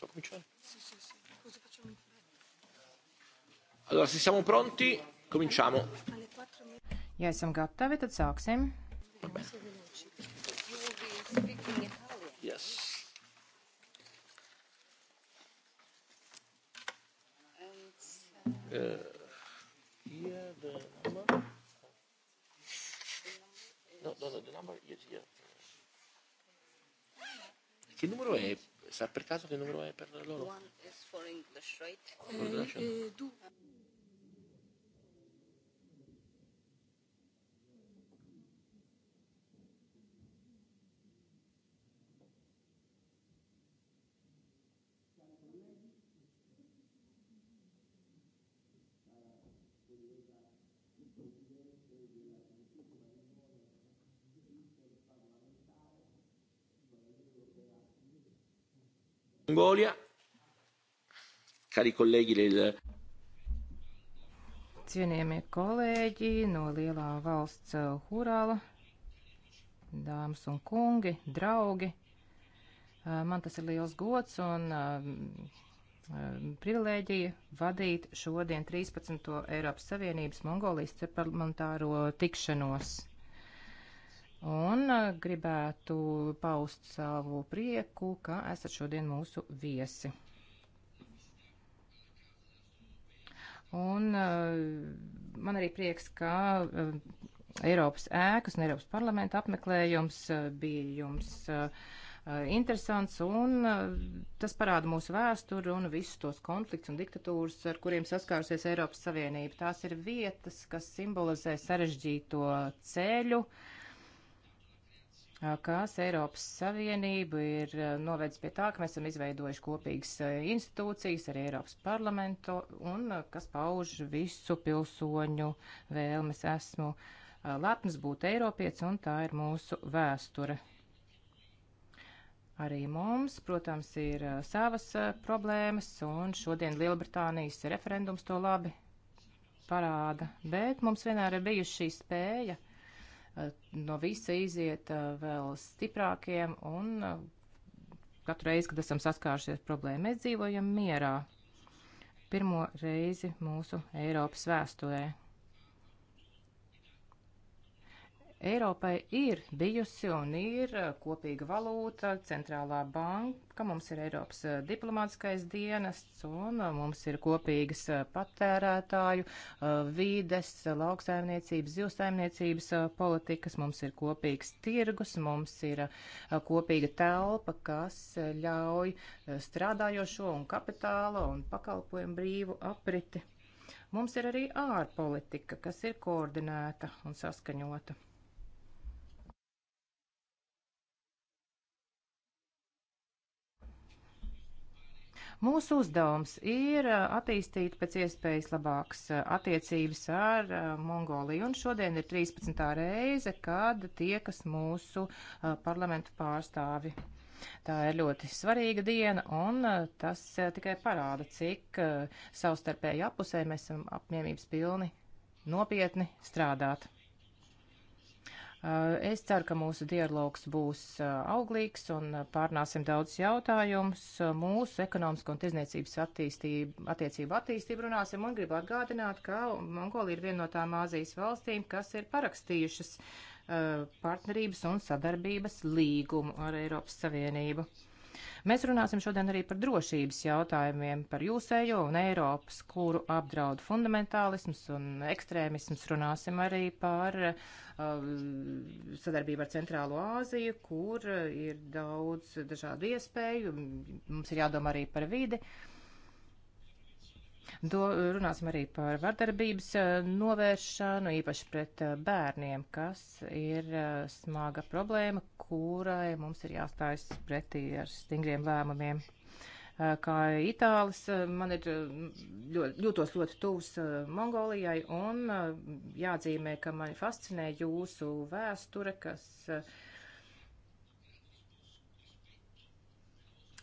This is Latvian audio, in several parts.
Posso cominciare? Sì, sì, sì. Così facciamo in fretta. Allora, se siamo pronti, cominciamo. Ja esam gatavi, tad sāksim. Vabbè. Sa per caso che numero è per loro? One is for English, right? Eh, eh, due. Mongolia. Cari colleghi del Cienījamie kolēģi no lielā valsts eh, Hurāla, dāmas un kungi, draugi, eh, man tas ir liels gods un eh, privilēģija vadīt šodien 13. Eiropas Savienības Mongolijas parlamentāro tikšanos. Un uh, gribētu paust savu prieku, ka esat šodien mūsu viesi. Un uh, man arī prieks, ka uh, Eiropas ēkas un Eiropas parlamenta apmeklējums bija jums interesants, un tas parāda mūsu vēsturi un visus tos konflikts un diktatūras, ar kuriem saskārusies Eiropas Savienība. Tās ir vietas, kas simbolizē sarežģīto ceļu. Uh, kas Eiropas Savienību ir novedis pie tā, ka mēs esam izveidojuši kopīgas institūcijas arī Eiropas parlamentu un kas pauž visu pilsoņu vēlmes. Esmu lepns būt Eiropietis un tā ir mūsu vēsture. Arī mums, protams, ir savas problēmas un šodien Lielbritānijas referendums to labi parāda, bet mums vienmēr ir bijusi šī spēja Eh, no visa iziet eh, vēl stiprākiem un eh, katru reizi, kad esam saskāršies problēmu, mēs dzīvojam mierā. Pirmo reizi mūsu Eiropas vēsturē. Eiropai ir bijusi un ir uh, kopīga valūta, centrālā banka, mums ir Eiropas uh, diplomātskais dienests un uh, mums ir kopīgas patērētāju, vīdes, lauksaimniecības, zivsaimniecības politikas, mums ir kopīgs tirgus, mums ir kopīga telpa, kas ļauj strādājošo un kapitāla un pakalpojumu brīvu apriti. Mums ir arī ārpolitika, kas ir koordinēta un saskaņota. Mūsu uzdevums ir uh, attīstīt pēc iespējas labākas uh, attiecības ar uh, Mongoliju, un šodien ir 13. reize, kad tiekas mūsu parlamentu pārstāvi. Tā ir ļoti svarīga diena, un tas tikai parāda, cik savstarpēji apusē mēs esam apņēmības pilni, nopietni strādāt. Eh, es ceru, ka mūsu dialogs būs eh, auglīgs un eh, pārnāsim daudz jautājumus. Mūsu ekonomisko un tirzniecības attīstību, attiecību attīstību runāsim un gribu atgādināt, ka Mongolija ir viena no tām Āzijas valstīm, kas ir parakstījušas partnerības un sadarbības līgumu ar Eiropas Savienību. Mēs runāsim šodien arī par drošības jautājumiem, par jūsējo un Eiropas, kuru apdraud fundamentālisms un ekstrēmisms. Runāsim arī par uh, sadarbību ar Centrālo Āziju, kur ir daudz dažādu iespēju. Mums ir jādomā arī par vidi. Uh, Do, runāsim arī par vardarbības eh, novēršanu, īpaši pret eh, bērniem, kas ir eh, smaga problēma, kurai mums ir jāstājas pretī ar stingriem lēmumiem. Kā itālis, man ir ļoti, jūtos ļoti tūs Mongolijai un jāatzīmē, ka mani fascinē jūsu vēsture, kas uh,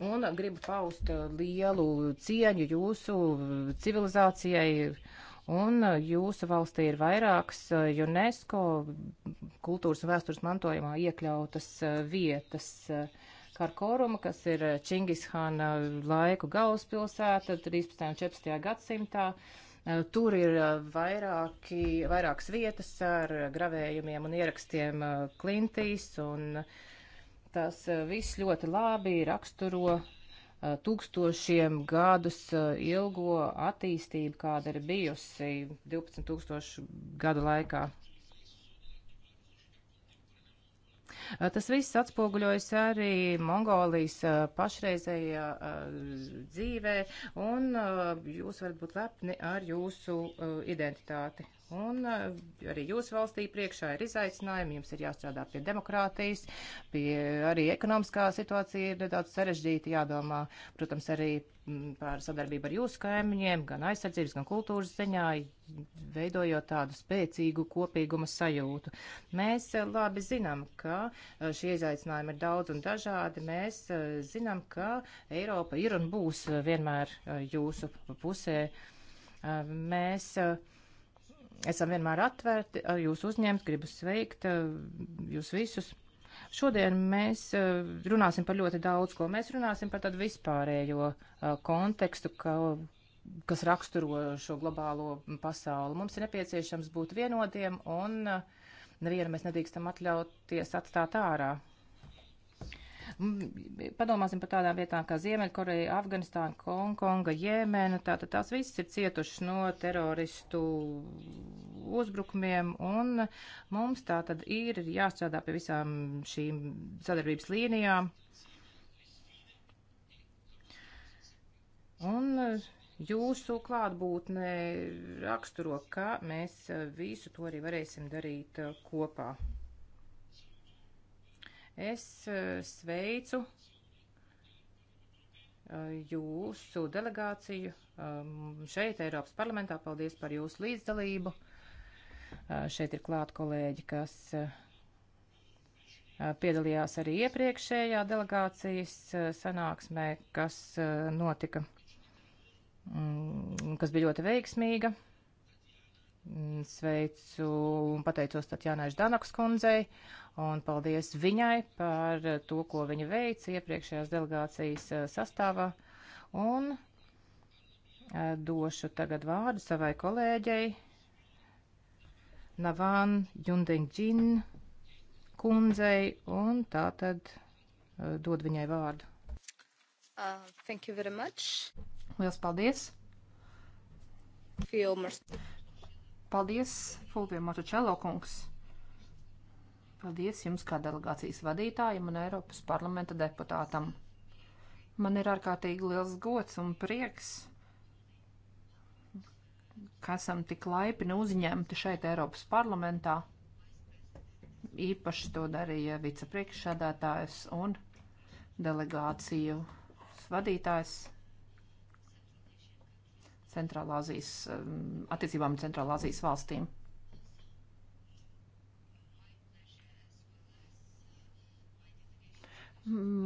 Un gribu paust lielu cieņu jūsu civilizācijai. Un jūsu valstī ir vairākas UNESCO kultūras un vēstures mantojumā iekļautas vietas. Karkoruma, kas ir Čingishana laiku galvaspilsēta 13. un 14. gadsimtā. Tur ir vairāki, vairākas vietas ar gravējumiem un ierakstiem Klintīs un uh, Tas eh, viss ļoti labi raksturo eh, tūkstošiem gadus eh, ilgo attīstību, kāda ir bijusi 12 tūkstošu gadu laikā. Tas viss atspoguļojas arī Mongolijas pašreizējā dzīvē, un jūs varat būt lepni ar jūsu identitāti. Un eh, arī jūsu valstī priekšā ir izaicinājumi, jums ir jāstrādā pie demokrātijas, pie arī ekonomiskā situācija ir nedaudz sarežģīta, jādomā, protams, arī mm, par sadarbību ar jūsu kaimiņiem, gan aizsardzības, gan kultūras ziņā, veidojot tādu spēcīgu kopīguma sajūtu. Mēs eh, labi zinām, ka eh, šie izaicinājumi ir daudz un dažādi. Mēs zinām, ka Eiropa ir un būs vienmēr jūsu pusē. Mēs uh, esam vienmēr atvērti, jūs uzņemt, gribu sveikt jūs visus. Šodien mēs runāsim par ļoti daudz ko. Mēs runāsim par tādu vispārējo kontekstu, ka, kas raksturo šo globālo pasauli. Mums ir nepieciešams būt vienotiem un nevienu mēs nedrīkstam atļauties atstāt ārā. Padomāsim par tādām vietām kā Ziemeļkoreja, Afganistāna, Hongkonga, Jēmena. Tātad tās visas ir cietušas no teroristu uzbrukumiem, un mums tātad ir jāstrādā pie visām šīm sadarbības līnijām. Un jūsu klātbūtne raksturo, ka mēs visu to arī varēsim darīt kopā. Es eh, sveicu eh, jūsu delegāciju eh, šeit, Eiropas parlamentā. Paldies par jūsu līdzdalību. Šeit ir klāt kolēģi, kas piedalījās arī iepriekšējā delegācijas sanāksmē, kas notika, mm, kas bija ļoti veiksmīga. Mm, sveicu un pateicos Tatjānai Ždanakas kundzei un paldies viņai par to, ko viņa veica iepriekšējās delegācijas eh, sastāvā. Un eh, došu tagad vārdu savai kolēģei Navan Jundeņģin kundzei un tā tad eh, dod viņai vārdu. Uh, thank you very much. Lielas paldies. Filmas. Paldies, Fulvio Matučelo kungs! Paldies jums kā delegācijas vadītājiem un Eiropas parlamenta deputātam. Man ir ārkārtīgi liels gods un prieks, ka esam tik laipni uzņemti šeit Eiropas parlamentā. Īpaši to darīja vicepriekšsēdētājs un delegāciju vadītājs Centrālāzijas, um, attiecībām ar Centrālāzijas valstīm.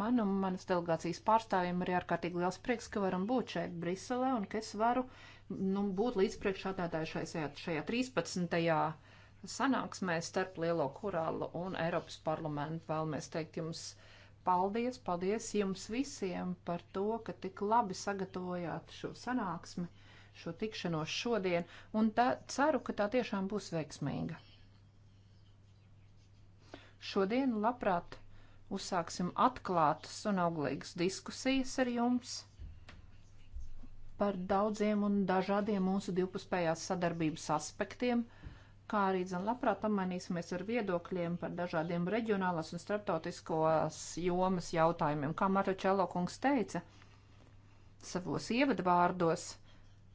Man un manas delegācijas pārstāvjiem ir ārkārtīgi liels prieks, ka varam būt šeit Briselē un ka es varu nu, būt līdzpriekšādātāju šajā, šajā 13. sanāksmē starp Lielo korālu un Eiropas parlamentu. Vēlamies teikt jums paldies, paldies jums visiem par to, ka tik labi sagatavojāt šo sanāksmi šo tikšanos šodien, un tā, ceru, ka tā tiešām būs veiksmīga. Šodien labprāt uzsāksim atklātas un auglīgas diskusijas ar jums par daudziem un dažādiem mūsu divpuspējās sadarbības aspektiem, kā arī, zin, labprāt apmainīsimies ar viedokļiem par dažādiem reģionālas un starptautiskos jomas jautājumiem. Kā Marta Čelokungs teica savos ievadvārdos,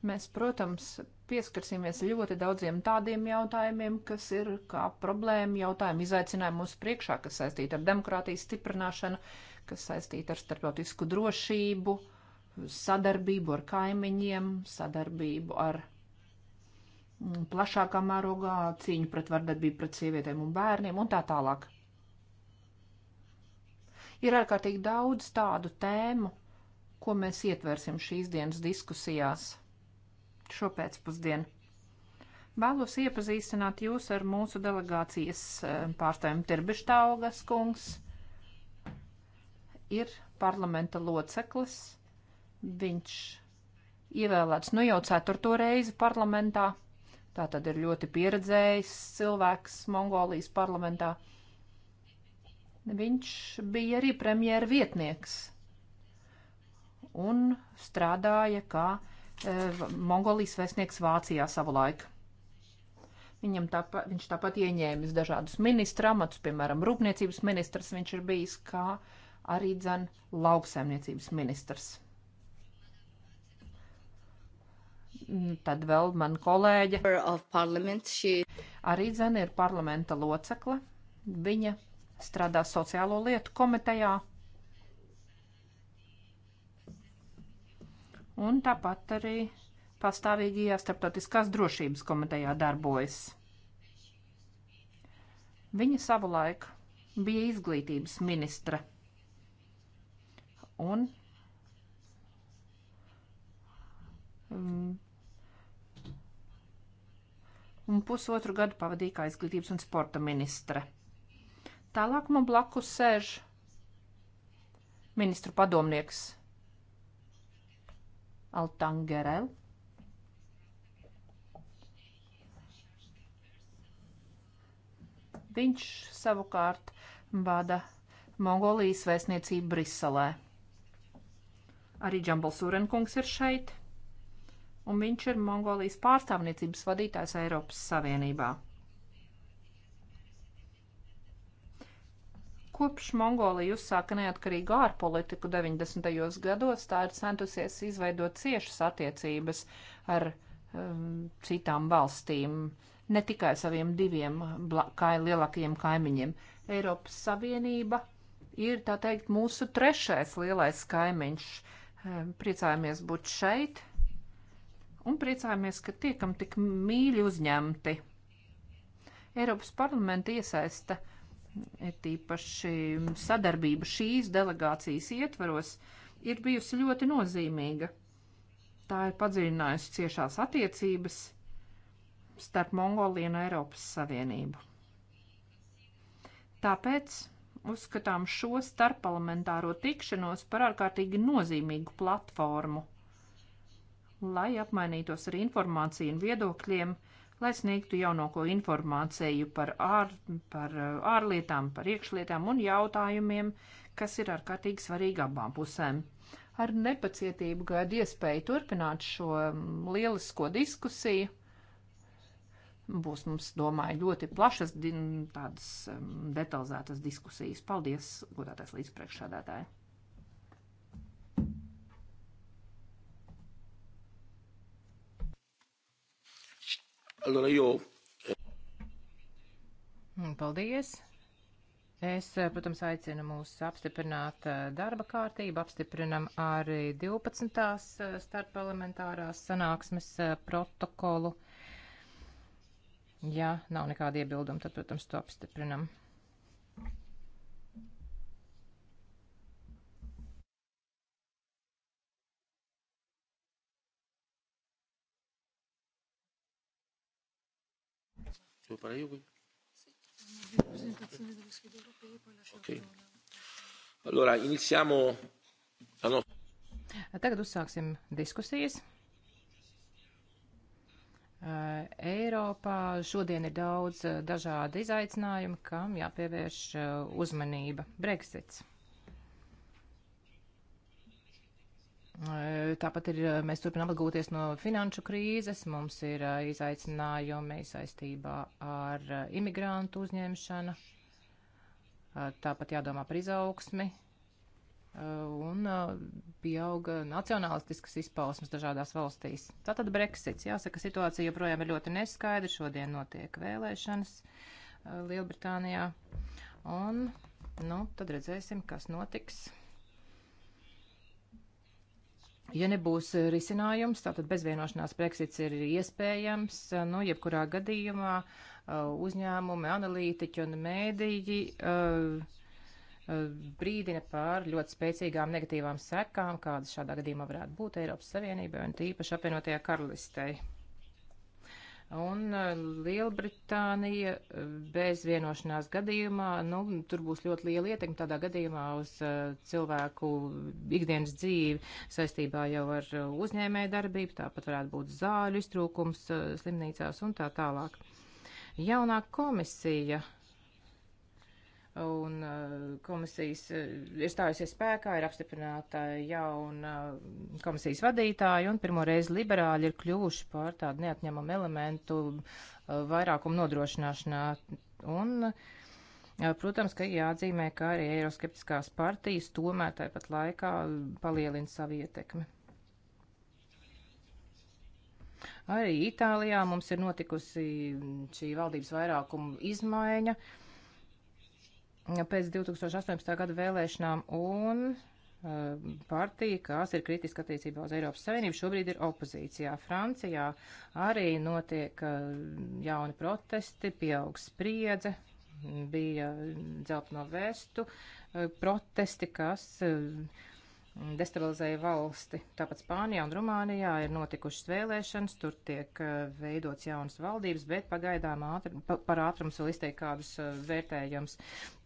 Mēs, protams, pieskarsimies ļoti daudziem tādiem jautājumiem, kas ir kā problēma, jautājumi, izaicinājumi mūsu priekšā, kas saistīti ar demokrātijas stiprināšanu, kas saistīti ar starptautisku drošību, sadarbību ar kaimiņiem, sadarbību ar mm, plašākā mērogā, cīņu pret vardarbību pret sievietēm un bērniem un tā tālāk. Ir ārkārtīgi daudz tādu tēmu, ko mēs ietversim šīs dienas diskusijās šopēcpusdienu. Vēlos iepazīstināt jūs ar mūsu delegācijas eh, pārstāvjumu Tirbištaugas kungs. Ir parlamenta loceklis. Viņš ievēlēts nu jau ceturto reizi parlamentā. Tā tad ir ļoti pieredzējis cilvēks Mongolijas parlamentā. Viņš bija arī premjera vietnieks un strādāja kā Eh, Mongolijas vēstnieks Vācijā savulaik. Viņam tāpat, viņš tāpat ieņēmis dažādus ministra amatus, piemēram, rūpniecības ministrs viņš ir bijis, kā arī dzen lauksaimniecības ministrs. Mm, tad vēl man kolēģe. Arī dzen ir parlamenta locekle. Viņa strādā sociālo lietu komitejā un tāpat arī pastāvīgajā starptautiskās drošības komitejā darbojas. Viņa savulaik bija izglītības ministre un mm, un pusotru gadu pavadīja kā izglītības un sporta ministre. Tālāk man blakus sēž ministru padomnieks Altangerel. Viņš savukārt vada Mongolijas vēstniecību Briselē. Arī Džambals Urenkungs ir šeit, un viņš ir Mongolijas pārstāvniecības vadītājs Eiropas Savienībā. Kopš Mongolija uzsāka neatkarīgu ārpolitiku 90. gados, tā ir centusies izveidot ciešas attiecības ar um, citām valstīm, ne tikai saviem diviem kā, lielākajiem kaimiņiem. Eiropas Savienība ir, tā teikt, mūsu trešais lielais kaimiņš. Um, priecājamies būt šeit un priecājamies, ka tiekam tik mīļi uzņemti. Eiropas parlamenta iesaista uh, tīpaši sadarbība šīs delegācijas ietvaros, ir bijusi ļoti nozīmīga. Tā ir padziļinājusi ciešās attiecības starp Mongoliju un Eiropas Savienību. Tāpēc uzskatām šo starpparlamentāro tikšanos par ārkārtīgi nozīmīgu platformu, lai apmainītos ar informāciju un viedokļiem, uh, lai sniegtu jaunāko informāciju par, ār, par eh, ārlietām, par iekšlietām un jautājumiem, kas ir ārkārtīgi svarīgi abām pusēm. Ar nepacietību gaidu iespēju turpināt šo mm, lielisko diskusiju. Būs mums, domāju, ļoti plašas, tādas mm, detalizētas diskusijas. Paldies, godātais līdzpriekšādātāji! Allora io... Mm, paldies! Es, eh, protams, aicinu mūs apstiprināt eh, darba kārtību, apstiprinam arī 12. Eh, starpparlamentārās sanāksmes protokolu. Ja nav nekāda iebilduma, tad, protams, to apstiprinam. tu Paraguay? Okay. Allora, iniziamo la ah, nostra. Tagad uzsāksim diskusijas. Eh, Eiropā šodien ir daudz eh, dažādu izaicinājumu, kam jāpievērš eh, uzmanība. Brexits. Tāpat ir, mēs turpinām atgūties no finanšu krīzes, mums ir izaicinājumi saistībā ar imigrantu uzņemšanu, tāpat jādomā par izaugsmi un pieauga nacionālistiskas izpausmes dažādās valstīs. Tātad Brexits, jāsaka, situācija joprojām ir ļoti neskaidra, šodien notiek vēlēšanas Lielbritānijā, un, nu, tad redzēsim, kas notiks. Ja nebūs eh, risinājums, tātad bezvienošanās Brexits ir iespējams, eh, nu, jebkurā gadījumā eh, uzņēmumi, analītiķi un mēdīji brīdina pār ļoti spēcīgām negatīvām sekām, kādas šādā gadījumā varētu būt Eiropas Savienībai un tīpaši apvienotajā karalistei. Un eh, Lielbritānija eh, bez vienošanās gadījumā, nu, tur būs ļoti liela ietekme tādā gadījumā uz eh, cilvēku ikdienas dzīvi saistībā jau ar uzņēmē darbību, tāpat varētu būt zāļu iztrūkums slimnīcās un tā tālāk. Jaunā komisija uh, un uh, komisijas uh, ir stājusies spēkā, ir apstiprināta jauna uh, komisijas vadītāja, un pirmo reizi liberāļi ir kļuvuši par tādu neatņemumu elementu vairākumu nodrošināšanā. Un, protams, ka jāatzīmē, ka arī eiroskeptiskās partijas tomēr tāpat laikā palielina savu ietekmi. Arī Itālijā mums ir notikusi šī valdības vairākuma izmaiņa. Uh, pēc 2018. gada vēlēšanām un eh, partija, kas ir kritiska attiecībā uz Eiropas Savienību, šobrīd ir opozīcijā. Francijā arī notiek eh, jauni protesti, pieaug spriedze, bija dzeltno vestu eh, protesti, kas uh, destabilizēja valsti. Tāpat Spānijā un Rumānijā ir notikušas vēlēšanas, tur tiek eh, veidots jaunas valdības, bet pagaidām ātri, pa, par ātrums vēl izteikt kādus eh, vērtējums.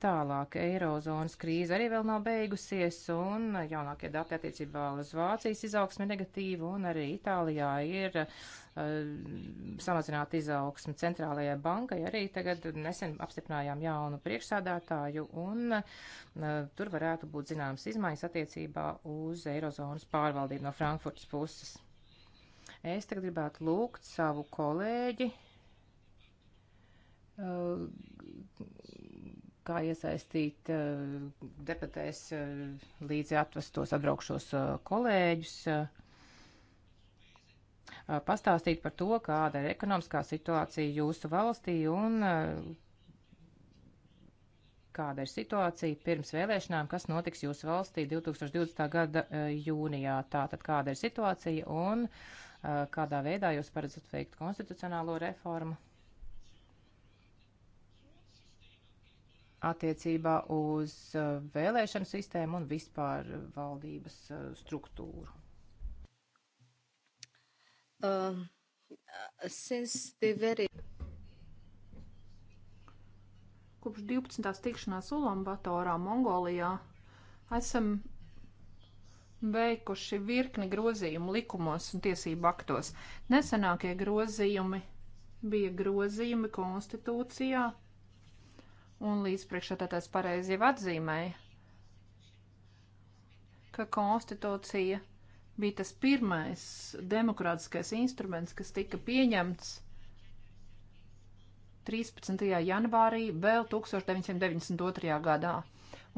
Tālāk, eirozonas krīze arī vēl nav beigusies, un jaunākie dati attiecībā uz Vācijas izaugsmi negatīvu, un arī Itālijā ir Eh, samazināt izaugsmu centrālajai bankai. Arī tagad nesen apstiprinājām jaunu priekšsādātāju, un eh, tur varētu būt zināmas izmaiņas attiecībā uz Eirozonas pārvaldību no Frankfurtas puses. Es tagad gribētu lūgt savu kolēģi, eh, kā iesaistīt deputēs līdzi atvestos atbraukšos kolēģus. Uh, pastāstīt par to, kāda ir ekonomiskā situācija jūsu valstī un kāda ir situācija pirms vēlēšanām, kas notiks jūsu valstī 2020. gada jūnijā. Tātad kāda ir situācija un kādā veidā jūs paredzat veikt konstitucionālo reformu attiecībā uz vēlēšanu sistēmu un vispār valdības struktūru. Uh, uh, since the very Kopš 12. tikšanās Ulambatorā, Mongolijā, esam veikuši virkni grozījumu likumos un tiesību aktos. Nesenākie grozījumi bija grozījumi konstitūcijā, un līdzpriekšētātais pareizi jau atzīmēja, ka konstitūcija bija tas pirmais demokrātiskais instruments, kas tika pieņemts 13. janvārī vēl 1992. gadā.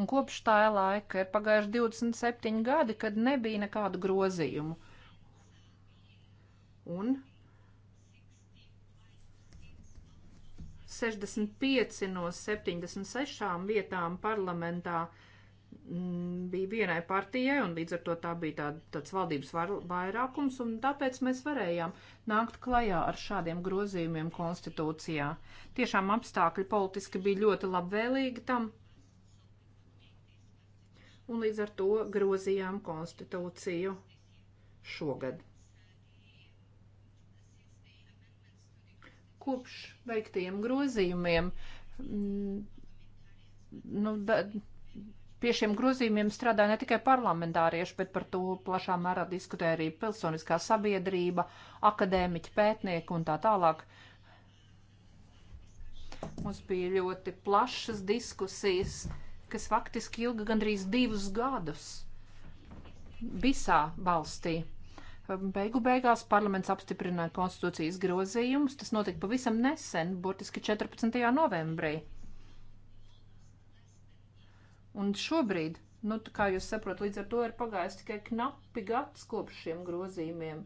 Un kopš tā laika ir pagājuši 27 gadi, kad nebija nekādu grozījumu. Un 65 no 76 vietām parlamentā uh, Mm, bija vienai partijai, un līdz ar to tā bija tā, tāds valdības var, vairākums, un tāpēc mēs varējām nākt klajā ar šādiem grozījumiem konstitūcijā. Tiešām apstākļi politiski bija ļoti labvēlīgi tam, un līdz ar to grozījām konstitūciju šogad. Kopš veiktiem grozījumiem, mm, nu, da, Pie šiem grozījumiem strādāja ne tikai parlamentārieši, bet par to plašā mērā diskutēja arī pilsoniskā sabiedrība, akadēmiķi, pētnieki un tā tālāk. Mums bija ļoti plašas diskusijas, kas faktiski ilga gandrīz divus gadus visā valstī. Beigu beigās parlaments apstiprināja konstitūcijas grozījumus. Tas notika pavisam nesen, burtiski 14. novembrī. Un šobrīd, nu, kā jūs saprotat, līdz ar to ir pagājis tikai knapi gads kopš šiem grozījumiem.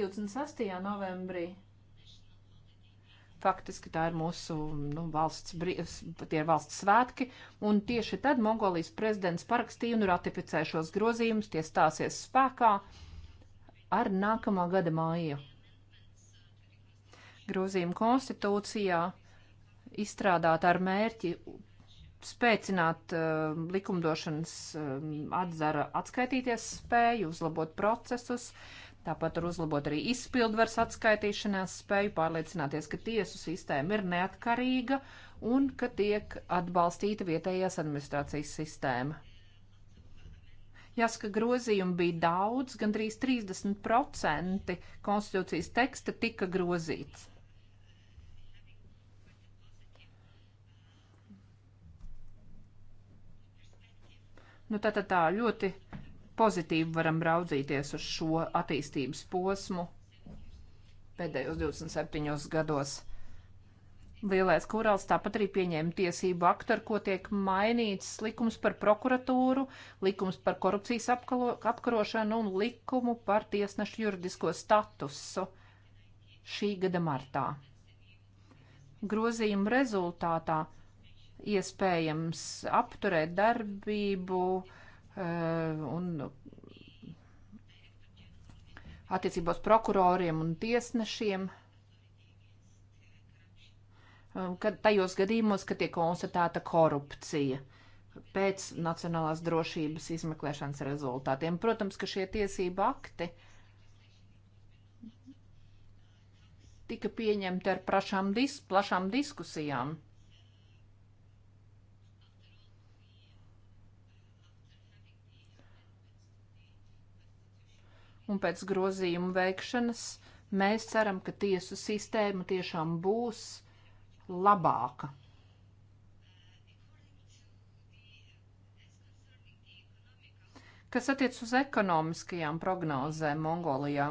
26. novembrī. Faktiski tā ir mūsu nu, valsts, tie ir valsts svētki, un tieši tad Mongolijas prezidents parakstīja un ratificēja šos grozījumus, tie stāsies spēkā ar nākamā gada māju. Grozījumu konstitūcijā izstrādāt ar mērķi spēcināt uh, likumdošanas uh, atzara atskaitīties spēju, uzlabot procesus, tāpat var uzlabot arī izpildvars atskaitīšanās spēju, pārliecināties, ka tiesu sistēma ir neatkarīga un ka tiek atbalstīta vietējās administrācijas sistēma. Jāsaka, grozījumu bija daudz, gandrīz 30% konstitūcijas teksta tika grozīts. Nu, tā, tā, tā ļoti pozitīvi varam raudzīties uz šo attīstības posmu pēdējos 27 gados. Lielais kurāls tāpat arī pieņēma tiesību aktu, ar ko tiek mainīts likums par prokuratūru, likums par korupcijas apkalo, apkarošanu un likumu par tiesnešu juridisko statusu šī gada martā. Grozījuma rezultātā iespējams apturēt darbību eh, un attiecībos prokuroriem un tiesnešiem eh, kad tajos gadījumos, kad tiek konstatēta korupcija pēc nacionālās drošības izmeklēšanas rezultātiem. Protams, ka šie tiesību akti tika pieņemti ar prašām dis plašām diskusijām. un pēc grozījumu veikšanas mēs ceram, ka tiesu sistēma tiešām būs labāka. Kas attiec uz ekonomiskajām prognozēm Mongolijā?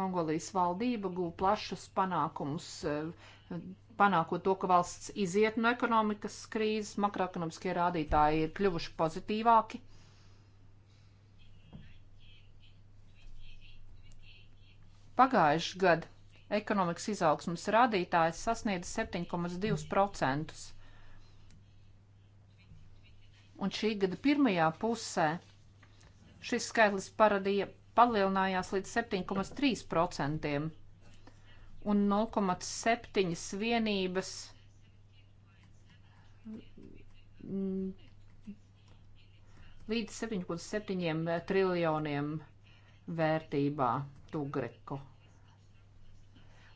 Mongolijas valdība guva plašus panākumus, eh, panākot to, ka valsts iziet no ekonomikas krīzes, makroekonomiskie rādītāji ir kļuvuši pozitīvāki. Pagājuši gadu ekonomikas izaugsmas rādītājs sasniedz 7,2%. Un šī gada pirmajā pusē šis skaitlis paradīja, palielinājās līdz 7,3% un 0,7 vienības mm, līdz 7,7 triljoniem vērtībā. Tugreku.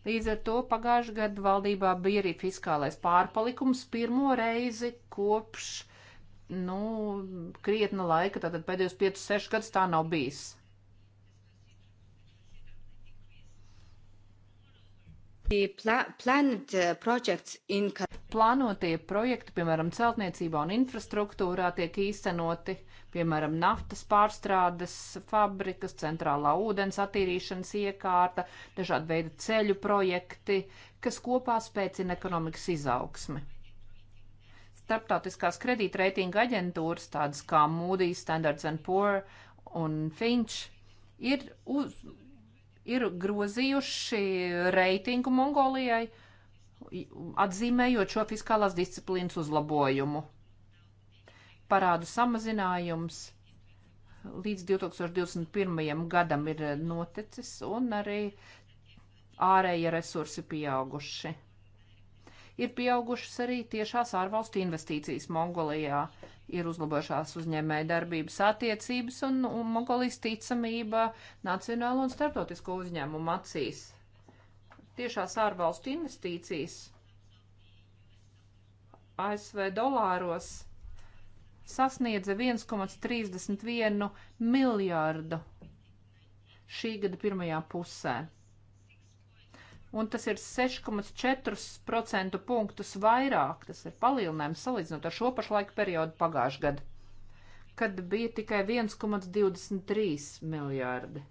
Līdz ar to pagājušajā gadā valdībā bija arī fiskālais pārpalikums pirmo reizi kopš, nu, krietna laika, tātad pēdējos 5-6 gadus tā nav bijis. Eh, Plānotie projekti, piemēram, celtniecībā un infrastruktūrā, tiek īstenoti, piemēram, naftas pārstrādes fabrikas, centrālā ūdens attīrīšanas iekārta, dažādi veidi ceļu projekti, kas kopā spēcina ekonomikas izaugsmi. Starptautiskās kredītreitinga aģentūras, tādas kā Moody's, Standards and Poor un Finch, ir uz, ir grozījuši reitingu Mongolijai, atzīmējot šo fiskālās disciplīnas uzlabojumu. Parādu samazinājums līdz 2021. gadam ir noticis un arī ārēja resursi pieauguši. Ir pieaugušas arī tiešās ārvalstu investīcijas Mongolijā ir uzlabojušās uzņēmēja darbības attiecības un, un Mongolijas ticamība nacionālo un starptautisko uzņēmumu acīs. Tiešās ārvalstu investīcijas ASV dolāros sasniedza 1,31 miljārdu šī gada pirmajā pusē un tas ir 6,4% punktus vairāk. Tas ir palielinājums salīdzinot ar šo pašlaiku periodu pagājušajā gadā, kad bija tikai 1,23 miljārdi.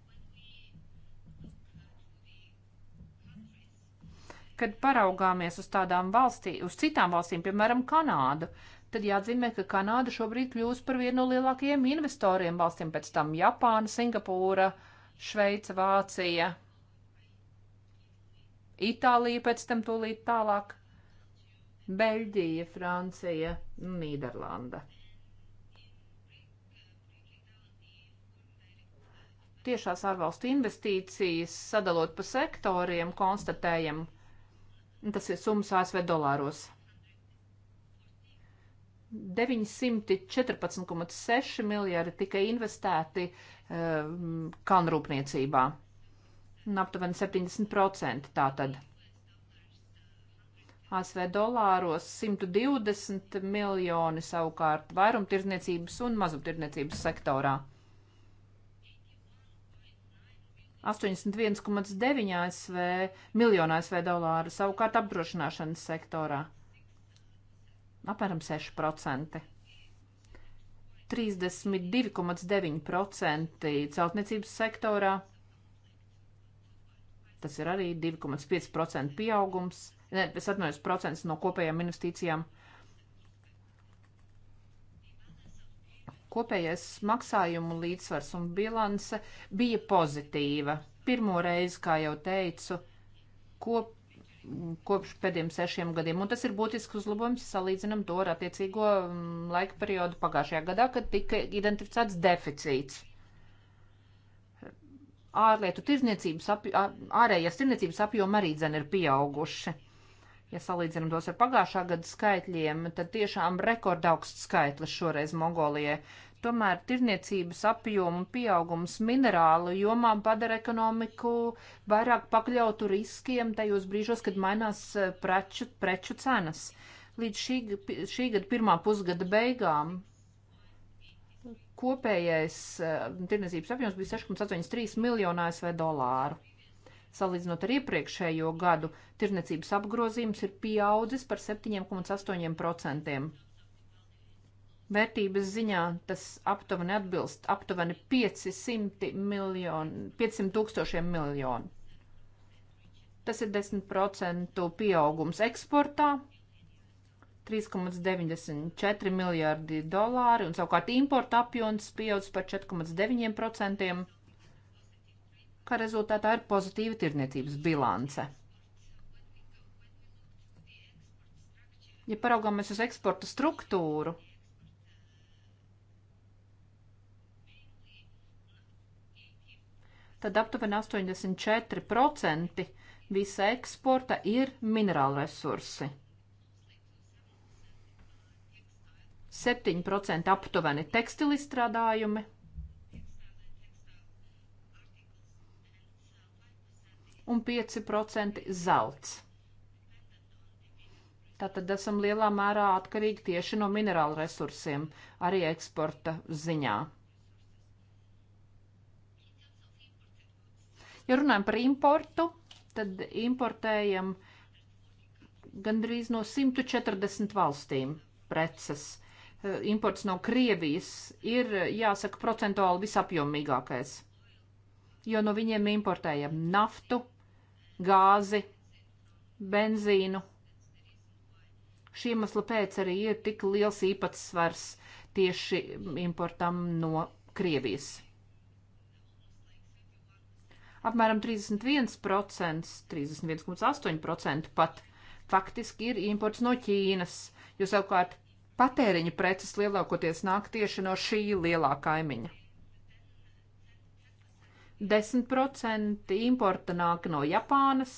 Kad paraugāmies uz tādām valstīm, uz citām valstīm, piemēram, Kanādu, tad jāatzīmē, ka Kanāda šobrīd kļūst par vienu no lielākajiem investoriem valstīm, pēc tam Japāna, Singapūra, Šveica, Vācija, Itālija pēc tam tūlīt tālāk, Beļģija, Francija, Nīderlanda. Tiešās ārvalstu investīcijas sadalot pa sektoriem konstatējam, tas ir summas ASV dolāros. 914,6 miljardi tika investēti uh, ehm, kalnrūpniecībā. Um, aptuveni 70% tātad. ASV dolāros 120 miljoni savukārt vairumtirdzniecības un mazumtirdzniecības sektorā. 81,9 ASV miljonu ASV dolāru savukārt apdrošināšanas sektorā. Apmēram 6%. 32,9% celtniecības sektorā Tas ir arī 2,5% pieaugums, ne, es atminēju, procents no kopējām investīcijām. Kopējais maksājumu līdzsvars un bilance bija pozitīva. Pirmo reizi, kā jau teicu, kop, kopš pēdējiem sešiem gadiem. Un tas ir būtisks uzlabojums, ja salīdzinam to ar attiecīgo mm, laika periodu pagājušajā gadā, kad tika identificēts deficīts ārlietu tirdzniecības, ap, ārējās tirdzniecības apjoma arī dzen ir pieauguši. Ja salīdzinām tos ar pagājušā gada skaitļiem, tad tiešām rekordaugsts skaitlis šoreiz Mongolijai. Tomēr tirniecības apjomu pieaugums minerālu jomā padara ekonomiku vairāk pakļautu riskiem tajos brīžos, kad mainās preču, preču cenas. Līdz šī, šī gada pirmā pusgada beigām kopējais eh, tirnezības apjoms bija 6,83 miljonu ASV dolāru. Salīdzinot ar iepriekšējo gadu, tirnecības apgrozījums ir pieaudzis par 7,8%. Vērtības ziņā tas aptuveni atbilst aptuveni 500 miljonu, 500 tūkstošiem miljonu. Tas ir 10% pieaugums eksportā 3,94 miljārdi dolāri, un savukārt importa apjoms pieaudzis par 4,9%, kā rezultātā ir pozitīva tirniecības bilance. Ja paraugāmies uz eksporta struktūru, tad aptuveni 84% visa eksporta ir minerāla resursi. 7% aptuveni tekstilizstrādājumi. Un 5% zelts. Tātad esam lielā mērā atkarīgi tieši no minerālu resursiem, arī eksporta ziņā. Ja runājam par importu, tad importējam gandrīz no 140 valstīm preces. Eh, imports no Krievijas ir, eh, jāsaka, procentuāli visapjomīgākais. Jo no nu viņiem importējam naftu, gāzi, benzīnu. Šī iemesla pēc arī ir tik liels īpatsvars tieši importam no Krievijas apmēram 31%, 31,8% pat faktiski ir imports no Ķīnas, jo savukārt Patēriņa preces lielākoties nāk tieši no šī lielā kaimiņa. 10% importa nāk no Japānas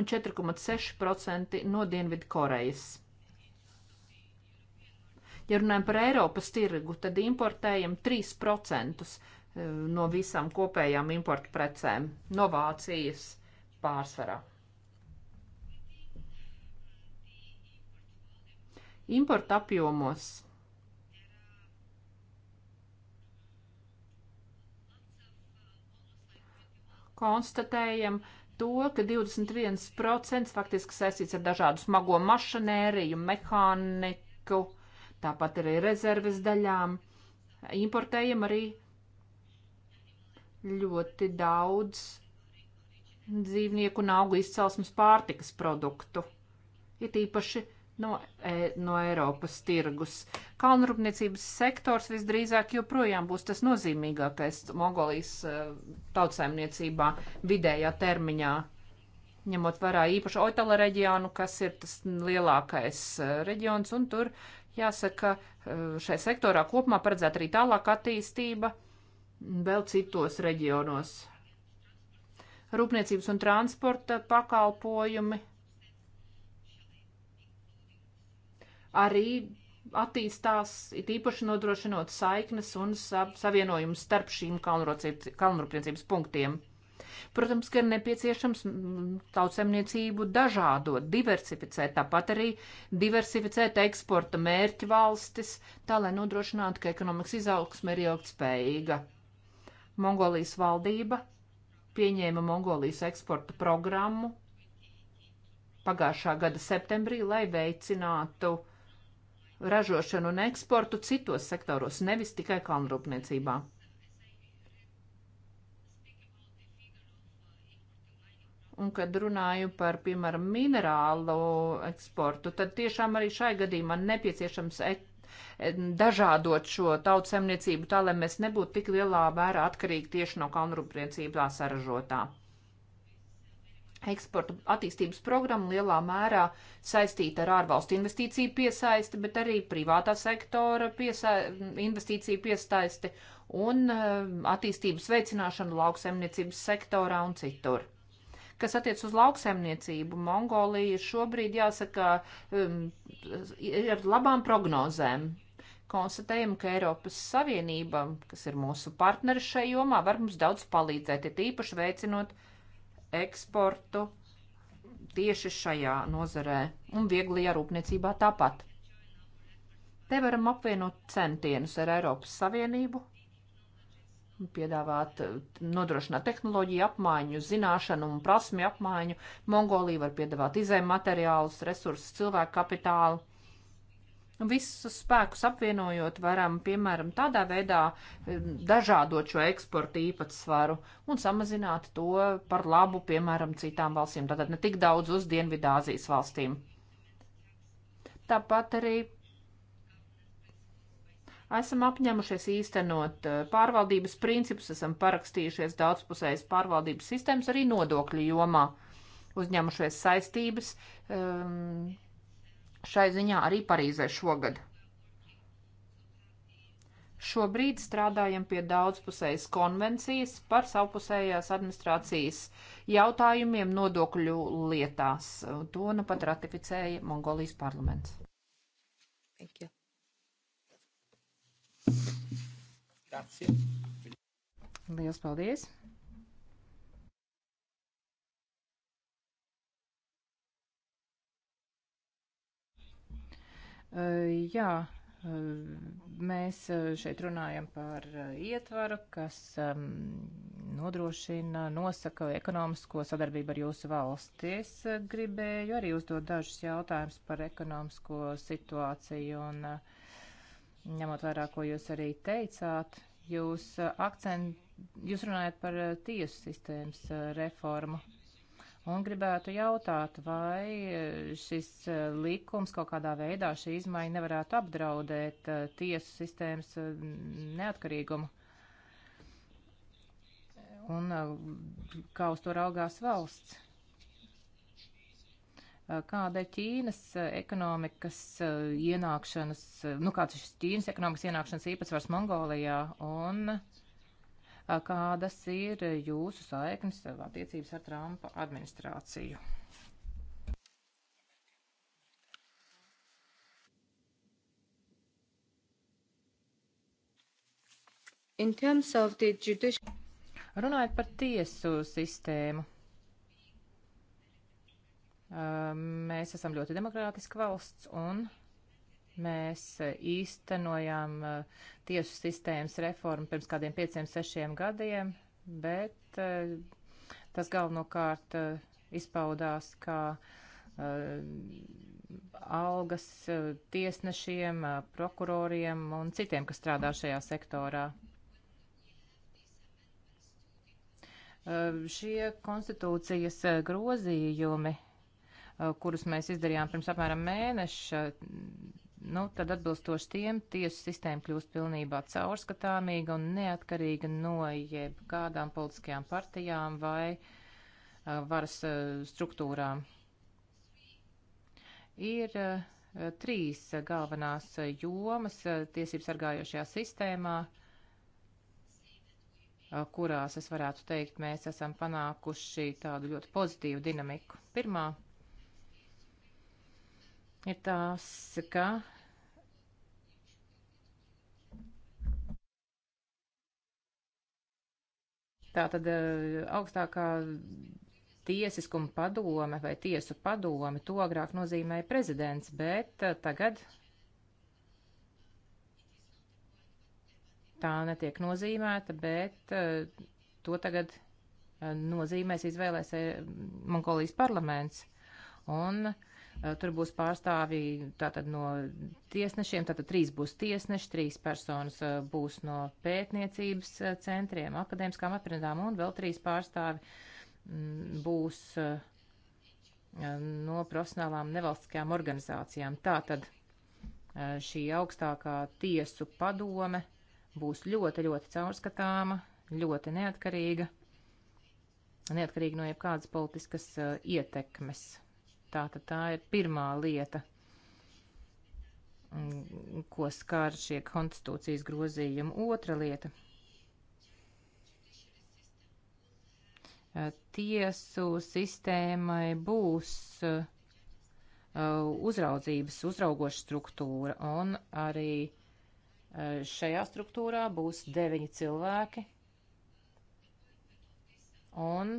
un 4,6% no Dienvidkorejas. Ja runājam par Eiropas tirgu, tad importējam 3% eh, no visām kopējām importu precēm no Vācijas pārsvarā. importa apjomos. Konstatējam to, ka 21% faktiski saistīts ar dažādu smago mašinēriju, mehāniku, tāpat arī rezerves daļām. Importējam arī ļoti daudz dzīvnieku un augu izcelsmes pārtikas produktu. Ir ja tīpaši no, e, no Eiropas tirgus. Kalnrūpniecības sektors visdrīzāk joprojām būs tas nozīmīgākais Mongolijas e, tautsēmniecībā vidējā termiņā, ņemot vērā īpaši Oitala reģionu, kas ir tas lielākais e, reģions, un tur jāsaka, e, šai sektorā kopumā paredzēta arī tālāk attīstība vēl citos reģionos. Rūpniecības un transporta pakalpojumi arī attīstās, it īpaši nodrošinot saiknes un savienojumus starp šīm kalnrūpniecības punktiem. Protams, ka ir nepieciešams tautsemniecību dažādot, diversificēt, tāpat arī diversificēt eksporta mērķu valstis, tā lai nodrošinātu, ka ekonomikas izaugsme ir ilgtspējīga. Mongolijas valdība pieņēma Mongolijas eksporta programmu pagājušā gada septembrī, lai veicinātu uh, ražošanu un eksportu citos sektoros, nevis tikai kalnrūpniecībā. un kad runāju par, piemēram, minerālu eksportu, tad tiešām arī šai gadījumā nepieciešams ek e, dažādot šo tautsemniecību tā, lai mēs nebūtu tik lielā mērā atkarīgi tieši no kalnrūpniecībā saražotā eksporta attīstības programma lielā mērā saistīta ar ārvalstu investīciju piesaisti, bet arī privātā sektora piesa investīciju piesaisti un eh, attīstības veicināšanu lauksaimniecības sektorā un citur. Kas attiec uz lauksaimniecību, Mongolija šobrīd jāsaka um, ir ar labām prognozēm. Konstatējam, ka Eiropas Savienība, kas ir mūsu partneris šajā jomā, var mums daudz palīdzēt, ir ja tīpaši veicinot uh, eksportu tieši šajā nozarē un vieglajā rūpniecībā tāpat. Te varam apvienot centienus ar Eiropas Savienību, piedāvāt, nodrošināt tehnoloģiju apmaiņu, zināšanu un prasmi apmaiņu. Mongolija var piedāvāt izējumu materiālus, resursus, cilvēku kapitālu visus spēkus apvienojot, varam, piemēram, tādā veidā dažādot šo eksporta īpatsvaru un samazināt to par labu, piemēram, citām valstīm. Tātad ne tik daudz uz Dienvidāzijas valstīm. Tāpat arī esam apņēmušies īstenot eh, pārvaldības principus, esam parakstījušies daudzpusējas pārvaldības sistēmas arī nodokļu jomā, uzņemušies saistības. Um, šai ziņā arī Parīzē šogad. Šobrīd strādājam pie daudzpusējas konvencijas par savpusējās administrācijas jautājumiem nodokļu lietās. To nu pat ratificēja Mongolijas parlaments. Thank you. Grazie. Liels paldies! Eh, jā, eh, Mēs eh, šeit runājam par ietvaru, kas ehm, nodrošina, nosaka ekonomisko sadarbību ar jūsu valsti. Es gribēju arī uzdot dažus jautājumus par ekonomisko situāciju un ņemot vērā, ko jūs arī teicāt, jūs akcent, jūs runājat par tiesu sistēmas reformu un gribētu jautāt, vai eh, šis eh, likums kaut kādā veidā šī izmaiņa nevarētu apdraudēt eh, tiesu sistēmas neatkarīgumu. Un kā uz to raugās valsts? kāda ir Ķīnas ekonomikas ienākšanas, nu kāds ir šis Ķīnas ekonomikas ienākšanas īpatsvars Mongolijā un kādas ir jūsu saiknes attiecības ar Trumpa administrāciju. In terms of the judicial... Runājot par tiesu sistēmu, mēs esam ļoti demokrātiski valsts un Mēs e, īstenojām e, tiesu sistēmas reformu pirms kādiem pieciem, sešiem gadiem, bet e, tas galvenokārt izpaudās kā algas tiesnešiem, prokuroriem un citiem, kas strādā šajā sektorā. Šie konstitūcijas grozījumi kurus mēs izdarījām pirms apmēram mēneša, nu, tad atbilstoši tiem tiesu sistēma kļūst pilnībā caurskatāmīga un neatkarīga no jebkādām politiskajām partijām vai uh, varas uh, struktūrām. Ir uh, trīs galvenās jomas tiesību sargājošajā sistēmā, kurās, es varētu teikt, mēs esam panākuši tādu ļoti pozitīvu dinamiku. Pirmā ir tās, ka tā tad eh, augstākā tiesiskuma padome vai tiesu padome, to agrāk nozīmēja prezidents, bet eh, tagad tā netiek nozīmēta, bet eh, to tagad nozīmēs izvēlēs Mongolijas parlaments. Un uh, Eh, tur būs pārstāvji tātad no tiesnešiem, tātad trīs būs tiesneši, trīs personas eh, būs no pētniecības eh, centriem, akadēmiskām aprindām un vēl trīs pārstāvi mm, būs no profesionālām nevalstiskajām organizācijām. Tātad šī augstākā tiesu padome būs ļoti, ļoti caurskatāma, ļoti neatkarīga, neatkarīga no jebkādas politiskas ietekmes. Tātad tā ir pirmā lieta, ko skār šie konstitūcijas grozījumi. Otra lieta eh, tiesu sistēmai būs eh, uzraudzības, uzraugoša struktūra, un arī eh, šajā struktūrā būs deviņi cilvēki, un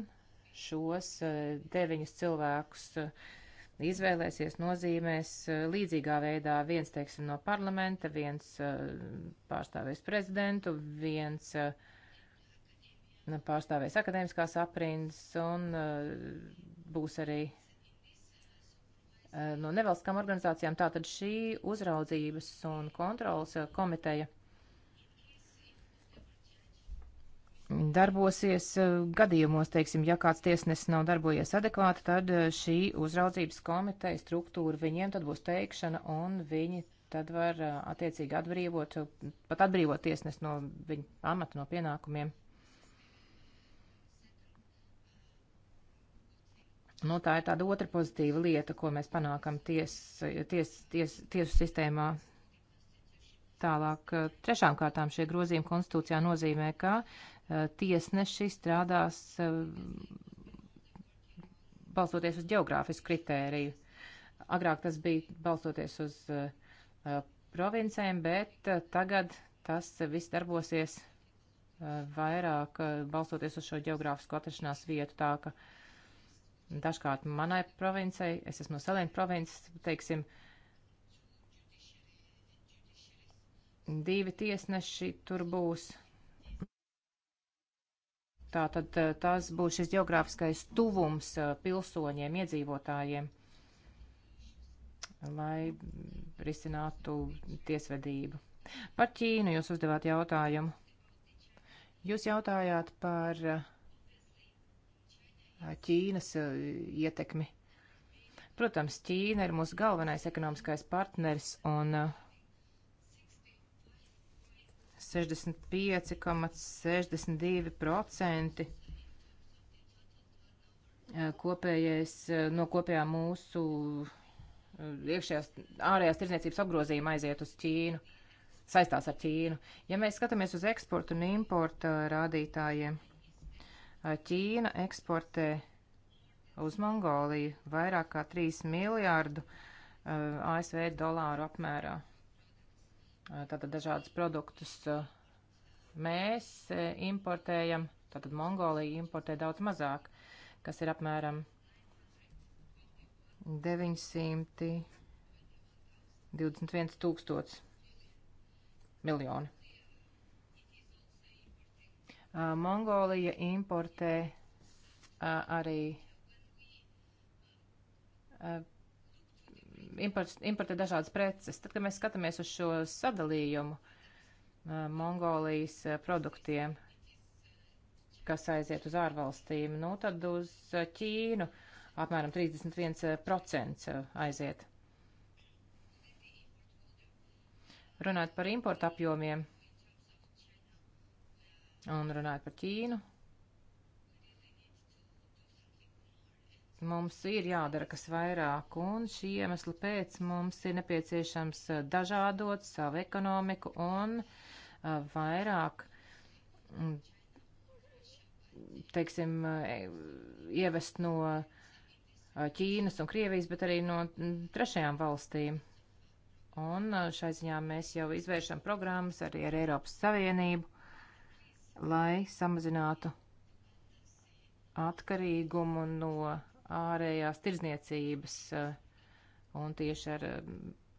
šos deviņus cilvēkus uh, izvēlēsies, nozīmēs eh, līdzīgā veidā viens, teiksim, no parlamenta, viens eh, pārstāvēs prezidentu, viens eh, pārstāvēs akadēmiskās aprindas un būs arī no nevalstiskām organizācijām. Tātad šī uzraudzības un kontrolas komiteja darbosies e, gadījumos, teiksim, ja kāds tiesnesis nav darbojies adekvāti, tad e, šī uzraudzības komiteja struktūra viņiem tad būs teikšana un viņi tad var e, attiecīgi atbrīvot, pat atbrīvot tiesnesi no viņa amata, no pienākumiem. Nu, tā ir tāda otra pozitīva lieta, ko mēs panākam ties, ties, ties, tiesu sistēmā. Tālāk, trešām kārtām šie grozījumi konstitūcijā nozīmē, ka uh, Eh, tiesneši strādās eh, balstoties uz geogrāfisku kritēriju. Agrāk tas bija balstoties uz eh, provincēm, bet tagad tas viss darbosies vairāk balstoties uz šo geogrāfisko atrašanās vietu, tā ka dažkārt manai provincei, es esmu no Salēna provinces, teiksim, divi tiesneši tur būs, Tātad eh, tas būs šis geogrāfiskais tuvums eh, pilsoņiem, iedzīvotājiem, lai risinātu tiesvedību. Par Ķīnu jūs uzdevāt jautājumu. Jūs jautājāt par eh, Ķīnas ietekmi. Protams, Ķīna ir mūsu galvenais ekonomiskais partners un uh, 65,62% kopējais, no kopējā mūsu iekšējās ārējās tirdzniecības apgrozījuma aiziet uz Ķīnu, saistās ar Ķīnu. Ja mēs skatāmies uz eksportu un importu rādītājiem, Ķīna eksportē uz Mongoliju vairāk kā 3 miljārdu ASV dolāru apmērā. Eh, tātad dažādus produktus eh, mēs eh, importējam, tātad Mongolija importē daudz mazāk, kas ir apmēram 921 tūkstots miljoni. Mongolija importē arī importē dažādas preces. Tad, kad mēs skatāmies uz šo sadalījumu Mongolijas produktiem, kas aiziet uz ārvalstīm, nu tad uz Ķīnu apmēram 31% aiziet. Runāt par importu apjomiem un runāt par Ķīnu. mums ir jādara kas vairāk, un šī iemesla pēc mums ir nepieciešams eh, dažādot savu ekonomiku un eh, vairāk, mm, teiksim, eh, ievest no Ķīnas un Krievijas, bet arī no mm, trešajām valstīm. Un šai ziņā mēs jau izvēršam programmas arī ar Eiropas Savienību, lai samazinātu atkarīgumu no ārējās tirdzniecības eh, un tieši ar eh,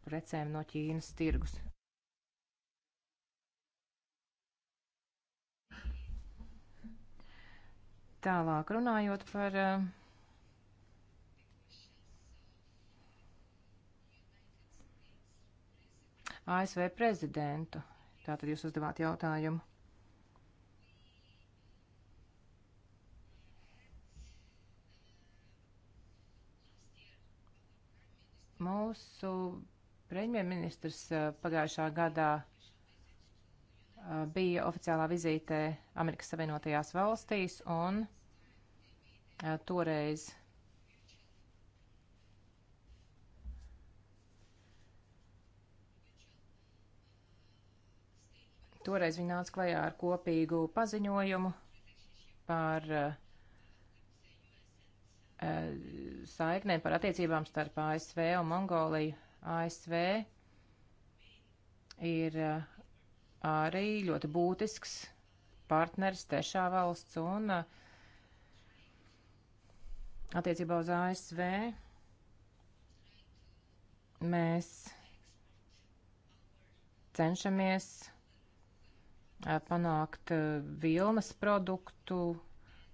precēm no Ķīnas tirgus. Tālāk runājot par eh, ASV prezidentu. Tātad jūs uzdevāt jautājumu. Mūsu premjerministrs eh, pagājušā gadā eh, bija oficiālā vizītē Amerikas Savienotajās valstīs un eh, toreiz Toreiz viņi nāca klajā ar kopīgu paziņojumu par uh, saiknēm par attiecībām starp ASV un Mongoliju. ASV ir eh, arī ļoti būtisks partners, trešā valsts, un eh, attiecībā uz ASV mēs cenšamies eh, panākt vilnas produktu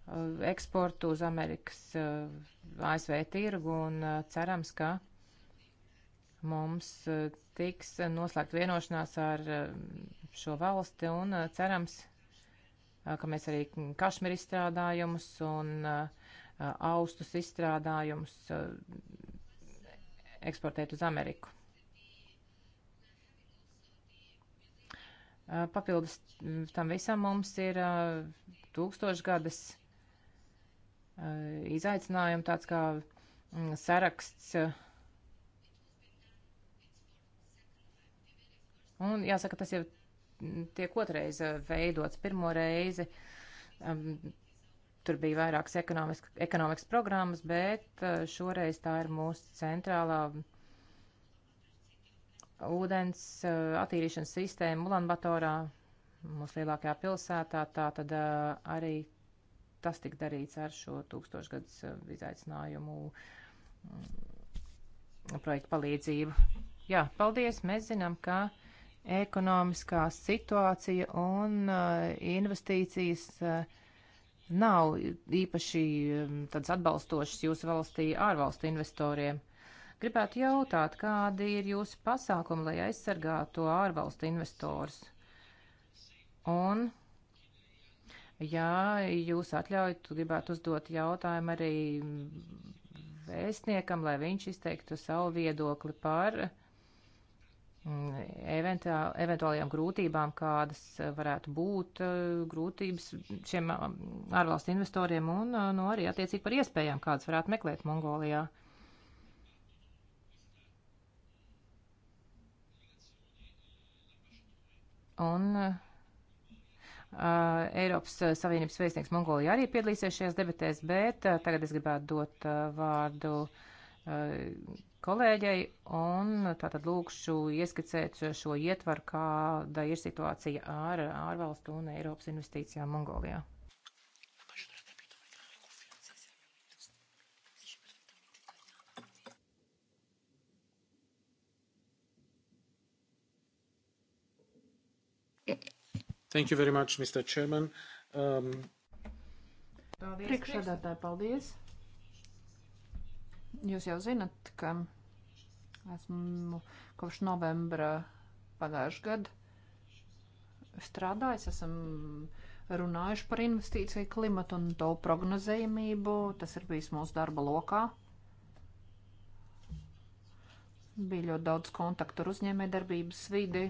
Uh, eksportu uz Amerikas uh, ASV tirgu un uh, cerams, ka mums tiks noslēgt vienošanās ar šo valsti un cerams, ka mēs arī kašmir izstrādājumus un austus izstrādājumus eksportēt uz Ameriku. Papildus tam visam mums ir tūkstošgadas Eh, izaicinājumu, tāds kā mm, saraksts. Un jāsaka, tas jau tiek otrais eh, veidots. Pirmo reizi um, tur bija vairākas ekonomikas programmas, bet eh, šoreiz tā ir mūsu centrālā mm, ūdens attīrīšanas sistēma Ulanbatorā, mūsu lielākajā pilsētā. Tā tad arī tas tika darīts ar šo tūkstošgadus eh, izaicinājumu mm, projektu palīdzību. Jā, paldies. Mēs zinām, ka ekonomiskā situācija un eh, investīcijas eh, nav īpaši mm, tāds atbalstošs jūsu valstī ārvalstu investoriem. Gribētu jautāt, kādi ir jūsu pasākumi, lai aizsargātu ārvalstu investors? Un Jā, jūs atļaujat, gribētu uzdot jautājumu arī vēstniekam, lai viņš izteiktu savu viedokli par mm, eventuālajām grūtībām, kādas varētu būt eh, grūtības šiem mm, ārvalstu investoriem un eh, nu, arī attiecīgi par iespējām, kādas varētu meklēt Mongolijā. Un uh, Uh, Eiropas eh, Savienības vēstnieks Mongolija arī piedalīsies šajās debatēs, bet uh, tagad es gribētu dot uh, vārdu kolēģei un tātad lūkšu ieskicēt šo ietvaru, kāda ir situācija ar ārvalstu un Eiropas investīcijām Mongolijā. Thank you very much, Mr. Chairman. Um... Paldies, Priekšsēdētāji, paldies. Jūs jau zinat, ka esmu kopš novembra pagājušajā gadā strādājis, esam runājuši par investīciju klimatu un to prognozējumību. Tas ir bijis mūsu darba lokā. Bija ļoti daudz kontaktu ar uzņēmē darbības vidi,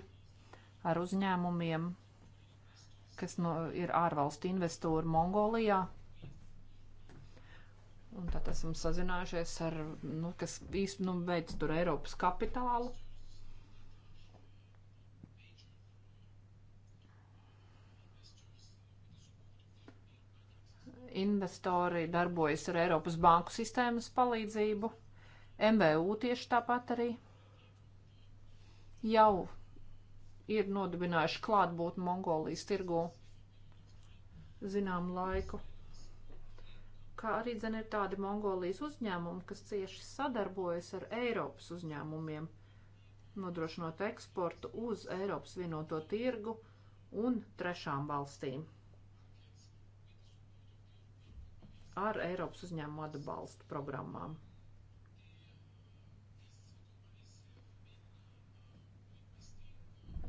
ar uzņēmumiem, kas no, ir ārvalstu investori Mongolijā. Un tad esam sazinājušies ar, nu, kas īstenībā nu, veic tur Eiropas kapitālu. Investori darbojas ar Eiropas banku sistēmas palīdzību, MVU tieši tāpat arī jau ir nodibinājuši klātbūtni Mongolijas tirgū zinām laiku. Kā arī dzen ir tādi Mongolijas uzņēmumi, kas cieši sadarbojas ar Eiropas uzņēmumiem, nodrošinot eksportu uz Eiropas vienoto tirgu un trešām valstīm. Ar Eiropas uzņēmumu atbalstu programmām.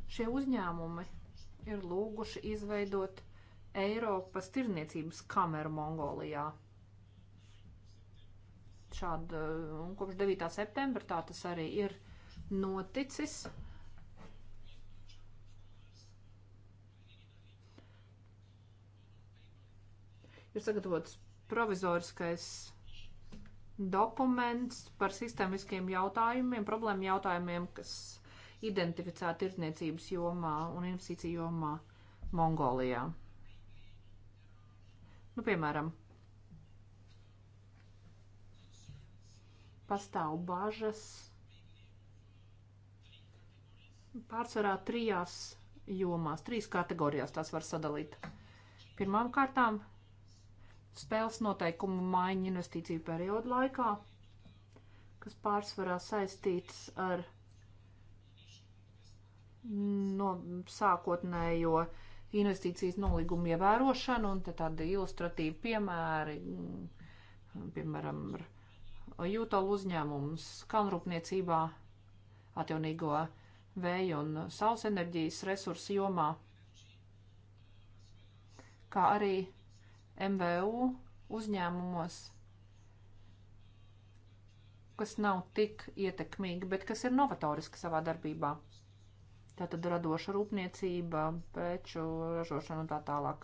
Šie uzņēmumi ir lūguši izveidot Eiropas tirniecības kameru Mongolijā. Šāda, un kopš 9. septembra tā tas arī ir noticis. Ir sagatavots provizoriskais dokuments par sistēmiskiem jautājumiem, problēmu jautājumiem, kas identificēti tirdzniecības jomā un investīciju jomā Mongolijā. Nu, piemēram, pastāv bažas pārsvarā trijās jomās, trīs kategorijās tās var sadalīt. Pirmām kārtām spēles noteikumu maiņa investīciju periodu laikā, kas pārsvarā saistīts ar no sākotnējo investīcijas nolīgumu ievērošanu, un tādi ilustratīvi piemēri, mm, piemēram, ar jūtalu uzņēmumus, kalnrūpniecībā, atjaunīgo vēju un saules enerģijas resursu jomā, kā arī MVU uzņēmumos, kas nav tik ietekmīgi, bet kas ir novatoriski savā darbībā. Tātad radoša rūpniecība, preču ražošana un tā tālāk.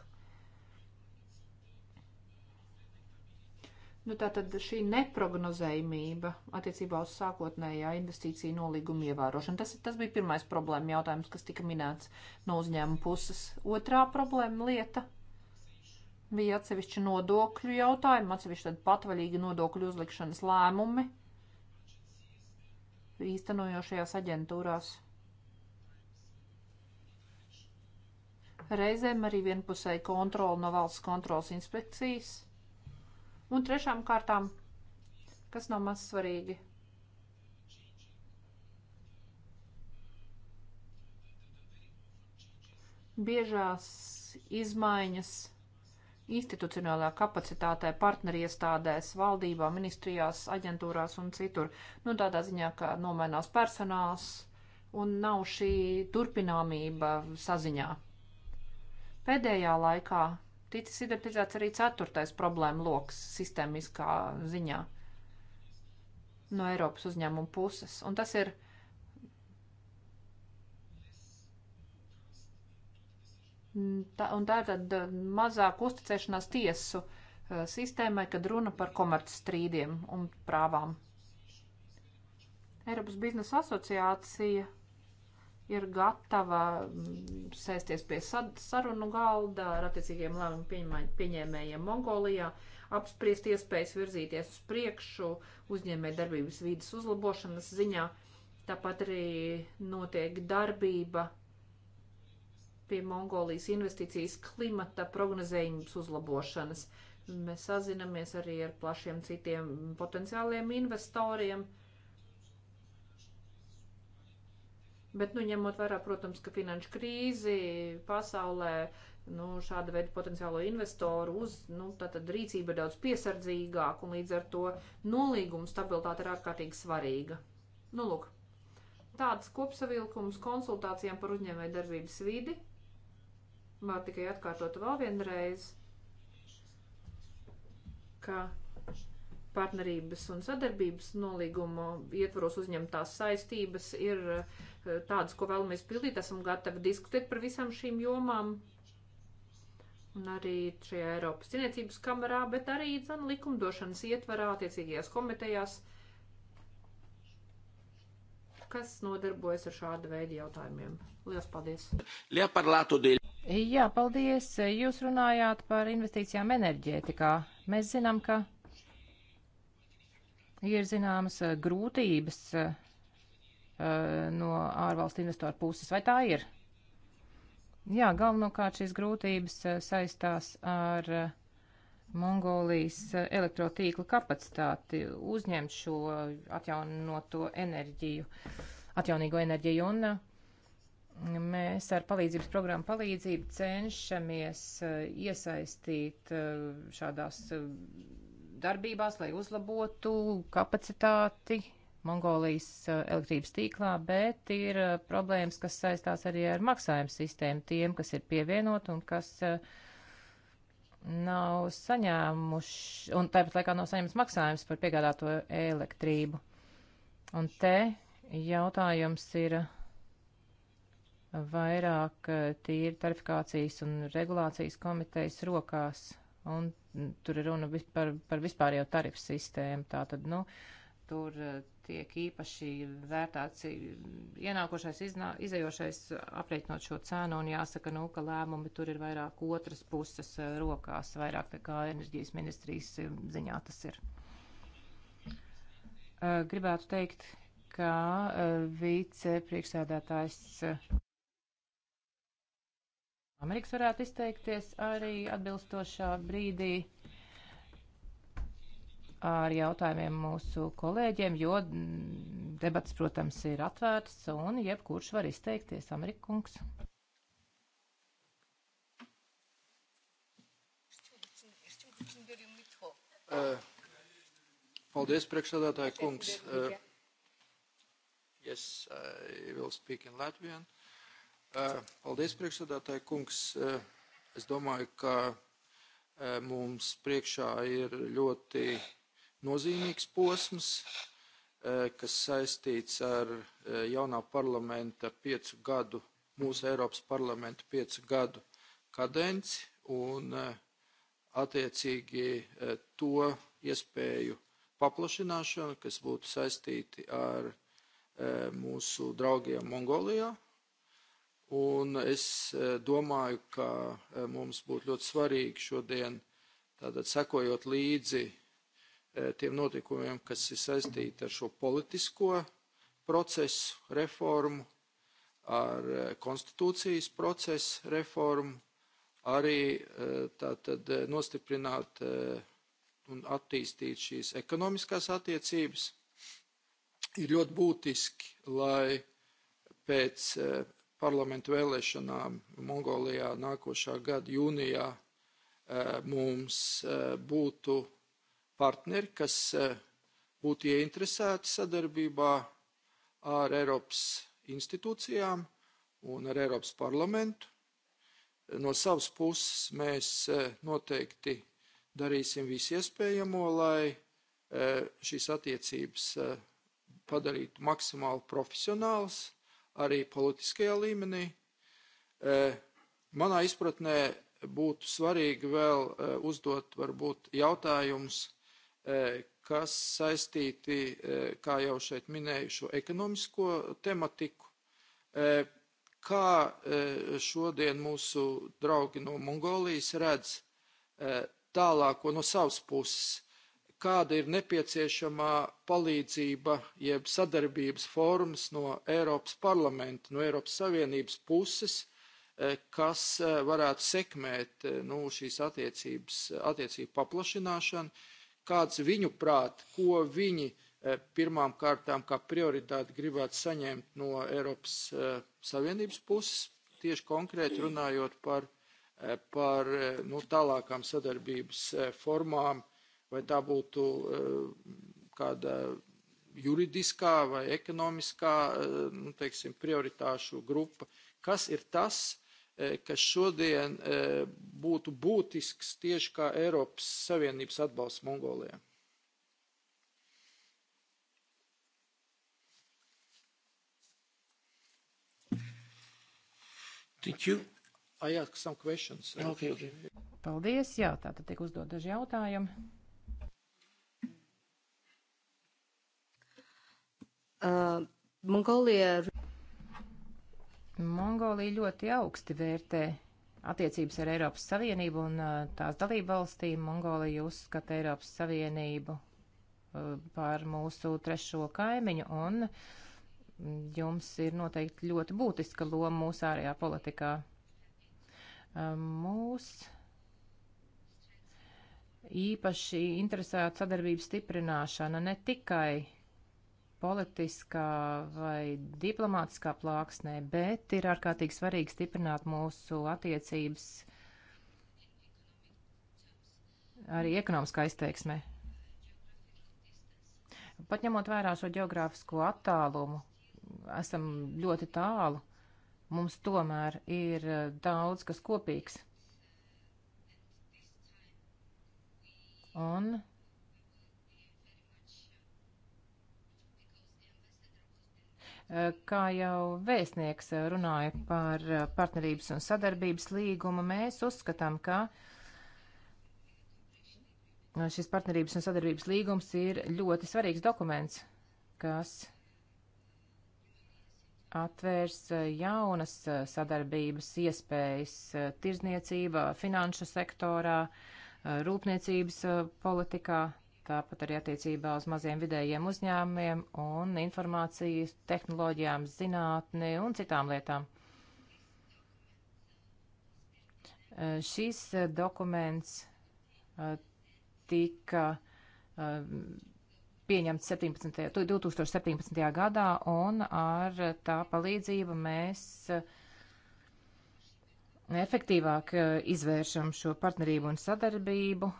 Nu, tātad šī neprognozējumība attiecībā uz sākotnējā investīcija nolīguma ievērošanu. Tas, tas bija pirmais problēma jautājums, kas tika minēts no uzņēmuma puses. Otrā problēma lieta bija atsevišķi nodokļu jautājumi, atsevišķi tad patvaļīgi nodokļu uzlikšanas lēmumi īstenojošajās aģentūrās. reizēm arī vienpusēji kontroli no valsts kontrolas inspekcijas. Un trešām kārtām, kas nav maz svarīgi, biežās izmaiņas institucionālajā kapacitātē, partneriestādēs, valdībā, ministrijās, aģentūrās un citur. Nu, tādā ziņā, ka nomainās personāls un nav šī turpināmība saziņā. Pēdējā laikā ticis identificēts arī ceturtais problēma lokus sistēmiskā ziņā no Eiropas uzņēmuma puses. Un tas ir tā, un tā ir tāda uh, mazāk uzticēšanās tiesu uh, sistēmai, kad runa par komerc strīdiem un prāvām. Eiropas biznesa asociācija ir gatava mm, sēsties pie sarunu galda ar attiecīgiem lēmumu pieņēmējiem Mongolijā, apspriest iespējas virzīties uz priekšu uzņēmē darbības vīdes uzlabošanas ziņā. Tāpat arī notiek darbība pie Mongolijas investīcijas klimata prognozējums uzlabošanas. Mēs sazinamies arī ar plašiem citiem potenciāliem investoriem. Uh, Bet, nu, ņemot vērā, protams, ka finanšu krīzi pasaulē, nu, šāda veida potenciālo investoru uz, nu, tātad rīcība ir daudz piesardzīgāka un līdz ar to nolīguma stabilitāte ir ārkārtīgi svarīga. Nu, lūk, tāds kopsavilkums konsultācijām par uzņēmēju darbības vidi. Var tikai atkārtot vēl vienreiz, ka partnerības un sadarbības nolīgumu ietvaros uzņemtās saistības ir uh, tādas, ko vēlamies pildīt, esam gatavi diskutēt par visām šīm jomām. Un arī šajā Eiropas Cienniecības kamerā, bet arī zan, likumdošanas ietvarā, attiecīgajās komitejās, kas nodarbojas ar šādu veidu jautājumiem. Lielas paldies! Jā, paldies! Jūs runājāt par investīcijām enerģētikā. Mēs zinām, ka ir zināmas grūtības Eh, no ārvalstu investoru puses. Vai tā ir? Jā, galvenokārt šīs grūtības eh, saistās ar eh, Mongolijas elektrotīkla kapacitāti uzņemt šo atjaunoto enerģiju, atjaunīgo enerģiju un Mēs ar palīdzības programmu palīdzību cenšamies iesaistīt šādās darbībās, lai uzlabotu kapacitāti Mongolijas uh, elektrības tīklā, bet ir uh, problēmas, kas saistās arī ar maksājumu sistēmu tiem, kas ir pievienot un kas uh, nav saņēmuši, un tāpat laikā nav saņemts maksājums par piegādāto elektrību. Un te jautājums ir vairāk tīri tarifikācijas un regulācijas komitejas rokās, un mm, tur ir runa par, par vispārējo tarifu sistēmu. Tātad, nu, tur tiek īpaši vērtāts ienākošais, iznā, izējošais, aprēķinot šo cenu, un jāsaka, nu, ka lēmumi tur ir vairāk otras puses e, rokās, vairāk nekā enerģijas ministrijas e, ziņā tas ir. E, gribētu teikt, ka vice priekšsēdētājs Amerikas varētu izteikties arī atbilstošā brīdī ar jautājumiem mūsu kolēģiem, jo mm, debats, protams, ir atvērts un jebkurš var izteikties. Amerikungs. Uh, paldies, priekšsēdētāji kungs. Uh, yes, I will speak in Latvian. Uh, paldies, priekšsēdētāji kungs. Es domāju, ka mums priekšā ir ļoti nozīmīgs posms, eh, kas saistīts ar eh, jaunā parlamenta piecu gadu, mūsu Eiropas parlamenta piecu gadu kadenci un eh, attiecīgi to iespēju paplašināšanu, kas būtu saistīti ar mūsu draugiem Mongolijā. Un es domāju, ka mums būtu ļoti svarīgi šodien, tātad sekojot līdzi uh, E, tiem notikumiem, kas ir saistīti ar šo politisko procesu reformu, ar e, konstitūcijas procesu reformu, arī e, tātad nostiprināt un attīstīt šīs ekonomiskās attiecības. Ir ļoti būtiski, lai pēc parlamentu vēlēšanām Mongolijā nākošā gada jūnijā mums būtu partneri, kas eh, būtu ieinteresēti sadarbībā ar Eiropas institūcijām un ar Eiropas parlamentu. No savas puses mēs eh, noteikti darīsim visu iespējamo, lai eh, šīs attiecības padarītu maksimāli profesionāls arī politiskajā līmenī. Manā izpratnē būtu svarīgi vēl uzdot varbūt jautājumus Э, kas saistīti, э, kā jau šeit minēju, šo ekonomisko tematiku. Э, kā šodien mūsu draugi no Mongolijas redz tālāko no savas puses, kāda ir nepieciešamā palīdzība jeb sadarbības formas no Eiropas parlamenta, no Eiropas Savienības puses, eh, kas eh, varētu sekmēt eh, nu, šīs attiecības, attiecību paplašināšanu, kāds viņu prāt, ko viņi eh, pirmām kārtām kā prioritāti gribētu saņemt no Eiropas eh, Savienības puses, tieši konkrēti runājot par, eh, par nu, tālākām sadarbības formām, vai tā būtu kāda juridiskā vai ekonomiskā nu, teiksim, prioritāšu grupa. Kas ir tas, E, kas šodien e, būtu būtisks tieši kā Eiropas Savienības atbalsts Mongolijai. Thank you. I ask some questions. Okay, okay. Paldies, jā, tā tad tiek uzdot daži jautājumi. Uh, Mongolija Mongolija ļoti augsti vērtē attiecības ar Eiropas Savienību un uh, tās dalību valstīm. Mongolija uzskata Eiropas Savienību uh, par mūsu trešo kaimiņu un mm, jums ir noteikti ļoti būtiska loma mūsu ārējā politikā. Um, mūs īpaši interesēta sadarbības stiprināšana ne tikai politiskā vai diplomātiskā plāksnē, bet ir ārkārtīgi svarīgi stiprināt mūsu attiecības arī ekonomiskā izteiksmē. Pat ņemot vērā šo geogrāfisko attālumu, esam ļoti tālu, mums tomēr ir e, daudz kas kopīgs. Un Kā jau vēstnieks runāja par partnerības un sadarbības līgumu, mēs uzskatām, ka šis partnerības un sadarbības līgums ir ļoti svarīgs dokuments, kas atvērs jaunas sadarbības iespējas tirzniecībā, finanšu sektorā, rūpniecības politikā, tāpat arī attiecībā uz maziem vidējiem uzņēmumiem un informācijas tehnoloģijām, zinātni un citām lietām. Eh, šis eh, dokuments eh, tika pieņemts 17, 2017. gadā, un ar tā palīdzību mēs efektīvāk izvēršam šo partnerību un sadarbību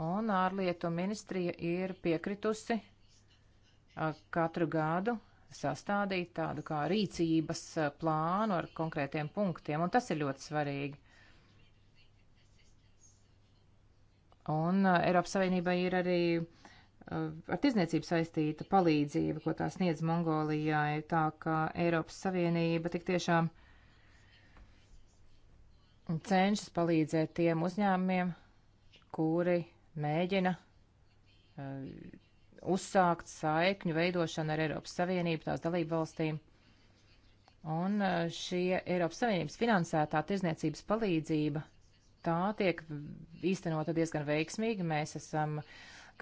Un ārlietu ministrija ir piekritusi katru gadu sastādīt tādu kā rīcības plānu ar konkrētiem punktiem, un tas ir ļoti svarīgi. Un Eiropas Savienībai ir arī ar tirzniecību saistīta palīdzība, ko tā sniedz Mongolijai, tā ka Eiropas Savienība tik tiešām cenšas palīdzēt tiem uzņēmumiem, kuri mēģina eh, uzsākt saikņu veidošanu ar Eiropas Savienību, tās dalību valstīm. Un eh, šie Eiropas Savienības finansētā tirzniecības palīdzība, tā tiek īstenota diezgan veiksmīgi. Mēs esam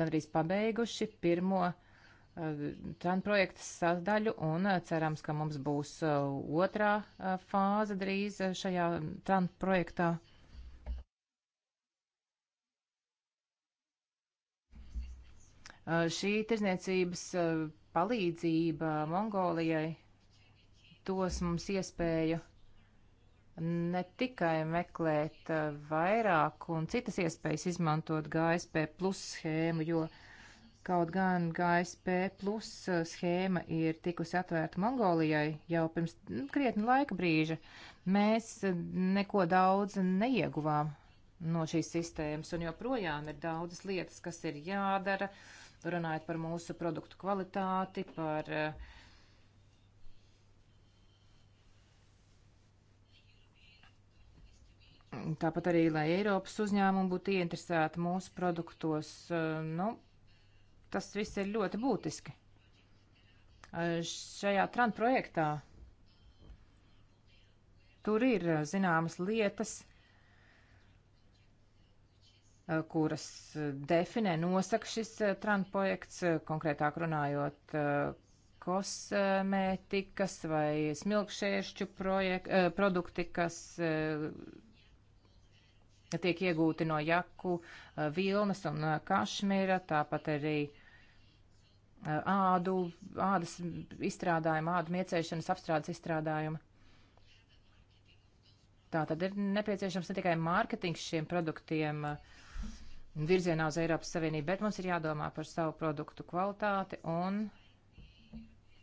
gandrīz pabeiguši pirmo eh, TRAN projekta sadaļu un cerams, ka mums būs otrā fāze drīz šajā mm, TRAN projektā. Uh, šī tirzniecības uh, palīdzība Mongolijai dos mums iespēju ne tikai meklēt uh, vairāk un citas iespējas izmantot GSP plus schēmu, jo kaut gan GSP plus schēma ir tikusi atvērta Mongolijai jau pirms nu, krietni laika brīža, mēs neko daudz neieguvām no šīs sistēmas, un joprojām ir daudzas lietas, kas ir jādara. Uh, runājot par mūsu produktu kvalitāti, par eh, tāpat arī, lai Eiropas uzņēmumi būtu ieinteresēti mūsu produktos. Eh, nu, tas viss ir ļoti būtiski. Eh, šajā trend projektā tur ir zināmas lietas, Eh, kuras eh, definē, nosaka šis eh, TRAN projekts, konkrētāk runājot, kosmētikas vai smilkšēršķu projekt, produkti, kas tiek iegūti no jaku vilnas un kašmira, tāpat arī ādu, ādas izstrādājuma, ādu miecēšanas apstrādes izstrādājuma. Tā tad ir nepieciešams ne tikai mārketings šiem produktiem, uh, virzienā uz Eiropas Savienību, bet mums ir jādomā par savu produktu kvalitāti un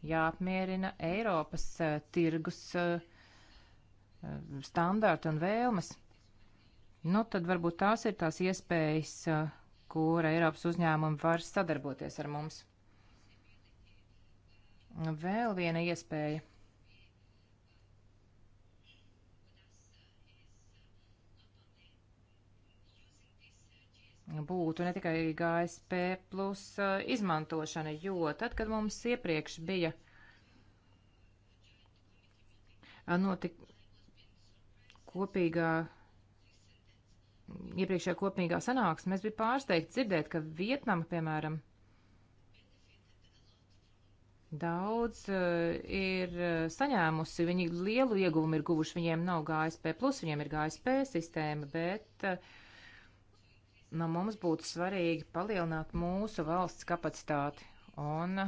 jāapmierina Eiropas uh, tirgus uh, eh, standārti un vēlmes. Nu, tad varbūt tās ir tās iespējas, uh, kur Eiropas uzņēmumi var sadarboties ar mums. Vēl viena iespēja būtu ne tikai GSP plus eh, izmantošana, jo tad, kad mums iepriekš bija eh, notik kopīgā, iepriekšējā kopīgā sanāksme, mēs bija pārsteigti dzirdēt, ka Vietnama, piemēram, daudz uh, ir saņēmusi, viņi lielu ieguvumu ir guvuši, viņiem nav GSP, plus viņiem ir GSP sistēma, bet uh, no nu, mums būtu svarīgi palielināt mūsu valsts kapacitāti un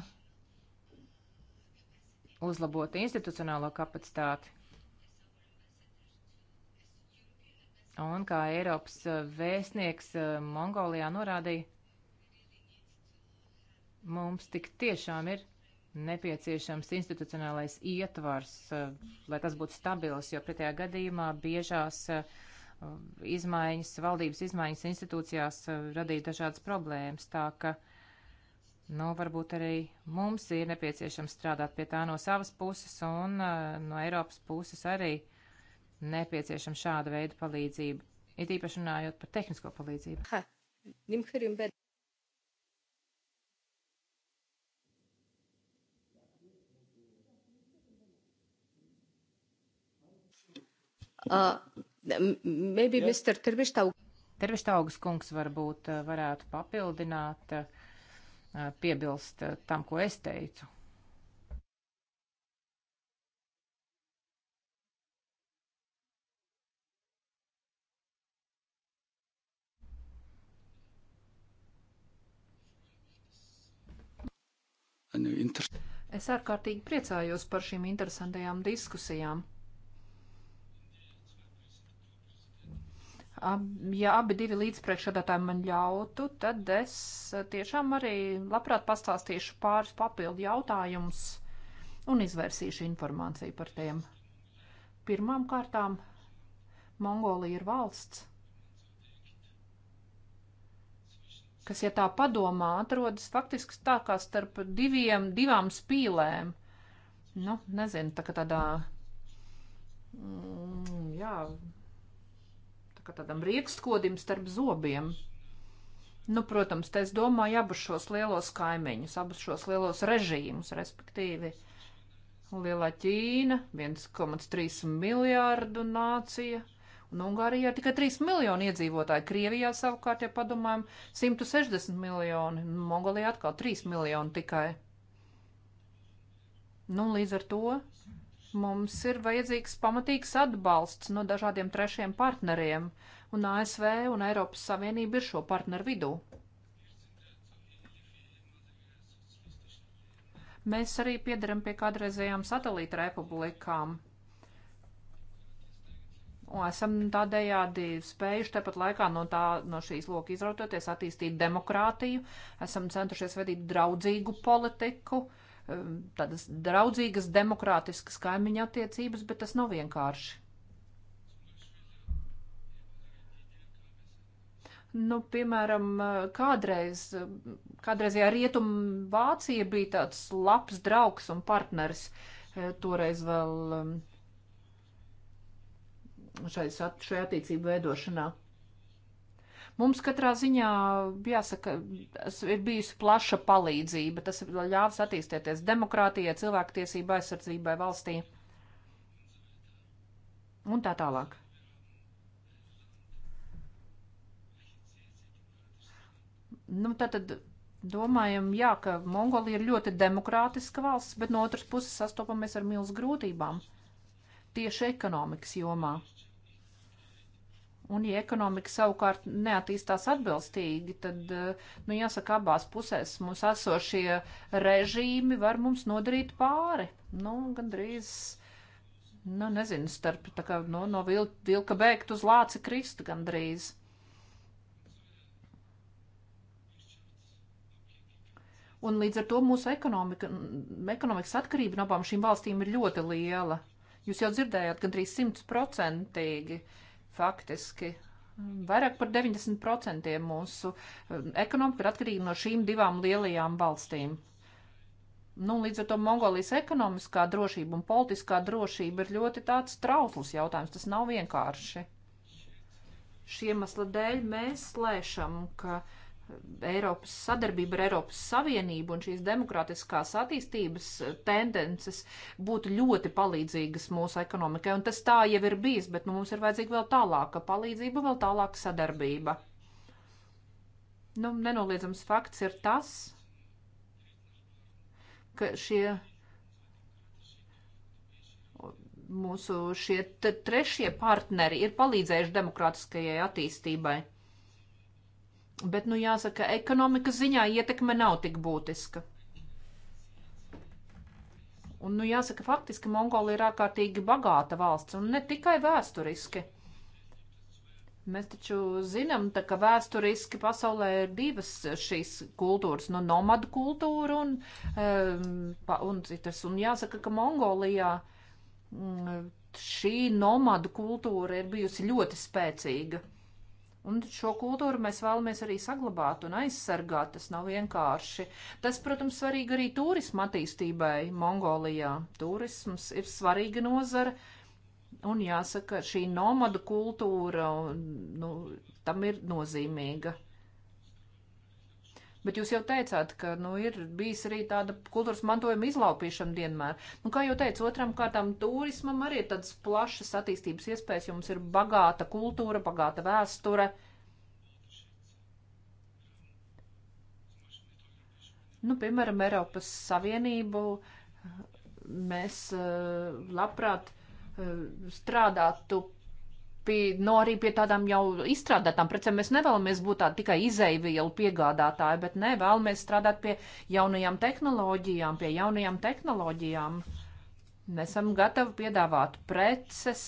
uzlabot institucionālo kapacitāti. Un kā Eiropas uh, vēstnieks uh, Mongolijā norādīja, mums tik tiešām ir nepieciešams institucionālais ietvars, uh, lai tas būtu stabils, jo pretējā gadījumā biežās uh, Um, izmaiņas, valdības izmaiņas institūcijās uh, radīja dažādas problēmas, tā ka, nu, varbūt arī mums ir nepieciešams strādāt pie tā no savas puses un uh, no Eiropas puses arī nepieciešama šāda veida palīdzība, it īpaši runājot par tehnisko palīdzību. Ha. Uh, Maybe yeah. Mr. Tervištaug. Tervištaugas kungs varbūt eh, varētu papildināt, eh, eh, piebilst tam, ko es teicu. Es ārkārtīgi priecājos par šīm interesantajām diskusijām. Ab, ja abi divi līdzpriekšādātāji man ļautu, tad es tiešām arī labprāt pastāstīšu pāris papildu jautājumus un izvērsīšu informāciju par tiem. Pirmām kārtām Mongolija ir valsts, kas, ja tā padomā, atrodas faktiski tā kā starp diviem, divām spīlēm. Nu, nezinu, tā kā tādā, mm, jā, kā tādam riekskodim starp zobiem. Nu, protams, te es domāju abus šos lielos kaimiņus, abus šos lielos režīmus, respektīvi Lielā Ķīna, 1,3 miljārdu nācija, un Ungārija ir tikai 3 miljoni iedzīvotāji, Krievijā savukārt, ja padomājam, 160 miljoni, Mongolijā atkal 3 miljoni tikai. Nu, līdz ar to Mums ir vajadzīgs pamatīgs atbalsts no dažādiem trešiem partneriem, un ASV un Eiropas Savienība ir šo partneru vidū. Mēs arī piedaram pie kādreizējām satelīta republikām. Un esam tādējādi spējuši tepat laikā no, tā, no šīs loka izrautoties attīstīt demokrātiju, esam centušies vedīt draudzīgu politiku, uh, Um, tādas draudzīgas, demokrātiskas kaimiņa attiecības, bet tas nav vienkārši. Nu, piemēram, uh, kādreiz, uh, kādreizajā rietum Vācija bija tāds labs draugs un partneris, uh, toreiz vēl um, šai, šai attiecību veidošanā. Mums katrā ziņā, jāsaka, ir bijusi plaša palīdzība. Tas ir ļāvis attīstīties demokrātijai, cilvēktiesībai, aizsardzībai valstī un tā tālāk. Nu, tā tad domājam, jā, ka Mongolija ir ļoti demokrātiska valsts, bet no otras puses sastopamies ar milz grūtībām tieši ekonomikas jomā. Un, ja ekonomika savukārt neattīstās atbilstīgi, tad, eh, nu, jāsaka, abās pusēs mums esošie režīmi var mums nodarīt pāri. Nu, gandrīz, nu, nezinu, starp tā kā nu, no vil, vilka bēgt uz lāci krist gandrīz. Un līdz ar to mūsu ekonomika, ekonomikas atkarība no abām šīm valstīm ir ļoti liela. Jūs jau dzirdējāt, gandrīz simtprocentīgi. Uh, Faktiski vairāk par 90% mūsu um, ekonomika ir atkarīga no šīm divām lielajām valstīm. Nu, līdz ar to Mongolijas ekonomiskā drošība un politiskā drošība ir ļoti tāds trausls jautājums. Tas nav vienkārši. Šiem asla dēļ mēs slēšam, ka uh, Eiropas sadarbība ar Eiropas Savienību un šīs demokrātiskās attīstības eh, tendences būtu ļoti palīdzīgas mūsu ekonomikai. Un tas tā jau ir bijis, bet nu, mums ir vajadzīga vēl tālāka palīdzība, vēl tālāka sadarbība. Nu, nenoliedzams fakts ir tas, ka šie mūsu šie trešie partneri ir palīdzējuši demokrātiskajai attīstībai. Bet, nu, jāsaka, ekonomikas ziņā ietekme nav tik būtiska. Un, nu, jāsaka, faktiski Mongolija ir ārkārtīgi bagāta valsts, un ne tikai vēsturiski. Mēs taču zinām, tā, ka vēsturiski pasaulē ir divas šīs kultūras, nu, no nomadu kultūra un, um, un citas. Un jāsaka, ka Mongolijā um, šī nomadu kultūra ir bijusi ļoti spēcīga. Un šo kultūru mēs vēlamies arī saglabāt un aizsargāt. Tas nav vienkārši. Tas, protams, svarīgi arī turisma attīstībai Mongolijā. Turisms ir svarīga nozara. Un jāsaka, šī nomadu kultūra nu, tam ir nozīmīga. Bet jūs jau teicāt, ka nu, ir bijis arī tāda kultūras mantojuma izlaupīšana vienmēr. Nu, kā jau teicu, otram kārtām turismam arī ir tādas plašas attīstības iespējas, jums ir bagāta kultūra, bagāta vēsture. Nu, piemēram, Eiropas Savienību eh, mēs eh, labprāt eh, strādātu pie, no arī pie tādām jau izstrādātām precēm. Mēs nevēlamies būt tādi tikai izeivielu piegādātāji, bet ne, vēlamies strādāt pie jaunajām tehnoloģijām, pie jaunajām tehnoloģijām. Mēs esam gatavi piedāvāt preces,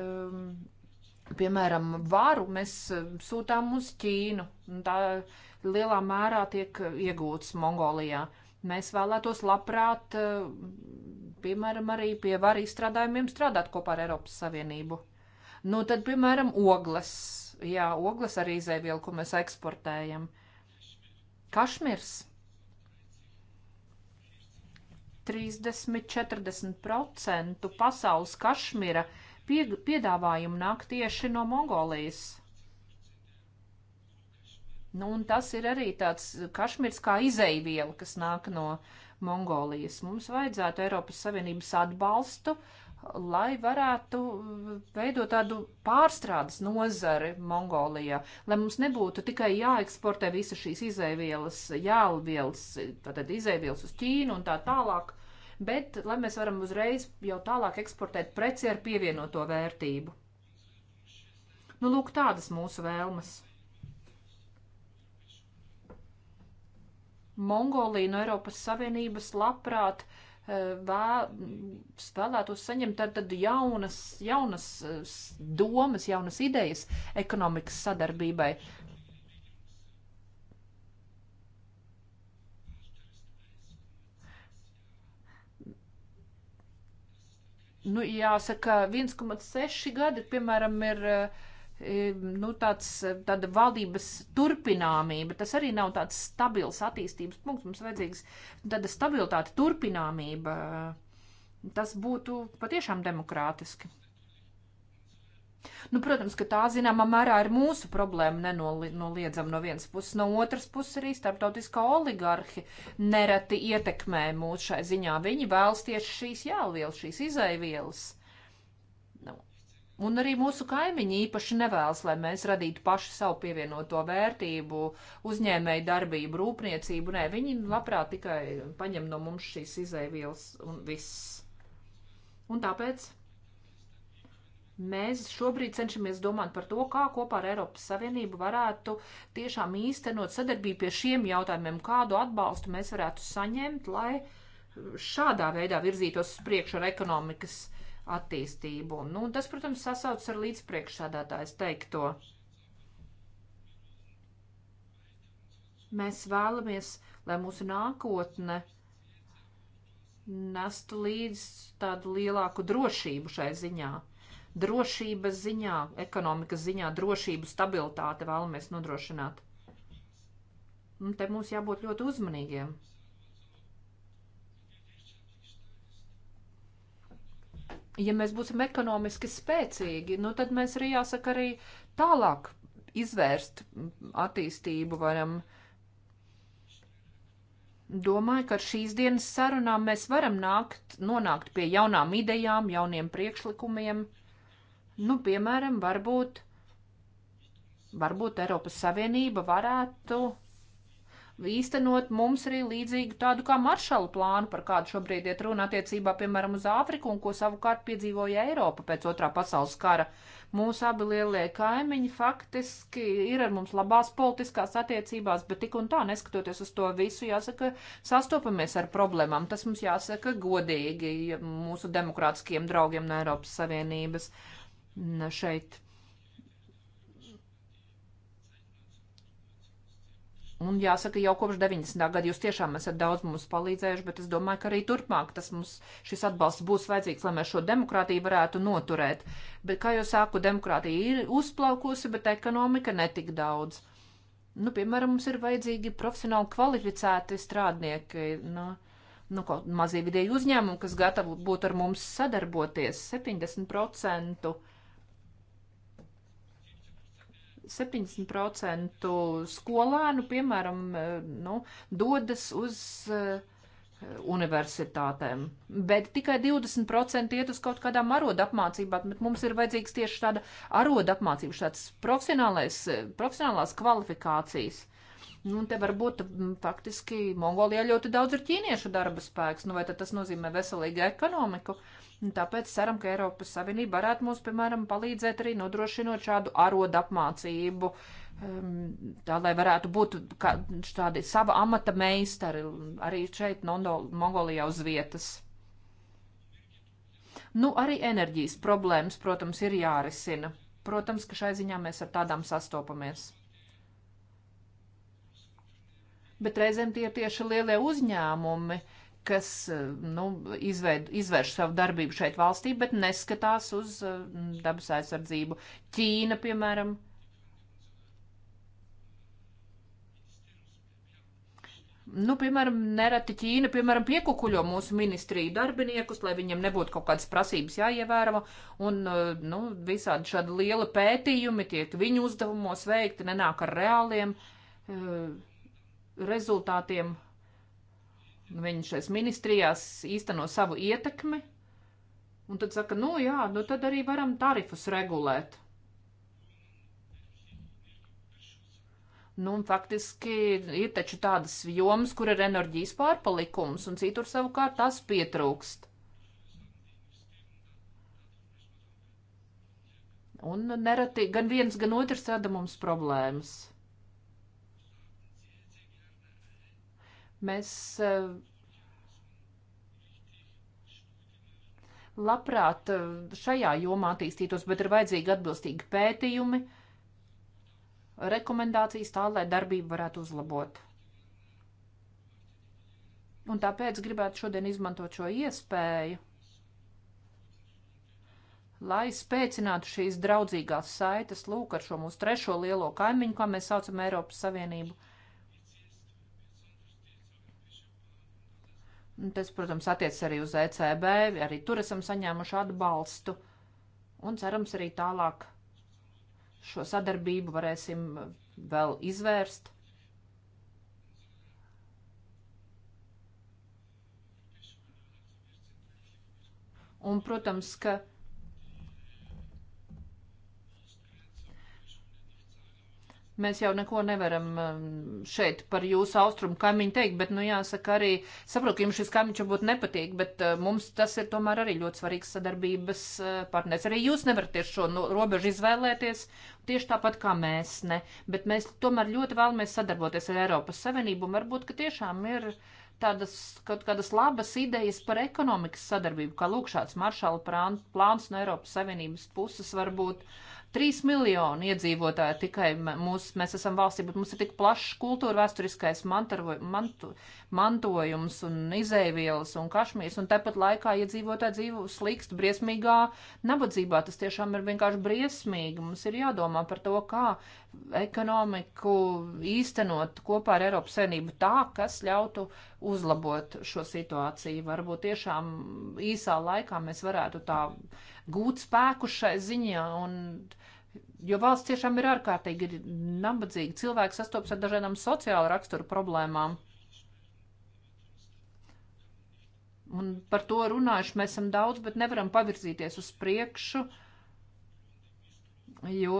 um, piemēram, varu mēs uh, sūtām uz Ķīnu. Tā lielā mērā tiek iegūts Mongolijā. Mēs vēlētos labprāt, uh, piemēram, arī pie varu izstrādājumiem strādāt kopā ar Eiropas Savienību. Nu, tad, piemēram, ogles. Jā, ogles arī izēvielu, ko mēs eksportējam. Kašmirs. 30-40% pasaules kašmira piedāvājumu nāk tieši no Mongolijas. Nu, un tas ir arī tāds kašmirs kā izeiviela, kas nāk no Mongolijas. Mums vajadzētu Eiropas Savienības atbalstu, uh, lai varētu uh, veidot tādu pārstrādes nozari Mongolijā, lai mums nebūtu tikai jāeksportē visa šīs izēvielas, jālvielas, tātad izēvielas uz Ķīnu un tā tālāk, bet lai mēs varam uzreiz jau tālāk eksportēt preci ar pievienoto vērtību. Nu, lūk, tādas mūsu vēlmes. Mongolija no Eiropas Savienības labprāt uh, vā, vēlētos saņemt tad, tad jaunas, jaunas eh, domas, jaunas idejas ekonomikas sadarbībai. Nu, jāsaka, 1,6 gadi, piemēram, ir uh, E, nu, tāds, e, tāda valdības turpināmība. Tas arī nav tāds stabils attīstības punkts. Mums vajadzīgs tāda stabilitāte, turpināmība. Tas būtu patiešām demokrātiski. Nu, protams, ka tā zināmā mērā ir mūsu problēma, nenoliedzama no vienas puses. No otras puses, arī starptautiskā oligarhi nereti ietekmē mūs šai ziņā. Viņi vēlas tieši šīs jālvielas, šīs izaivielas. Un arī mūsu kaimiņi īpaši nevēlas, lai mēs radītu paši savu pievienoto vērtību, uzņēmēju darbību, rūpniecību. Nē, viņi labprāt tikai paņem no mums šīs izēvielas un viss. Un tāpēc mēs šobrīd cenšamies domāt par to, kā kopā ar Eiropas Savienību varētu tiešām īstenot sadarbību pie šiem jautājumiem, kādu atbalstu mēs varētu saņemt, lai šādā veidā virzītos uz priekšu ar ekonomikas uh, attīstību. Nu, tas, protams, sasauc ar līdzpriekšādātājs teikto. Mēs vēlamies, lai mūsu nākotne nestu līdz tādu lielāku drošību šai ziņā. Drošības ziņā, ekonomikas ziņā, drošību, stabilitāti vēlamies nodrošināt. Un te mums jābūt ļoti uzmanīgiem. ja mēs būsim ekonomiski spēcīgi, nu tad mēs arī jāsaka arī tālāk izvērst attīstību varam. Domāju, ka ar šīs dienas sarunām mēs varam nākt, nonākt pie jaunām idejām, jauniem priekšlikumiem. Nu, piemēram, varbūt, varbūt Eiropas Savienība varētu īstenot mums arī līdzīgu tādu kā maršalu plānu, par kādu šobrīd iet runa attiecībā, piemēram, uz Āfriku un ko savukārt piedzīvoja Eiropa pēc otrā pasaules kara. Mūsu abi lielie kaimiņi faktiski ir ar mums labās politiskās attiecībās, bet tik un tā, neskatoties uz to visu, jāsaka, sastopamies ar problēmām. Tas mums jāsaka godīgi mūsu demokrātiskiem draugiem no Eiropas Savienības šeit. Un jāsaka, jau kopš 90. gada jūs tiešām esat daudz mums palīdzējuši, bet es domāju, ka arī turpmāk tas mums, šis atbalsts būs vajadzīgs, lai mēs šo demokrātiju varētu noturēt. Bet, kā jau sāku, demokrātija ir uzplaukusi, bet ekonomika netik daudz. Nu, piemēram, mums ir vajadzīgi profesionāli kvalificēti strādnieki, nu, nu mazie vidēji uzņēmumi, kas gatavi būtu ar mums sadarboties 70%. 70% skolēnu, piemēram, eh, nu, dodas uz eh, universitātēm, bet tikai 20% iet uz kaut kādām arodapmācībām, bet mums ir vajadzīgs tieši tāda arodapmācība, tāds profesionālais, eh, profesionālās kvalifikācijas. Nu, te varbūt mm, faktiski Mongolijā ļoti daudz ir ķīniešu darba spēks, nu vai tad tas nozīmē veselīgu ekonomiku? Uh, Un tāpēc ceram, ka Eiropas Savienība varētu mums, piemēram, palīdzēt arī nodrošinot šādu arodu apmācību, um, tā lai varētu būt tādi sava amata meistari arī šeit, Mongolijā uz vietas. Nu, arī enerģijas problēmas, protams, ir jārisina. Protams, ka šai ziņā mēs ar tādām sastopamies bet reizēm tie ir tieši lielie uzņēmumi, kas eh, nu, izveid, izvērš savu darbību šeit valstī, bet neskatās uz eh, dabas aizsardzību. Ķīna, piemēram. Nu, piemēram, nereti Ķīna, piemēram, piekukuļo mūsu ministriju darbiniekus, lai viņiem nebūtu kaut kādas prasības jāievēro, un, eh, nu, visādi šādi liela pētījumi tiek viņu uzdevumos veikti, nenāk ar reāliem uh, rezultātiem. Viņi šais ministrijās īsteno savu ietekmi, un tad saka, nu jā, nu tad arī varam tarifus regulēt. Nu, un faktiski ir taču tādas jomas, kur ir enerģijas pārpalikums, un citur savukārt tas pietrūkst. Un nereti gan viens, gan otrs rada mums problēmas. Mēs eh, labprāt eh, šajā jomā attīstītos, bet ir vajadzīgi atbilstīgi pētījumi, rekomendācijas tā, lai darbību varētu uzlabot. Un tāpēc gribētu šodien izmantot šo iespēju, lai spēcinātu šīs draudzīgās saites lūk ar šo mūsu trešo lielo kaimiņu, kā mēs saucam Eiropas Savienību Tas, protams, attiecas arī uz ECB, arī tur esam saņēmuši atbalstu un cerams arī tālāk šo sadarbību varēsim vēl izvērst. Un, protams, ka Mēs jau neko nevaram um, šeit par jūsu austrumu kaimiņu teikt, bet, nu, jāsaka arī, saprotu, ka jums šis kaimiņš varbūt nepatīk, bet uh, mums tas ir tomēr arī ļoti svarīgs sadarbības uh, partners. Arī jūs nevarat tieši šo no, nu, robežu izvēlēties, tieši tāpat kā mēs, ne, bet mēs tomēr ļoti vēlamies sadarboties ar Eiropas Savienību un varbūt, ka tiešām ir tādas kaut kādas labas idejas par ekonomikas sadarbību, kā lūk šāds maršala plāns no Eiropas Savienības puses varbūt Trīs miljoni iedzīvotāji tikai mūs, mēs esam valstī, bet mums ir tik plašs kultūra vēsturiskais mantarvo, mantu, mantojums un izēvielas un kašmīrs, un tepat laikā iedzīvotāji ja dzīvo slikst, briesmīgā nabadzībā. Tas tiešām ir vienkārši briesmīgi. Mums ir jādomā par to, kā ekonomiku īstenot kopā ar Eiropas Savienību tā, kas ļautu uzlabot šo situāciju. Varbūt tiešām īsā laikā mēs varētu tā gūt spēku šai ziņā un Jo valsts tiešām ir ārkārtīgi nabadzīga. Cilvēki sastopas ar dažādām sociāla rakstura problēmām. Un par to runājuši mēs esam daudz, bet nevaram pavirzīties uz priekšu, jo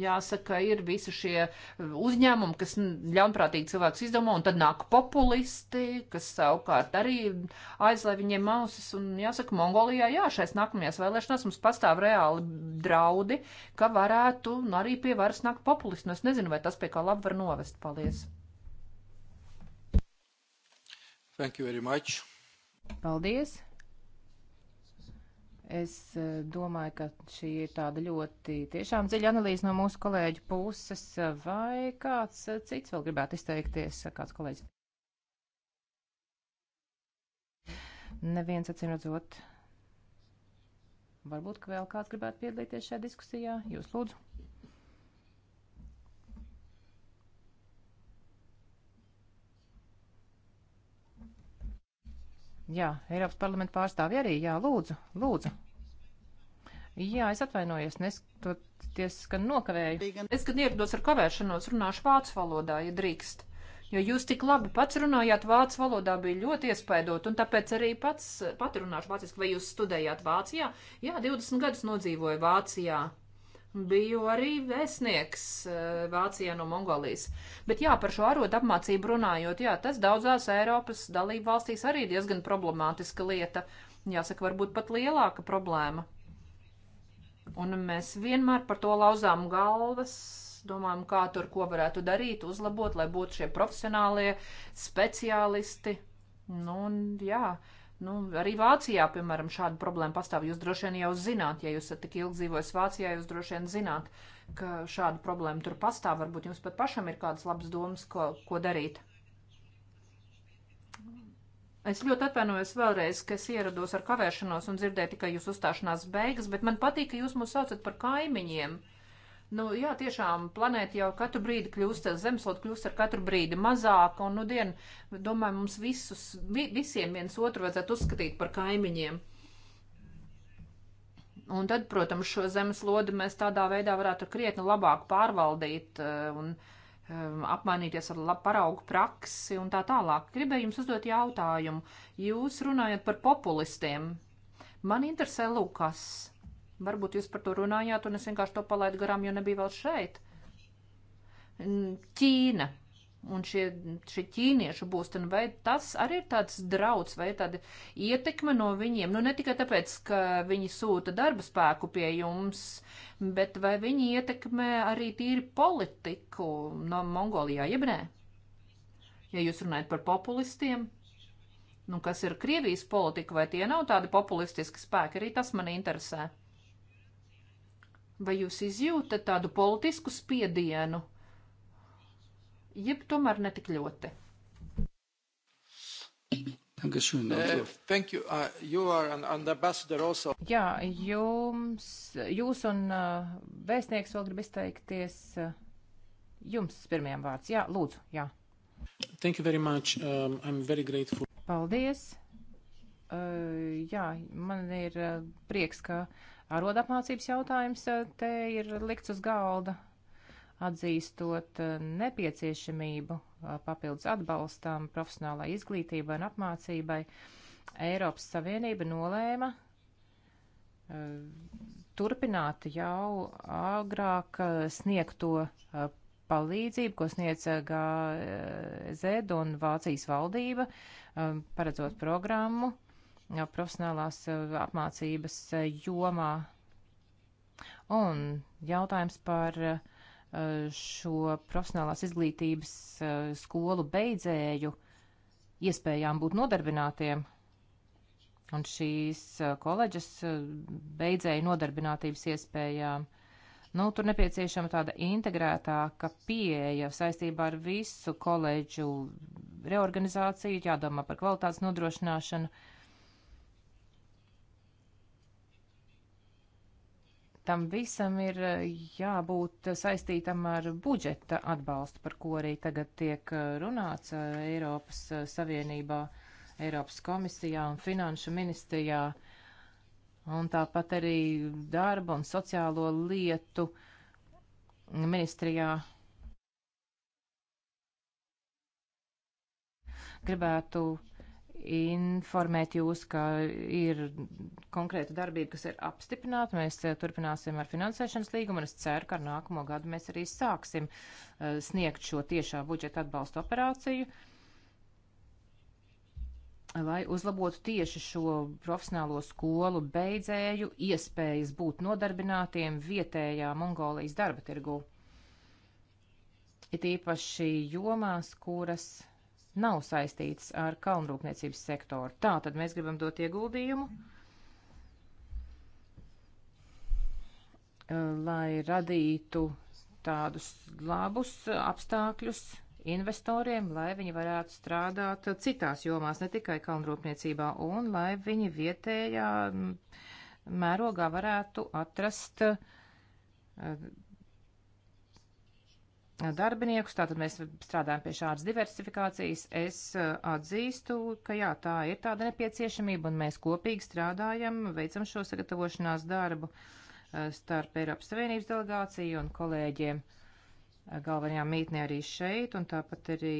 jāsaka, ir visi šie uzņēmumi, kas ļaunprātīgi cilvēks izdomā, un tad nāk populisti, kas savukārt arī aizlai viņiem ausis, un jāsaka, Mongolijā, jā, šais nākamajās vēlēšanās mums pastāv reāli draudi, ka varētu nu, arī pie varas nākt populisti, un nu, es nezinu, vai tas pie kā labi var novest. Paldies! Thank you very much. Paldies. Es eh, domāju, ka šī ir tāda ļoti tiešām dziļa analīze no mūsu kolēģu puses. Vai kāds eh, cits vēl gribētu izteikties? Kāds kolēģis? Neviens acīm redzot. Varbūt, ka vēl kāds gribētu piedalīties šajā diskusijā. Jūs lūdzu. Jā, Eiropas parlamenta pārstāvi arī, jā, lūdzu, lūdzu. Jā, es atvainojos, neskatoties, ka nokavēju. Es, kad ierados ar kavēšanos, runāšu vācu valodā, ja drīkst. Jo jūs tik labi pats runājāt vācu valodā, bija ļoti iespaidot, un tāpēc arī pats, pat runāšu vāciski, vai jūs studējāt Vācijā? Jā, 20 gadus nodzīvoju Vācijā. Biju arī vēstnieks eh, Vācijā no Mongolijas. Bet jā, par šo arodu apmācību runājot, jā, tas daudzās Eiropas dalību valstīs arī diezgan problemātiska lieta. Jāsaka, varbūt pat lielāka problēma. Un mēs vienmēr par to lauzām galvas, domājam, kā tur ko varētu darīt, uzlabot, lai būtu šie profesionālie speciālisti. Nu, un jā, uh, Nu, arī Vācijā, piemēram, šāda problēma pastāv. Jūs droši vien jau zināt, ja jūs esat tik ilgi dzīvojis Vācijā, jūs droši vien zināt, ka šāda problēma tur pastāv. Varbūt jums pat pašam ir kādas labas domas, ko, ko darīt. Es ļoti atvainojos vēlreiz, ka es ierados ar kavēšanos un dzirdēju tikai jūsu uzstāšanās beigas, bet man patīk, ka jūs mūs saucat par kaimiņiem. Uh, Nu, jā, tiešām planēta jau katru brīdi kļūst, zemeslode kļūst ar katru brīdi mazāka, un, nu, dien, domāju, mums visus, vi, visiem viens otru vajadzētu uzskatīt par kaimiņiem. Un tad, protams, šo zemeslodi mēs tādā veidā varētu krietni labāk pārvaldīt eh, un um, apmainīties ar labu paraugu praksi un tā tālāk. Gribēju jums uzdot jautājumu. Jūs runājat par populistiem. Man interesē Lukas. Varbūt jūs par to runājāt, un es vienkārši to palaidu garām, jo nebija vēl šeit. Ķīna. Un šie, šie ķīniešu būsteni, vai tas arī ir tāds drauds, vai tāda ietekme no viņiem? Nu, ne tikai tāpēc, ka viņi sūta darba spēku pie jums, bet vai viņi ietekmē arī tīri politiku no Mongolijā, jeb nē? Ja jūs runājat par populistiem, nu, kas ir Krievijas politika, vai tie nav tādi populistiski spēki, arī tas mani interesē. Vai jūs izjūtat tādu politisku spiedienu, jeb tomēr netik ļoti? Uh, thank you. Uh, you are an, an ambassador also. Jā, jums, jūs un uh, vēstnieks vēl grib izteikties. Uh, jums pirmajam vārds. Jā, lūdzu, jā. Thank you very much. Um, I'm very grateful. Paldies. Uh, jā, man ir uh, prieks, ka uh, Arodapmācības jautājums eh, te ir likts uz galda, atzīstot eh, nepieciešamību eh, papildus atbalstam profesionālai izglītībai un apmācībai. Eiropas Savienība nolēma turpināt jau agrāk sniegto palīdzību, ko sniedz GZ un Vācijas valdība, paredzot programmu profesionālās eh, apmācības eh, jomā. Un jautājums par eh, šo profesionālās izglītības skolu beidzēju iespējām būt nodarbinātiem. Un šīs koledžas beidzēja nodarbinātības iespējām. Nu, tur nepieciešama tāda integrētāka pieeja saistībā ar visu koledžu reorganizāciju, jādomā par kvalitātes nodrošināšanu. Uh, tam visam ir eh, jābūt saistītam ar budžeta atbalstu, par ko arī tagad tiek eh, runāts eh, Eiropas Savienībā, Eiropas komisijā un Finanšu ministrijā, un tāpat arī darba un sociālo lietu ministrijā. Gribētu uh, informēt jūs, ka ir konkrēta darbība, kas ir apstiprināta. Mēs eh, turpināsim ar finansēšanas līgumu, un es ceru, ka ar nākamo gadu mēs arī sāksim eh, sniegt šo tiešā budžeta atbalsta operāciju, lai uzlabotu tieši šo profesionālo skolu beidzēju iespējas būt nodarbinātiem vietējā Mongolijas darba tirgu. It īpaši jomās, kuras nav saistīts ar kalnrūpniecības sektoru. Tā tad mēs gribam dot ieguldījumu, eh, lai radītu tādus labus apstākļus investoriem, lai viņi varētu strādāt citās jomās, ne tikai kalnrūpniecībā, un lai viņi vietējā mērogā varētu atrast eh, darbiniekus, tātad mēs strādājam pie šādas diversifikācijas. Es eh, atzīstu, ka jā, tā ir tāda nepieciešamība, un mēs kopīgi strādājam, veicam šo sagatavošanās darbu eh, starp Eiropas Savienības delegāciju un kolēģiem eh, galvenajā mītnē arī šeit, un tāpat arī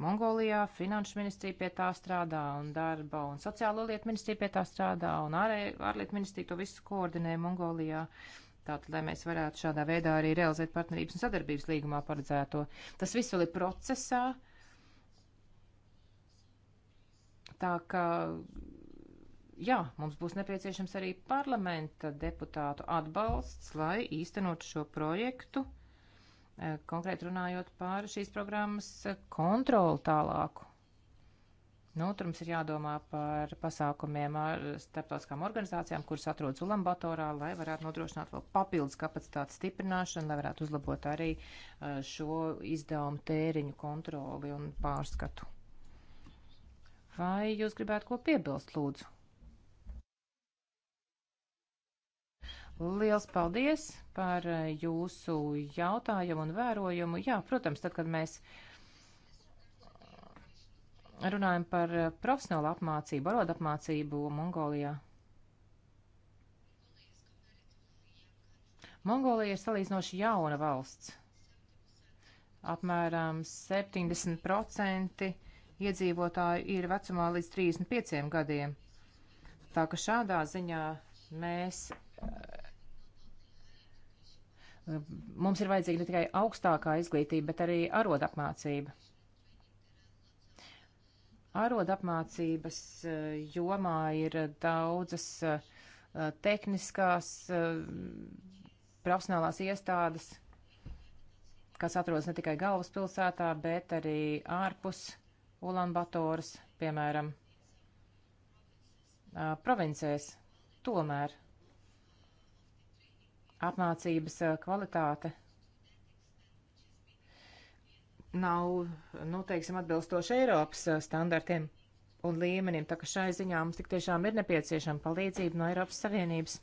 Mongolijā finanšu ministrija pie tā strādā, un darba un sociālo lietu ministrija pie tā strādā, un ārlietu ministrija to visu koordinē Mongolijā. Tātad, lai mēs varētu šādā veidā arī realizēt partnerības un sadarbības līgumā paredzēto. Tas viss vēl ir procesā. Tā ka, jā, mums būs nepieciešams arī parlamenta deputātu atbalsts, lai īstenotu šo projektu, eh, konkrēt runājot pār šīs programmas eh, kontroli tālāku Nu, tur mums ir jādomā par pasākumiem ar starptautiskām organizācijām, kuras atrodas Ulambatorā, lai varētu nodrošināt vēl papildus kapacitātes stiprināšanu, lai varētu uzlabot arī šo izdevumu tēriņu kontroli un pārskatu. Vai jūs gribētu ko piebilst, lūdzu? Liels paldies par jūsu jautājumu un vērojumu. Jā, protams, tad, kad mēs uh, runājam par eh, profesionālu apmācību, valodu apmācību Mongolijā. Mongolija ir salīdzinoši jauna valsts. Apmēram 70% iedzīvotāju ir vecumā līdz 35 gadiem. Tā ka šādā ziņā mēs eh, mums ir vajadzīga ne tikai augstākā izglītība, bet arī arodapmācība. Āroda apmācības eh, jomā ir daudzas eh, tehniskās eh, profesionālās iestādes, kas atrodas ne tikai galvaspilsētā, bet arī ārpus Ulanbatoras, piemēram, provincēs. Tomēr apmācības kvalitāte nav, nu, teiksim, atbilstoši Eiropas eh, standartiem un līmenim, tā ka šai ziņā mums tik tiešām ir nepieciešama palīdzība no Eiropas Savienības,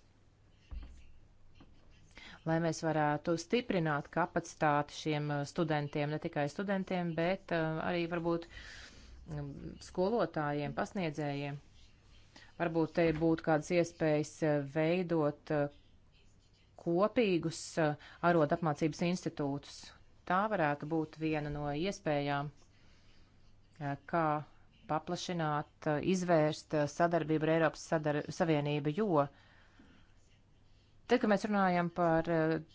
lai mēs varētu stiprināt kapacitāti šiem eh, studentiem, ne tikai studentiem, bet eh, arī varbūt mm, skolotājiem, pasniedzējiem. Varbūt te būtu kādas iespējas veidot kopīgus arod apmācības institūtus, tā varētu būt viena no iespējām, eh, kā paplašināt, eh, izvērst eh, sadarbību ar Eiropas sadar Savienību, jo Tad, kad mēs runājam par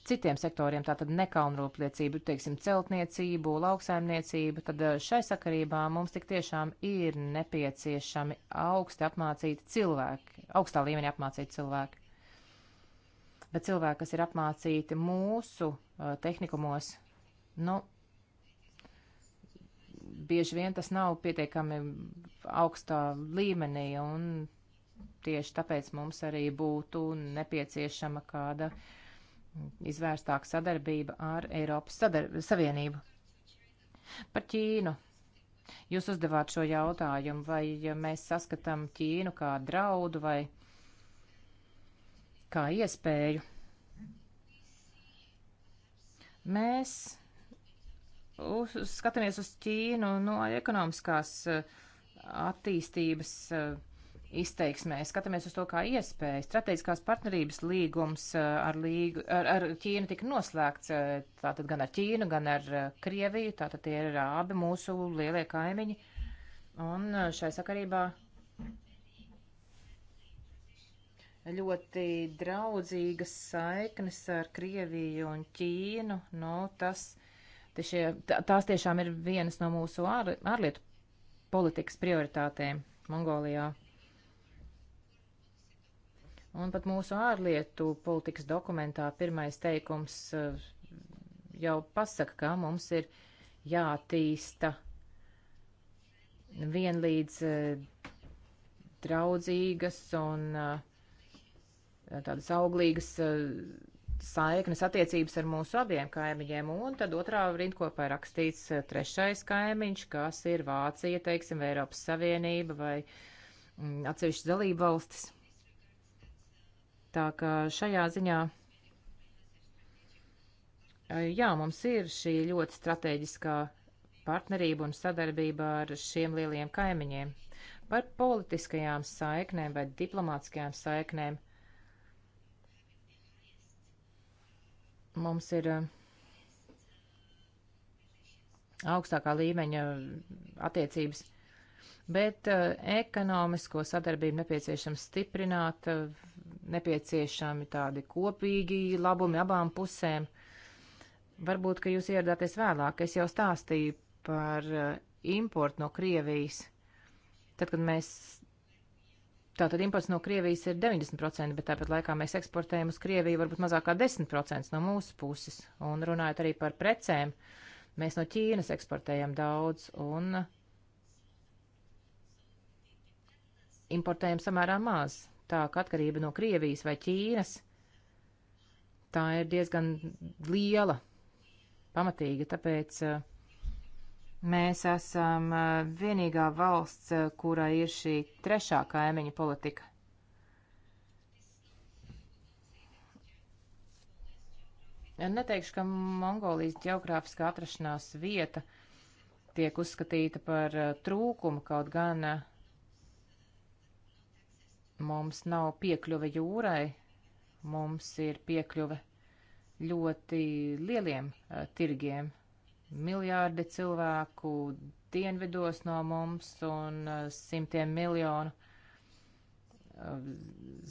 citiem sektoriem, tātad nekalnrūpniecību, teiksim, celtniecību, lauksaimniecību, tad šai sakarībā mums tik tiešām ir nepieciešami augsti apmācīti cilvēki, augstā līmenī apmācīti cilvēki. Bet cilvēki, kas ir apmācīti mūsu tehnikumos, Nu, bieži vien tas nav pietiekami augstā līmenī, un tieši tāpēc mums arī būtu nepieciešama kāda izvērstāka sadarbība ar Eiropas sadarb Savienību. Par Ķīnu. Jūs uzdevāt šo jautājumu, vai mēs saskatām Ķīnu kā draudu vai kā iespēju. Mēs uz, skatāmies uz Ķīnu no ekonomiskās eh, attīstības eh, izteiksmē, skatāmies uz to kā iespēju. Strateģiskās partnerības līgums eh, ar, līgu, ar, ar Ķīnu tika noslēgts tātad gan ar Ķīnu, gan ar Krieviju, tātad tie ir abi mūsu lielie kaimiņi. Un šai sakarībā ļoti draudzīgas saiknes ar Krieviju un Ķīnu, nu tas Šie, tās tiešām ir vienas no mūsu ār, ārlietu politikas prioritātēm Mongolijā. Un pat mūsu ārlietu politikas dokumentā pirmais teikums eh, jau pasaka, ka mums ir jātīsta vienlīdz eh, draudzīgas un eh, tādas auglīgas saiknes attiecības ar mūsu abiem kaimiņiem, un tad otrā rindkopā ir rakstīts eh, trešais kaimiņš, kas ir Vācija, teiksim, vai Eiropas Savienība vai mm, atsevišķas dalība valstis. Tā kā šajā ziņā, eh, jā, mums ir šī ļoti strateģiskā partnerība un sadarbība ar šiem lieliem kaimiņiem. Par politiskajām saiknēm vai diplomātiskajām saiknēm Mums ir eh, augstākā līmeņa attiecības, bet eh, ekonomisko sadarbību nepieciešams stiprināt, eh, nepieciešami tādi kopīgi labumi abām pusēm. Varbūt, ka jūs ieradāties vēlāk, es jau stāstīju par importu no Krievijas. Tad, kad mēs Tātad imports no Krievijas ir 90%, bet tāpat laikā mēs eksportējam uz Krieviju varbūt mazāk kā 10% no mūsu puses. Un runājot arī par precēm, mēs no Ķīnas eksportējam daudz un importējam samērā maz. Tā ka atkarība no Krievijas vai Ķīnas, tā ir diezgan liela, pamatīga, tāpēc uh, Mēs esam eh, vienīgā valsts, eh, kurai ir šī trešā kaimiņa politika. Neteikšu, ka Mongolijas geogrāfiskā atrašanās vieta tiek uzskatīta par eh, trūkumu, kaut gan mums nav piekļuve jūrai, mums ir piekļuve ļoti lieliem uh, tirgiem, miljārdi cilvēku dienvidos no mums un uh, simtiem miljonu uh,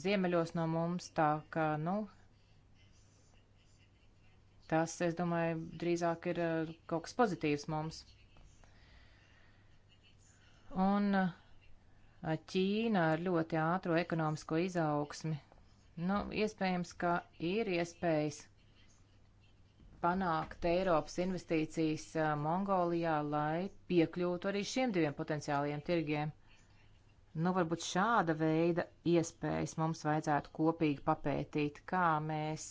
ziemeļos no mums, tā ka, nu, tas, es domāju, drīzāk ir uh, kaut kas pozitīvs mums. Un Ķīna ar ļoti ātro ekonomisko izaugsmi. Nu, iespējams, ka ir iespējas panākt Eiropas investīcijas Mongolijā, lai piekļūtu arī šiem diviem potenciālajiem tirgiem. Nu, varbūt šāda veida iespējas mums vajadzētu kopīgi papētīt, kā mēs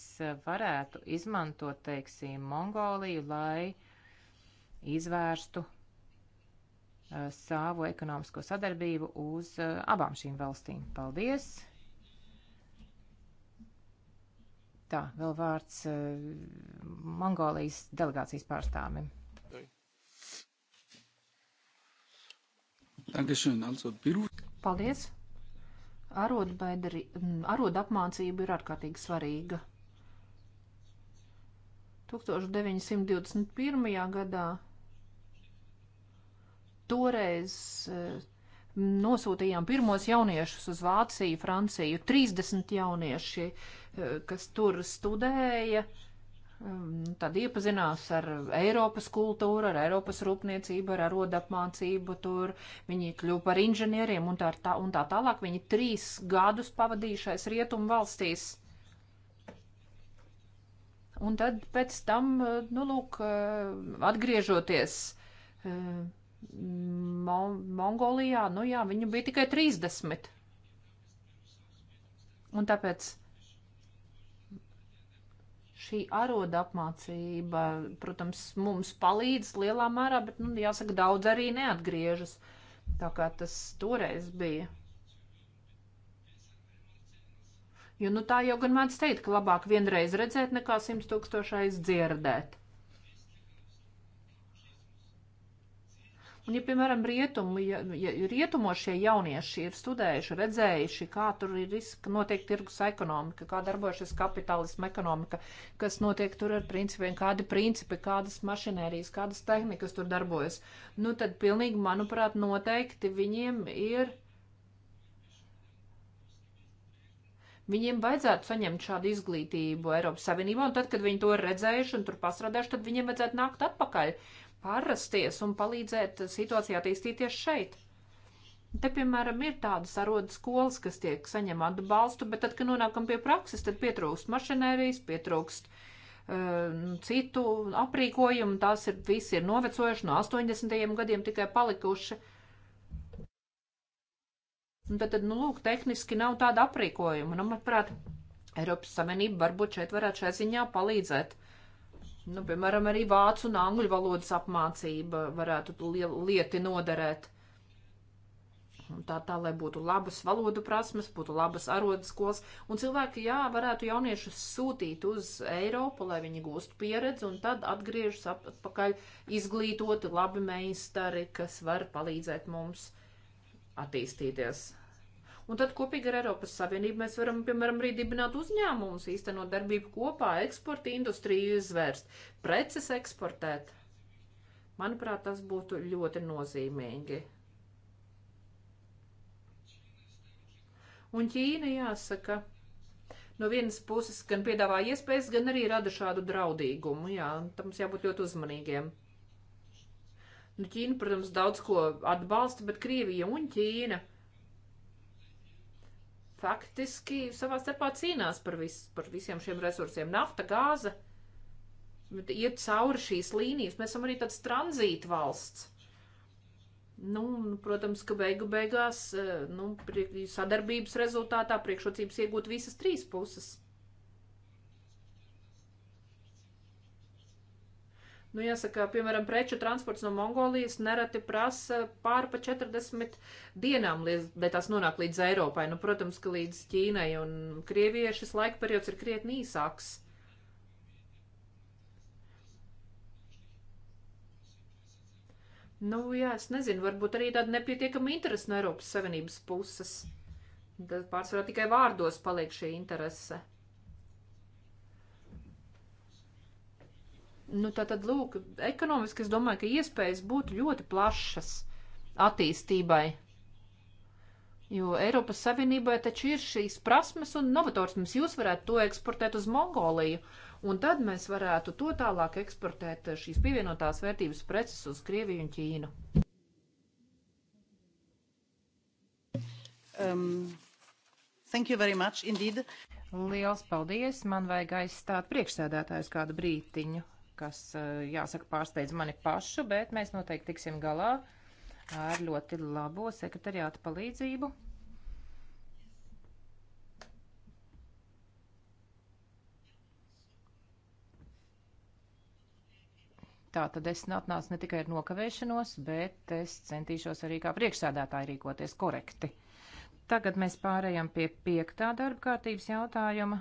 varētu izmantot, teiksim, Mongoliju, lai izvērstu uh, savu ekonomisko sadarbību uz uh, abām šīm valstīm. Paldies! Tā, vēl vārds eh, Mongolijas delegācijas pārstāvim. Paldies! Arodu apmācība ir ārkārtīgi svarīga. 1921. gadā toreiz eh, nosūtījām pirmos jauniešus uz Vāciju, Franciju. 30 jaunieši uh, kas tur studēja, um, tad iepazinās ar Eiropas kultūru, ar Eiropas rūpniecību, ar arodapmācību tur, viņi kļuva par inženieriem un tā, tā, un tā tālāk. Viņi trīs gadus pavadījušais rietumu valstīs. Un tad pēc tam, uh, nu lūk, uh, atgriežoties uh, Mon Mongolijā, nu jā, viņu bija tikai 30. Un tāpēc Šī aroda apmācība, protams, mums palīdz lielā mērā, bet, nu, jāsaka, daudz arī neatgriežas. Tā kā tas toreiz bija. Jo, nu, tā jau gan mēdz teikt, ka labāk vienreiz redzēt, nekā simts tūkstošais dzirdēt. Un, ja, piemēram, rietum, ja, nu, ja rietumos šie jaunieši ir studējuši, redzējuši, kā tur ir riska, notiek tirgus ekonomika, kā darbojas kapitālisma ekonomika, kas notiek tur ar principiem, kādi principi, kādas mašinērijas, kādas tehnikas tur darbojas, nu tad pilnīgi, manuprāt, noteikti viņiem ir. viņiem vajadzētu saņemt šādu izglītību Eiropas Savienībā, un tad, kad viņi to ir redzējuši un tur pastrādājuši, tad viņiem vajadzētu nākt atpakaļ parasties un palīdzēt situācijā attīstīties šeit. Te, piemēram, ir tādas arodu skolas, kas tiek saņem atbalstu, bet tad, kad nonākam pie prakses, tad pietrūkst mašinērijas, pietrūkst uh, citu aprīkojumu, tās ir, visi ir novecojuši no 80. gadiem tikai palikuši. Un tad, tad, nu, lūk, tehniski nav tāda aprīkojuma. Nu, manuprāt, Eiropas Savienība varbūt šeit varētu šai ziņā palīdzēt. Nu, piemēram, arī vācu un angļu valodas apmācība varētu lieti noderēt. Un tā tā, lai būtu labas valodu prasmes, būtu labas arodskolas, un cilvēki, jā, varētu jauniešus sūtīt uz Eiropu, lai viņi gūstu pieredzi, un tad atgriežas atpakaļ izglītoti, labi meistari, kas var palīdzēt mums attīstīties Un tad kopīgi ar Eiropas Savienību mēs varam, piemēram, arī dibināt uzņēmumus, īstenot darbību kopā, eksporta industriju izvērst, preces eksportēt. Manuprāt, tas būtu ļoti nozīmīgi. Un Ķīna, jāsaka, no vienas puses gan piedāvā iespējas, gan arī rada šādu draudīgumu. Jā, tam mums jābūt ļoti uzmanīgiem. Nu, Ķīna, protams, daudz ko atbalsta, bet Krievija un Ķīna – faktiski savā starpā cīnās par, vis, par visiem šiem resursiem. Nafta, gāze iet cauri šīs līnijas. Mēs esam arī tāds tranzīta valsts. Nu, protams, ka beigu beigās eh, nu, sadarbības rezultātā priekšrocības iegūt visas trīs puses. Nu, jāsaka, piemēram, preču transports no Mongolijas nereti prasa pāri pa 40 dienām, lai tās nonāk līdz Eiropai. Nu, protams, ka līdz Ķīnai un Krievijai šis laika periods ir krietni īsāks. Nu, jā, es nezinu, varbūt arī tāda nepietiekama interese no Eiropas Savienības puses. Tad pārsvarā tikai vārdos paliek šī interese. Nu, tā tad, lūk, ekonomiski es domāju, ka iespējas būtu ļoti plašas attīstībai. Jo Eiropas Savienībai taču ir šīs prasmes un novatorisms. Jūs varētu to eksportēt uz Mongoliju, un tad mēs varētu to tālāk eksportēt šīs pievienotās vērtības preces uz Krieviju un Ķīnu. Um, thank you very much indeed. Liels paldies! Man vajag aizstāt priekšsēdētājs kādu brītiņu kas, eh, jāsaka, pārsteidz mani pašu, bet mēs noteikti tiksim galā ar ļoti labo sekretariātu palīdzību. Tā tad es atnācu ne tikai ar nokavēšanos, bet es centīšos arī kā priekšsēdētāji rīkoties korekti. Tagad mēs pārējām pie piektā darba kārtības jautājuma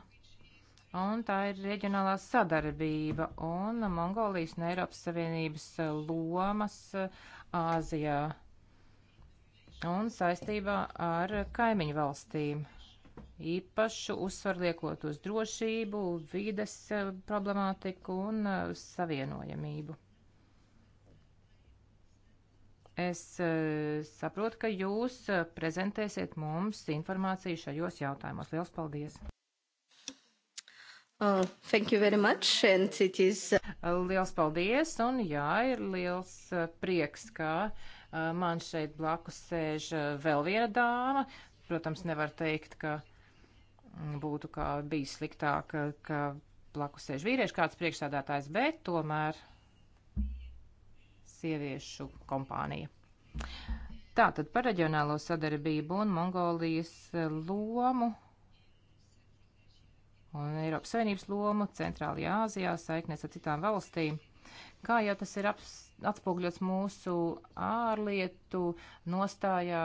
un tā ir reģionālā sadarbība un Mongolijas un Eiropas Savienības eh, lomas eh, Āzijā un saistībā ar kaimiņu valstīm. Īpašu uzsvaru liekot uz drošību, vides eh, problemātiku un savienojamību. Es saprotu, ka jūs prezentēsiet mums informāciju šajos jautājumos. Lielas paldies! Uh, thank you very much, and it is. Uh, liels paldies, un jā, ir liels uh, prieks, ka uh, man šeit blakus sēž uh, vēl viena dāma. Protams, nevar teikt, ka mm, būtu kā bijis sliktāk, ka, ka blakus sēž vīrieši kāds priekšsādātājs, bet tomēr sieviešu kompānija. Tātad par reģionālo sadarbību un Mongolijas lomu un Eiropas Savienības lomu Centrālajā Āzijā saiknēs ar citām valstīm. Kā jau tas ir atspūgļots mūsu ārlietu nostājā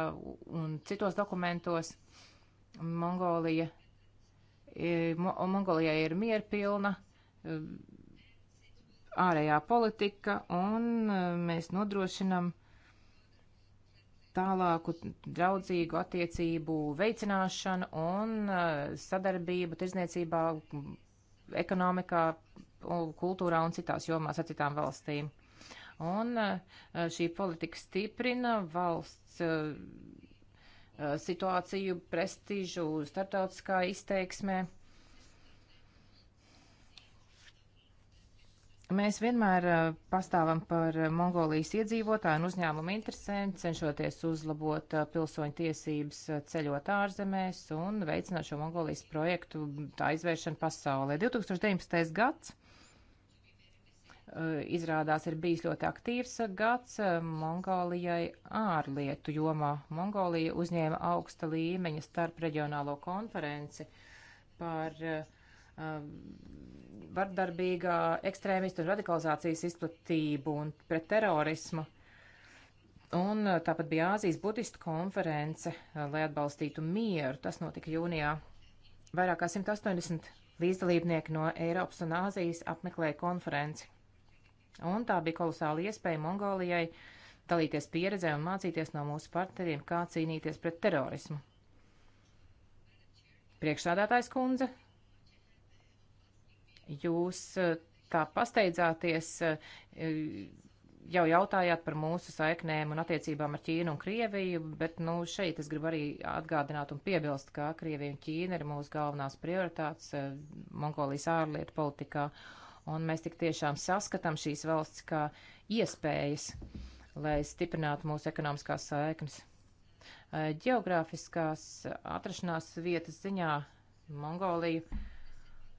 un citos dokumentos, Mongolija, e, Mongolijai ir mierpilna e, ārējā politika, un e, mēs nodrošinam tālāku draudzīgu attiecību veicināšanu un eh, sadarbību tirzniecībā, ekonomikā, kultūrā un citās jomās ar citām valstīm. Un eh, šī politika stiprina valsts eh, situāciju, prestižu starptautiskā izteiksmē. Mēs vienmēr eh, pastāvam par eh, Mongolijas iedzīvotāju un uzņēmumu interesēm, cenšoties uzlabot eh, pilsoņu tiesības ceļot ārzemēs un veicināt šo Mongolijas projektu tā izvēršanu pasaulē. 2019. gads izrādās ir bijis ļoti aktīvs gads Mongolijai ārlietu jomā. Mongolija uzņēma augsta līmeņa starp reģionālo konferenci par uh, Um, vardarbīgā ekstrēmistu un radikalizācijas izplatību un pret terorismu. Un uh, tāpat bija Āzijas budistu konference, uh, lai atbalstītu mieru. Tas notika jūnijā. Vairāk kā 180 līdzdalībnieki no Eiropas un Āzijas apmeklēja konferenci. Un tā bija kolosāla iespēja Mongolijai dalīties pieredzē un mācīties no mūsu partneriem, kā cīnīties pret terorismu. Priekšsādātājs kundze, Jūs eh, tā pasteidzāties, eh, jau jautājāt par mūsu saiknēm un attiecībām ar Ķīnu un Krieviju, bet nu, šeit es gribu arī atgādināt un piebilst, ka Krievija un Ķīna ir mūsu galvenās prioritātes eh, Mongolijas ārlietu politikā. Un mēs tik tiešām saskatām šīs valsts kā iespējas, lai stiprinātu mūsu ekonomiskās saiknes. Geogrāfiskās atrašanās vietas ziņā Mongoliju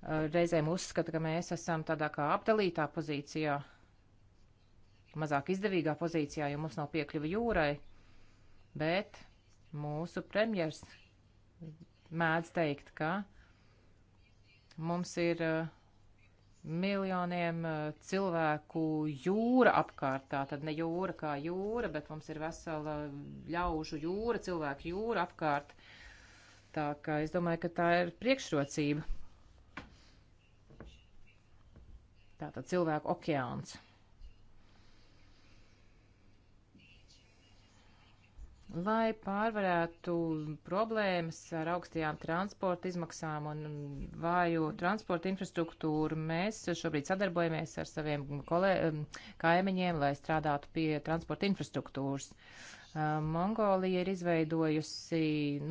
Eh, reizēm uzskata, ka mēs esam tādā kā apdalītā pozīcijā, mazāk izdevīgā pozīcijā, jo mums nav piekļuva jūrai, bet mūsu premjers mēdz teikt, ka mums ir eh, miljoniem eh, cilvēku jūra apkārtā, tad ne jūra kā jūra, bet mums ir vesela ļaužu jūra, cilvēku jūra apkārt. Tā kā es domāju, ka tā ir priekšrocība. Tātad cilvēku okeāns. Lai pārvarētu problēmas ar augstajām transporta izmaksām un vāju transporta infrastruktūru, mēs šobrīd sadarbojamies ar saviem kolē, um, kaimiņiem, lai strādātu pie transporta infrastruktūras. Um, Mongolija ir izveidojusi,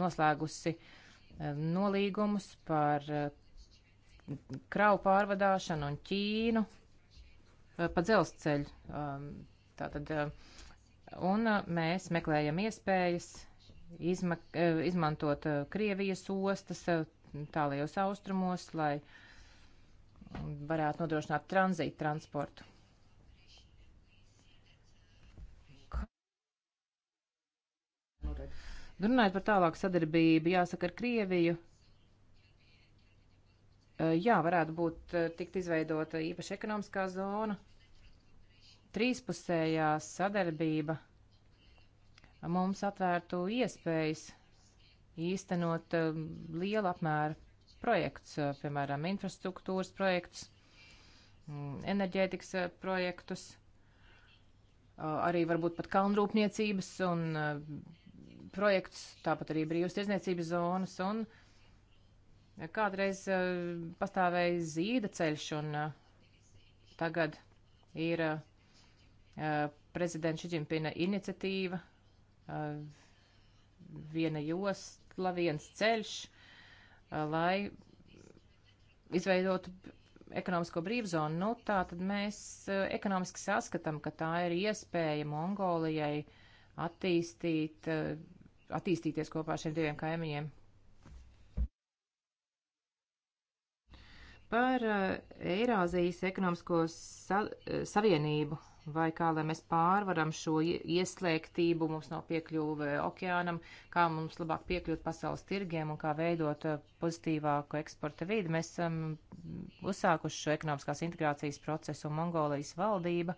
noslēgusi um, nolīgumus par uh, kravu pārvadāšanu un Ķīnu eh, pa dzelzceļu. Um, tātad, eh, un eh, mēs meklējam iespējas izma, izmantot Krievijas ostas tālajos austrumos, lai varētu nodrošināt tranzītu transportu. Runājot par tālāku sadarbību, jāsaka, ar Krieviju Eh, jā, varētu būt eh, tikt izveidota īpaša ekonomiskā zona, trīspusējā sadarbība mums atvērtu iespējas īstenot eh, liela apmēra projekts, piemēram, infrastruktūras projekts, mm, enerģētikas projektus, arī varbūt pat kalnrūpniecības un projekts, tāpat arī brīvas tiesniecības zonas un uh, Kādreiz uh, pastāvēja zīda ceļš, un uh, tagad ir uh, eh, prezidenta Šiģimpina iniciatīva, viena josla, viens ceļš, lai izveidotu ekonomisko brīvzonu. Nu, tā tad mēs ekonomiski saskatām, ka tā ir iespēja Mongolijai attīstīt, attīstīties kopā ar šiem diviem kaimiņiem. par eh, Eirāzijas ekonomisko sa eh, savienību vai kā lai mēs pārvaram šo ieslēgtību, mums nav piekļuve okeānam, kā mums labāk piekļūt pasaules tirgiem un kā veidot eh, pozitīvāku eksporta vidi. Mēs esam uzsākuši šo ekonomiskās integrācijas procesu un Mongolijas valdība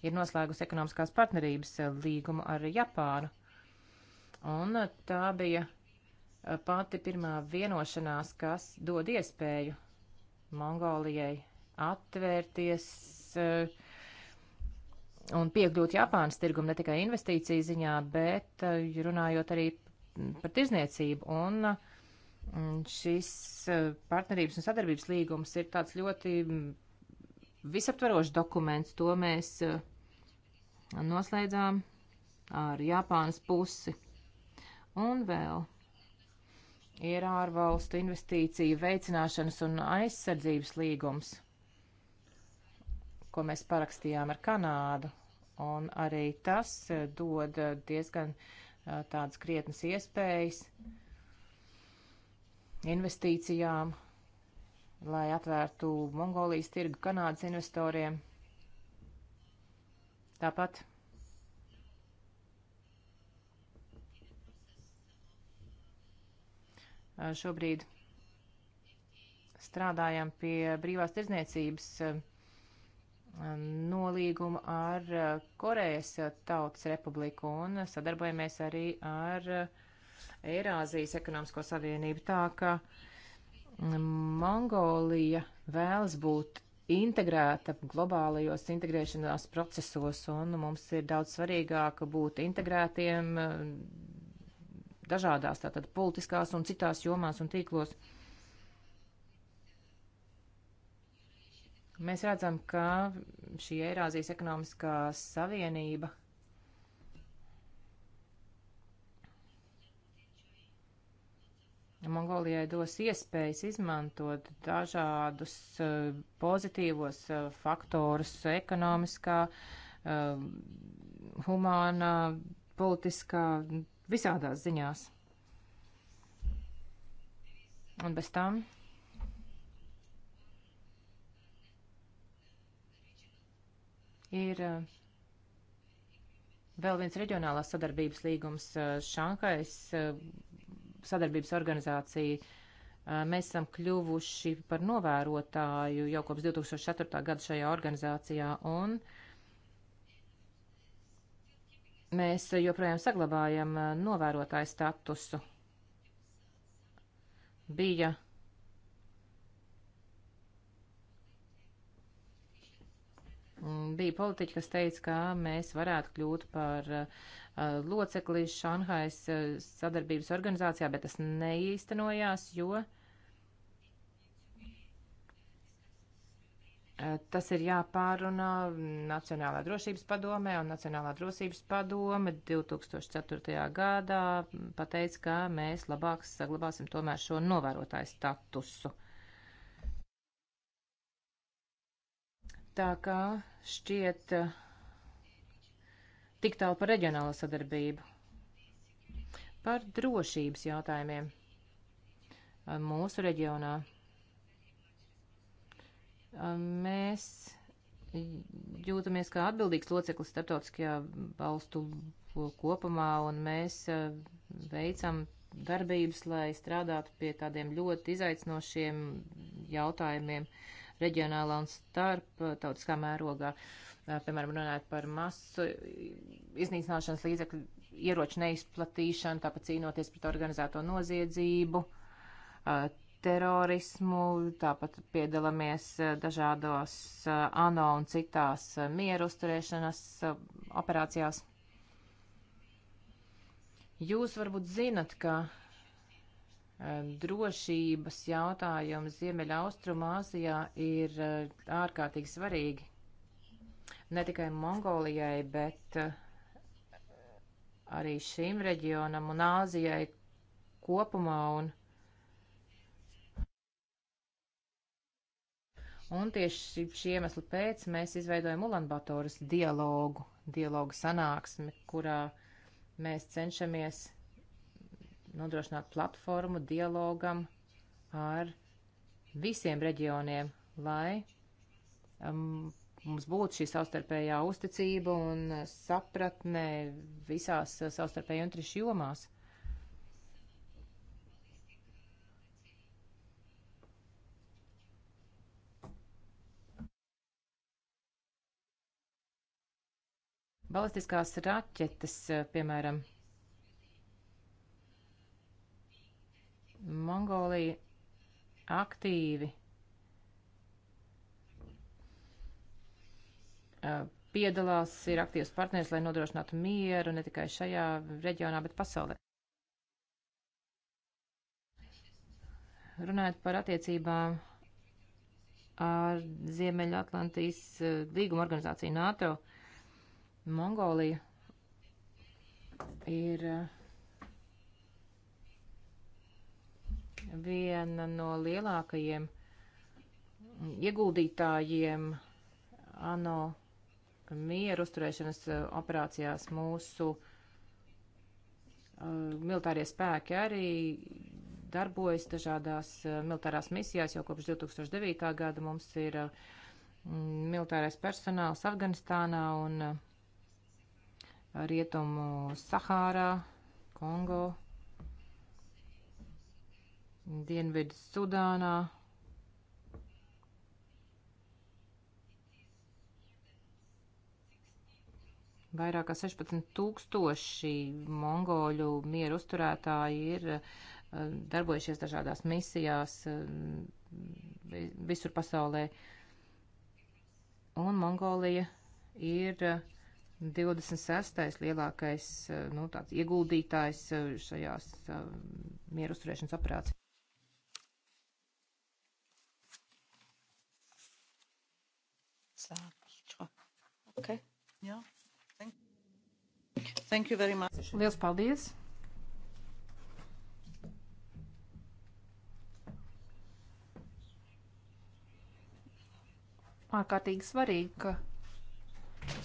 ir noslēgusi ekonomiskās partnerības līgumu ar Japānu. Un tā bija pati pirmā vienošanās, kas dod iespēju Mongolijai atvērties eh, un piekļūt Japānas tirgum ne tikai investīciju ziņā, bet eh, runājot arī par tirzniecību. Un, mm, Šis eh, partnerības un sadarbības līgums ir tāds ļoti mm, visaptverošs dokuments. To mēs noslēdzām ar Japānas pusi. Un vēl ir ārvalstu investīciju veicināšanas un aizsardzības līgums, ko mēs parakstījām ar Kanādu. Un arī tas eh, dod eh, diezgan eh, tādas krietnas iespējas investīcijām, lai atvērtu Mongolijas tirgu Kanādas investoriem. Tāpat Eh, šobrīd strādājam pie brīvās tirdzniecības eh, nolīguma ar eh, Korejas Tautas Republiku un sadarbojamies arī ar Eirāzijas ekonomisko savienību. Tā ka mm, Mongolija vēlas būt integrēta globālajos integrēšanās procesos, un mums ir daudz svarīgāk būt integrētiem dažādās tātad politiskās un citās jomās un tīklos. Mēs redzam, ka šī Eirāzijas ekonomiskā savienība Mongolijai dos iespējas izmantot dažādus eh, pozitīvos eh, faktorus ekonomiskā, eh, humānā, politiskā, visādās ziņās. Un bez tam ir eh, vēl viens reģionālās sadarbības līgums eh, Šankais eh, sadarbības organizācija. Mēs esam kļuvuši par novērotāju jau kopš 2004. gada šajā organizācijā un uh, Mēs joprojām saglabājam eh, novērotāju statusu. Bija mm, Bija politiķi, kas teica, ka mēs varētu kļūt par uh, locekli Šanhais eh, sadarbības organizācijā, bet tas neīstenojās, jo uh, Tas ir jāpārunā Nacionālā drošības padomē, un Nacionālā drošības padome 2004. gadā pateica, ka mēs labāk saglabāsim tomēr šo novērotāju statusu. Tā kā šķiet eh, tik tālu par reģionālo sadarbību, par drošības jautājumiem mūsu reģionā. Mēs jūtamies kā atbildīgs loceklis starptautiskajā valstu kopumā, un mēs veicam darbības, lai strādātu pie tādiem ļoti izaicinošiem jautājumiem reģionālā un starp tautiskā mērogā. Piemēram, runājot par masu iznīcināšanas līdzekļu ieroču neizplatīšanu, tāpat cīnoties pret organizēto noziedzību, terorismu, tāpat piedalāmies eh, dažādos eh, ANO un citās eh, mieru uzturēšanas operācijās. Jūs varbūt zinat, ka drošības jautājums Ziemeļa Austrumāzijā ir ārkārtīgi svarīgi. Ne tikai Mongolijai, bet arī šim reģionam un Āzijai kopumā. Un Un tieši šī iemesla pēc mēs izveidojam Ulanbatoras dialogu, dialogu sanāksmi, kurā mēs cenšamies nodrošināt platformu dialogam ar visiem reģioniem, lai um, mums būtu šī savstarpējā uzticība un sapratne visās uh, savstarpēju un trišu jomās. Balistiskās raķetes, eh, piemēram, Mongolija aktīvi eh, piedalās, ir aktīvs partners, lai nodrošinātu mieru ne tikai šajā reģionā, bet pasaulē. Runājot par attiecībām ar Ziemeļa Atlantijas eh, līguma organizāciju NATO, uh, Mongolija ir eh, viena no lielākajiem ieguldītājiem ANO mieru uzturēšanas eh, operācijās mūsu eh, militārie spēki arī darbojas dažādās militārās misijās jau kopš 2009. gada mums ir militārais personāls Afganistānā un Rietumu Sahārā, Kongo, Dienvidu Sudānā. Vairāk kā 16 tūkstoši mongoļu mieru uzturētāji ir eh, darbojušies dažādās misijās eh, visur pasaulē. Un Mongolija ir eh, 26. lielākais eh, nu, tāds, ieguldītājs eh, šajās eh, mieru uzturēšanas operācijās. Okay. Yeah. Thank, thank you very much. Liels paldies! Ārkārtīgi svarīgi, ka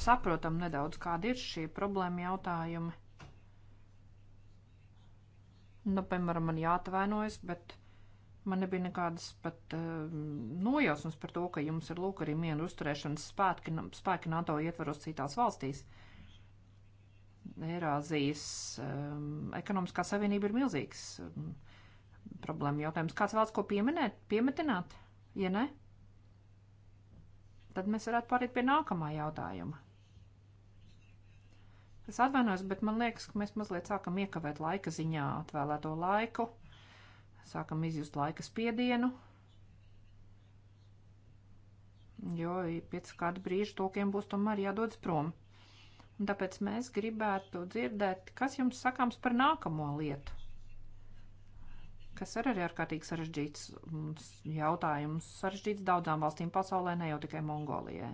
saprotam nedaudz, kāda ir šī problēma jautājumi. Nu, piemēram, man jāatvainojas, bet man nebija nekādas pat uh, nojausmas par to, ka jums ir lūk arī mienu uzturēšanas spēki, spēki NATO ietvaros citās valstīs. Eirāzijas um, ekonomiskā savienība ir milzīgs um, problēma jautājums. Kāds vēlas ko pieminēt, piemetināt? Ja ne, tad mēs varētu pāriet pie nākamā jautājuma. Es atvainojos, bet man liekas, ka mēs mazliet sākam iekavēt laika ziņā atvēlēto laiku. Sākam izjust laika spiedienu. Jo pēc kāda brīža tūkiem būs tomēr jādodas prom. Un tāpēc mēs gribētu dzirdēt, kas jums sakāms par nākamo lietu. Kas ir arī ārkārtīgi sarežģīts jautājums, sarežģīts daudzām valstīm pasaulē, ne jau tikai Mongolijai.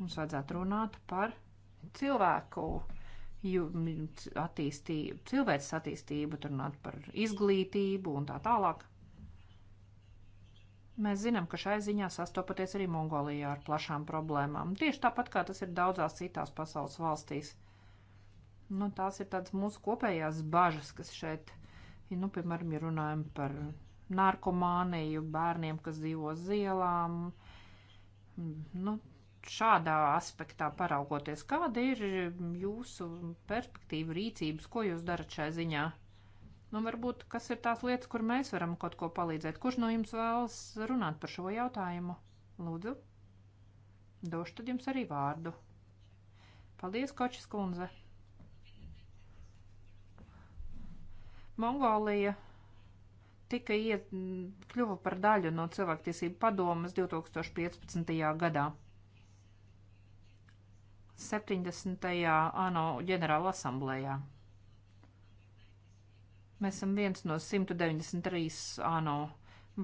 Mums vajadzētu runāt par cilvēku attīstību, cilvēces attīstību, tur runāt par izglītību un tā tālāk. Mēs zinām, ka šai ziņā sastopaties arī Mongolijā ar plašām problēmām, tieši tāpat kā tas ir daudzās citās pasaules valstīs. Nu, tās ir tādas mūsu kopējās bažas, kas šeit, ja, nu, piemēram, ja runājam par narkomāniju, bērniem, kas dzīvo zielām, nu, šādā aspektā paraugoties, kāda ir jūsu perspektīva rīcības, ko jūs darat šai ziņā? Nu, varbūt, kas ir tās lietas, kur mēs varam kaut ko palīdzēt? Kurš no jums vēlas runāt par šo jautājumu? Lūdzu, došu tad jums arī vārdu. Paldies, Kočis kundze! Mongolija tika iet, kļuva par daļu no cilvēktiesību padomas 2015. gadā. 70. ANO ģenerāla asamblējā. Mēs esam viens no 193 ANO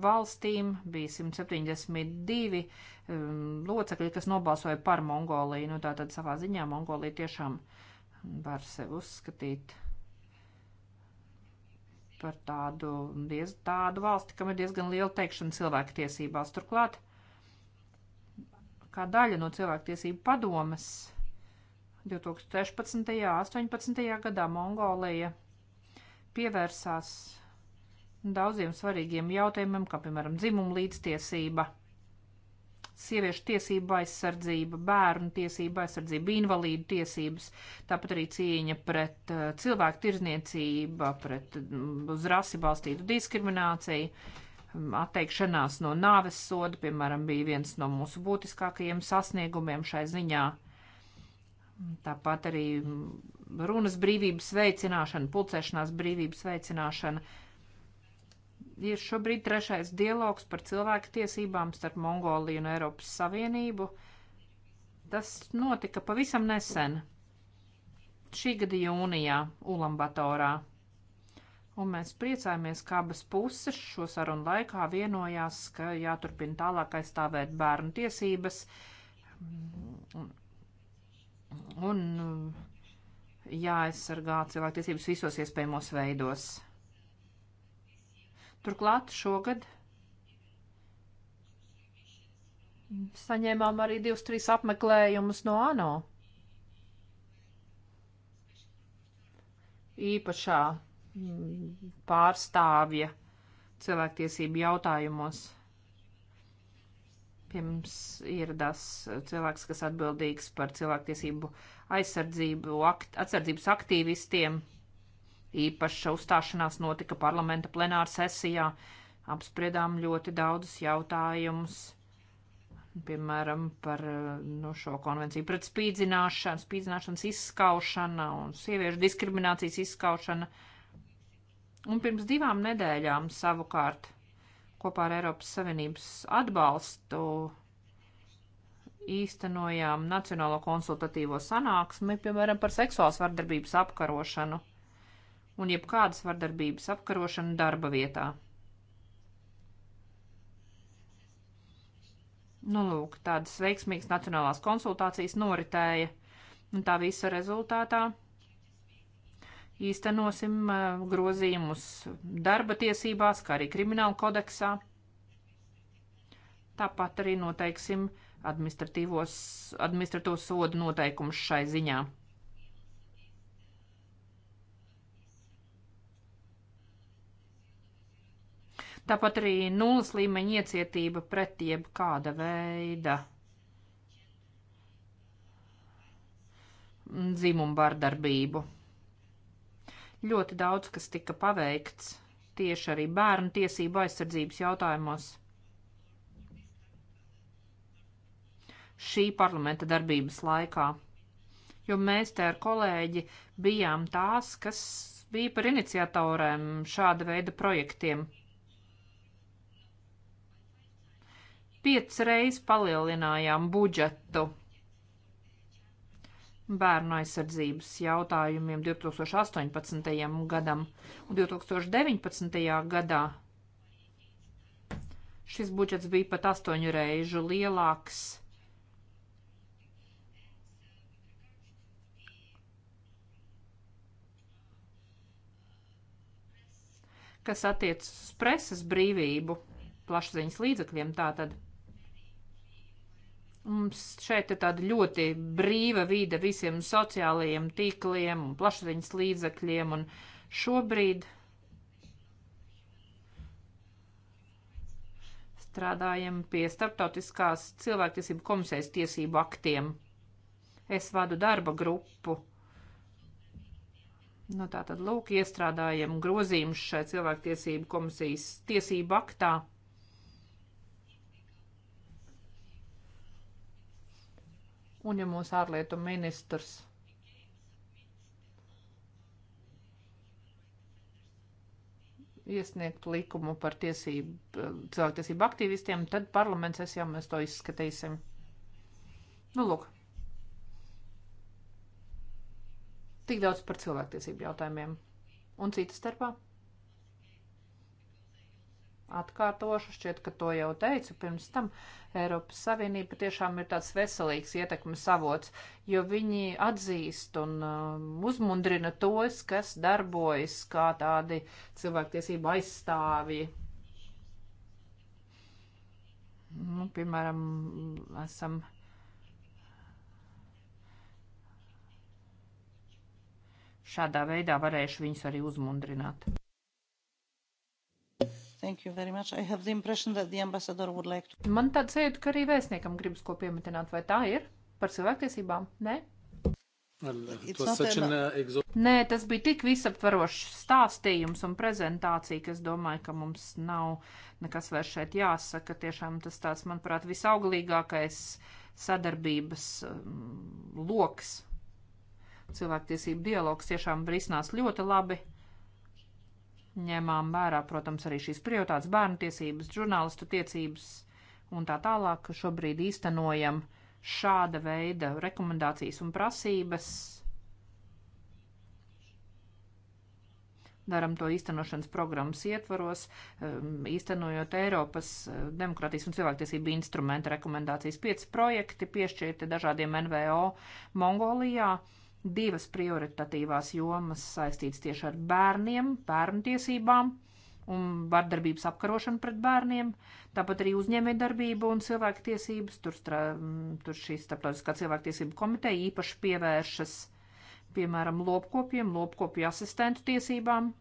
valstīm, bija 172 um, locekļi, kas nobalsoja par Mongoliju. Nu, tātad savā ziņā Mongolija tiešām var sevi uzskatīt par tādu, diez, tādu valsti, kam ir diezgan liela teikšana cilvēku tiesībās. Turklāt, kā daļa no cilvēku tiesību padomes, 2016. un 18. gadā Mongolija pievērsās daudziem svarīgiem jautājumiem, kā piemēram dzimuma līdztiesība, sieviešu tiesība aizsardzība, bērnu tiesība aizsardzība, invalīdu tiesības, tāpat arī cīņa pret uh, cilvēku tirzniecība, pret um, uz rasi balstītu diskrimināciju, um, atteikšanās no nāves soda, piemēram, bija viens no mūsu būtiskākajiem sasniegumiem šai ziņā. Uh, Tāpat arī runas brīvības veicināšana, pulcēšanās brīvības veicināšana. Ir šobrīd trešais dialogs par cilvēku tiesībām starp Mongoliju un Eiropas Savienību. Tas notika pavisam nesen, šī gada jūnijā, Ulambatorā. Un mēs priecājamies, ka abas puses šo sarunu laikā vienojās, ka jāturpina tālāk aizstāvēt bērnu tiesības un uh, jāaizsargā cilvēktiesības visos iespējamos veidos. Turklāt šogad saņēmām arī divus, trīs apmeklējumus no ANO. Īpašā mm, pārstāvja cilvēktiesību jautājumos. Pie mums ieradās cilvēks, kas atbildīgs par cilvēktiesību aizsardzību, akt, atsardzības aktīvistiem. Īpaša uzstāšanās notika parlamenta plenāra sesijā. Apspriedām ļoti daudzus jautājumus, piemēram, par nu, šo konvenciju pret spīdzināšanu, spīdzināšanas izskaušana un sieviešu diskriminācijas izskaušana. Un pirms divām nedēļām savukārt kopā ar Eiropas Savienības atbalstu īstenojām Nacionālo konsultatīvo sanāksmi, piemēram, par seksuālas vardarbības apkarošanu un jebkādas vardarbības apkarošanu darba vietā. Nu, lūk, tādas veiksmīgas nacionālās konsultācijas noritēja, un tā visa rezultātā īstenosim grozījumus darba tiesībās, kā arī krimināla kodeksā. Tāpat arī noteiksim administratīvo sodu noteikumus šai ziņā. Tāpat arī nulles līmeņa iecietība pret jebkāda veida dzimumu vardarbību. Ļoti daudz, kas tika paveikts tieši arī bērnu tiesību aizsardzības jautājumos. Šī parlamenta darbības laikā. Jo mēs te ar kolēģi bijām tās, kas bija par iniciatoriem šāda veida projektiem. Piec reiz palielinājām budžetu bērnu aizsardzības jautājumiem 2018. gadam un 2019. gadā. Šis budžets bija pat astoņu reižu lielāks. Kas attiecas uz preses brīvību, plašsaziņas līdzekļiem tātad. Mums šeit ir tāda ļoti brīva vide visiem sociālajiem tīkliem un plašsaziņas līdzekļiem, un šobrīd strādājam pie starptautiskās cilvēktiesību komisijas tiesību aktiem. Es vadu darba grupu. Nu, tā tad lūk, iestrādājam grozījumus šai cilvēktiesību komisijas tiesību aktā. Un ja mūsu ārlietu ministrs iesniegt likumu par tiesību, cilvēktiesību aktīvistiem, tad parlaments sesijā mēs to izskatīsim. Nu, lūk. Tik daudz par cilvēktiesību jautājumiem. Un citas starpā atkārtošu, šķiet, ka to jau teicu pirms tam, Eiropas Savienība tiešām ir tāds veselīgs ietekmes avots, jo viņi atzīst un uh, uzmundrina tos, kas darbojas kā tādi cilvēktiesību aizstāvji. Nu, piemēram, esam. Šādā veidā varēšu viņus arī uzmundrināt. Like to... Man tāds sajūta, ka arī vēstniekam gribas ko pieminēt, vai tā ir? Par cilvēktiesībām? Nē? An... Uh, Nē, tas bija tik visaptvarošs stāstījums un prezentācija, ka es domāju, ka mums nav nekas vairs šeit jāsaka. Tiešām tas tāds, manuprāt, visauglīgākais sadarbības um, loks. Cilvēktiesību dialogs tiešām brisinās ļoti labi ņemām vērā, protams, arī šīs prioritātes bērnu tiesības, žurnālistu tiesības un tā tālāk. Šobrīd īstenojam šāda veida rekomendācijas un prasības. Daram to īstenošanas programmas ietvaros, um, īstenojot Eiropas uh, demokratijas un cilvēktiesību instrumenta rekomendācijas. Pieci projekti piešķirti dažādiem NVO Mongolijā divas prioritatīvās jomas saistītas tieši ar bērniem, bērnu tiesībām un vardarbības apkarošanu pret bērniem, tāpat arī uzņēmējdarbību un cilvēktiesības. Tur, strā, mm, tur šī starptautiskā cilvēktiesība komiteja īpaši pievēršas, piemēram, lopkopiem, lopkopju asistentu tiesībām.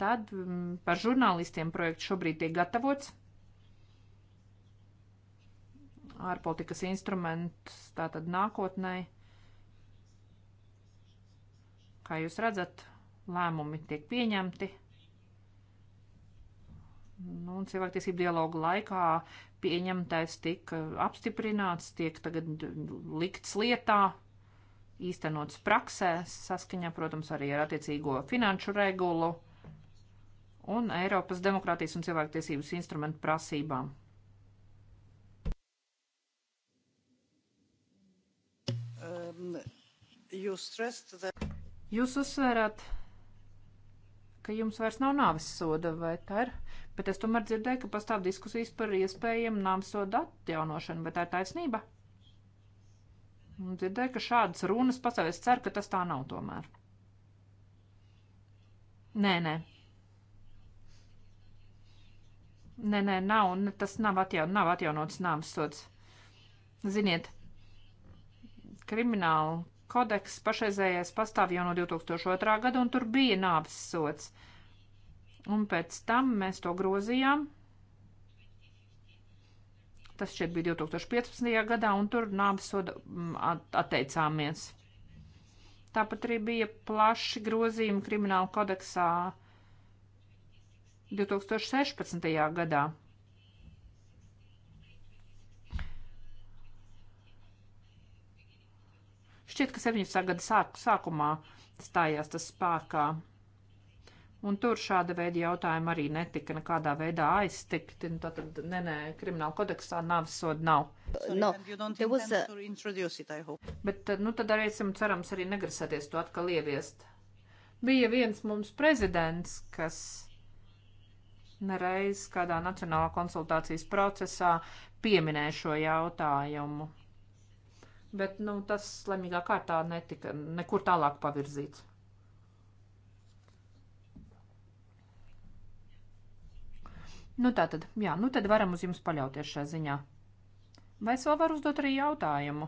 Tad mm, par žurnālistiem projekts šobrīd tiek gatavots ārpolitikas instruments tātad nākotnē Kā jūs redzat, lēmumi tiek pieņemti. Nu, un cilvēktiesību dialogu laikā pieņemtais tika apstiprināts, tiek tagad likts lietā, īstenots praksē, saskaņā, protams, arī ar attiecīgo finanšu regulu un Eiropas demokrātijas un cilvēktiesības instrumentu prasībām. Um, that... Jūs uzsvērāt, ka jums vairs nav nāves soda, vai tā ir? Bet es tomēr dzirdēju, ka pastāv diskusijas par iespējamu nāves soda atjaunošanu, vai tā ir taisnība? Un dzirdēju, ka šādas runas pastāv. Es ceru, ka tas tā nav tomēr. Nē, nē. Nē, nē, nav, ne, tas nav, atjaun, nav atjaunots nāves sods. Ziniet, krimināla kodeks pašreizējais pastāv jau no 2002. gada, un tur bija nāves sots. Un pēc tam mēs to grozījām. Tas šeit bija 2015. gadā, un tur nāves soda mm, atteicāmies. Tāpat arī bija plaši grozījumi krimināla kodeksā 2016. gadā. Šķiet, ka 17. gada sāk, sākumā stājās tas spēkā. Un tur šāda veida jautājumi arī netika nekādā veidā aiztikti. Nu, tātad, nē, nē, krimināla kodeksā nāves soda nav. No, was, uh... Bet, eh, nu, tad arī esam cerams arī negrasēties to atkal ieviest. Bija viens mums prezidents, kas nereiz kādā nacionālā konsultācijas procesā pieminēja šo jautājumu bet nu, tas lemīgā kārtā netika nekur tālāk pavirzīts. Nu tā tad, jā, nu tad varam uz jums paļauties šajā ziņā. Vai es vēl varu uzdot arī jautājumu?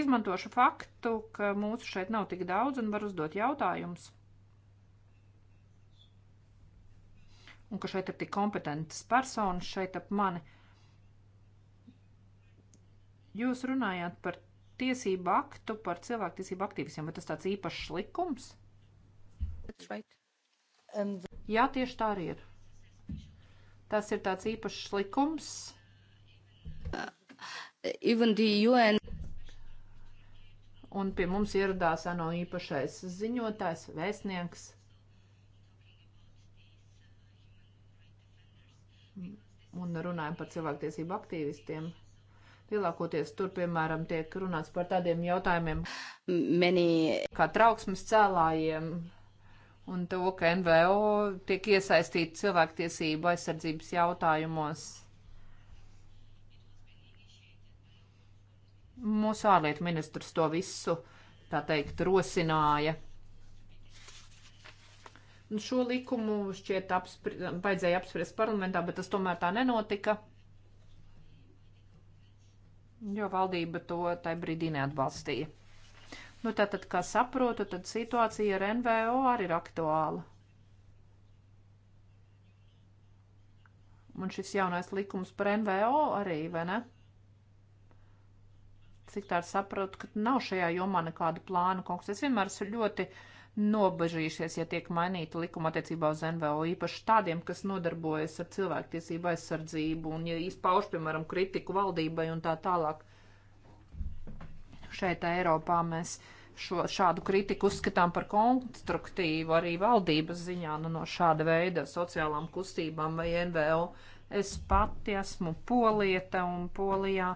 Izmantošu faktu, ka mūsu šeit nav tik daudz un var uzdot jautājumus. Un ka šeit ir tik kompetentas personas šeit ap mani. Jūs runājāt par tiesību aktu par cilvēktiesību aktīvistiem, vai tas tāds īpašs likums? Um, Jā, tieši tā arī ir. Tas ir tāds īpašs likums. UN... Uh, Un pie mums ieradās ANO īpašais ziņotājs, vēstnieks. Un runājam par cilvēktiesību aktīvistiem. Lielākoties tur, piemēram, tiek runāts par tādiem jautājumiem, Many... kā trauksmes cēlājiem un to, ka NVO tiek iesaistīta cilvēktiesību aizsardzības jautājumos. Mūsu ārlietu ministrs to visu, tā teikt, rosināja. Un šo likumu šķiet apspri, vajadzēja apspriest parlamentā, bet tas tomēr tā nenotika jo valdība to tajā brīdī neatbalstīja. Nu, tātad, kā saprotu, tad situācija ar NVO arī ir aktuāla. Un šis jaunais likums par NVO arī, vai ne? Cik tā ir saprotu, ka nav šajā jomā nekāda plāna konkrēts. Es vienmēr esmu ļoti uh, nobažījušies, ja tiek mainīta likuma attiecībā uz NVO, īpaši tādiem, kas nodarbojas ar cilvēktiesību aizsardzību un ja izpauž, piemēram, kritiku valdībai un tā tālāk. Šeit Eiropā mēs šo, šādu kritiku uzskatām par konstruktīvu arī valdības ziņā nu, no šāda veida sociālām kustībām vai NVO. Uh, Es pati esmu polieta, un polijā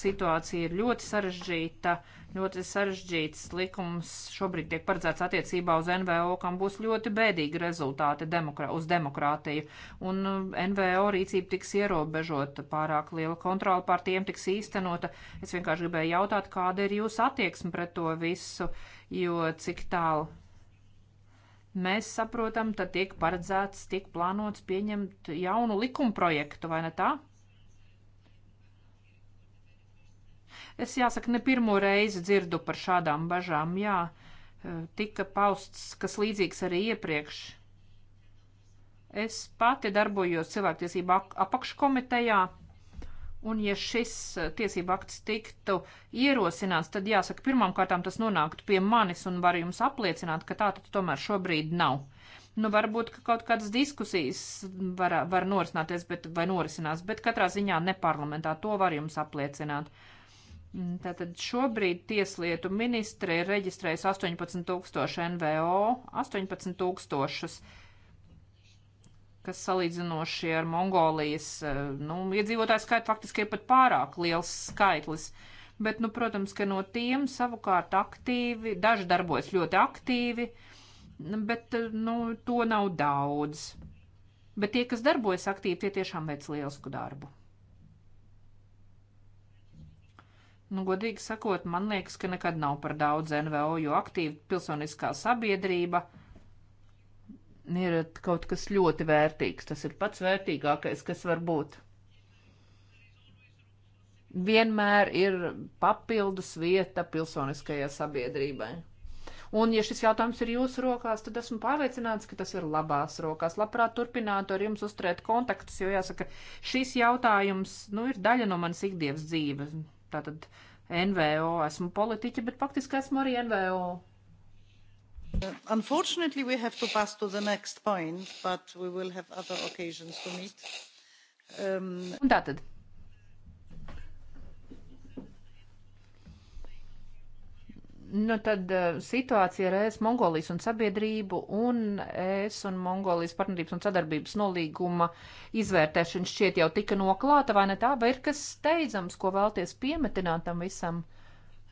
situācija ir ļoti sarežģīta. Ļoti sarežģīts likums šobrīd tiek paredzēts attiecībā uz NVO, kam būs ļoti bēdīgi rezultāti demokrā uz demokrātiju. Un um, NVO rīcība tiks ierobežota, pārāk liela kontrola pār tiem tiks īstenota. Es vienkārši gribēju jautāt, kāda ir jūsu attieksme pret to visu, jo cik tālu mēs saprotam, tad tiek paredzēts, tiek plānots pieņemt jaunu likumprojektu, vai ne tā? Es jāsaka, ne pirmo reizi dzirdu par šādām bažām, jā, e, tika pausts, kas līdzīgs arī iepriekš. Es pati darbojos cilvēktiesību apakškomitejā. Un ja šis eh, tiesība akts tiktu ierosināts, tad jāsaka, pirmām kārtām tas nonāktu pie manis un var jums apliecināt, ka tā tad tomēr šobrīd nav. Nu, varbūt, ka kaut kādas diskusijas var, var norisināties, bet, vai norisinās, bet katrā ziņā ne parlamentā, to var jums apliecināt. Mm, tātad šobrīd tieslietu ministre ir reģistrējusi 18 tūkstoši NVO, 18 tūkstošus. 000 kas salīdzinoši ar Mongolijas eh, nu, iedzīvotāju skaitu faktiski ir pat pārāk liels skaitlis. Bet, nu, protams, ka no tiem savukārt aktīvi, daži darbojas ļoti aktīvi, bet eh, nu, to nav daudz. Bet tie, kas darbojas aktīvi, tie tiešām veic lielisku darbu. Nu, godīgi sakot, man liekas, ka nekad nav par daudz NVO, jo aktīva pilsoniskā sabiedrība ir ir kaut kas ļoti vērtīgs. Tas ir pats vērtīgākais, kas var būt. Vienmēr ir papildus vieta pilsoniskajai sabiedrībai. Un, ja šis jautājums ir jūsu rokās, tad esmu pārliecināts, ka tas ir labās rokās. Labprāt turpinātu ar jums uzturēt kontaktus, jo jāsaka, šis jautājums, nu, ir daļa no manas ikdienas dzīves. Tātad NVO, esmu politiķa, bet faktiski esmu arī NVO Uh, unfortunately, we have to pass to the next point, but we will have other occasions to meet. Um... Un tātad. Nu, tad uh, situācija ar ES Mongolijas un sabiedrību un ES un Mongolijas partnerības un sadarbības nolīguma izvērtēšana šķiet jau tika noklāta, vai ne tā, vai ir kas steidzams, ko vēlties piemetināt tam visam?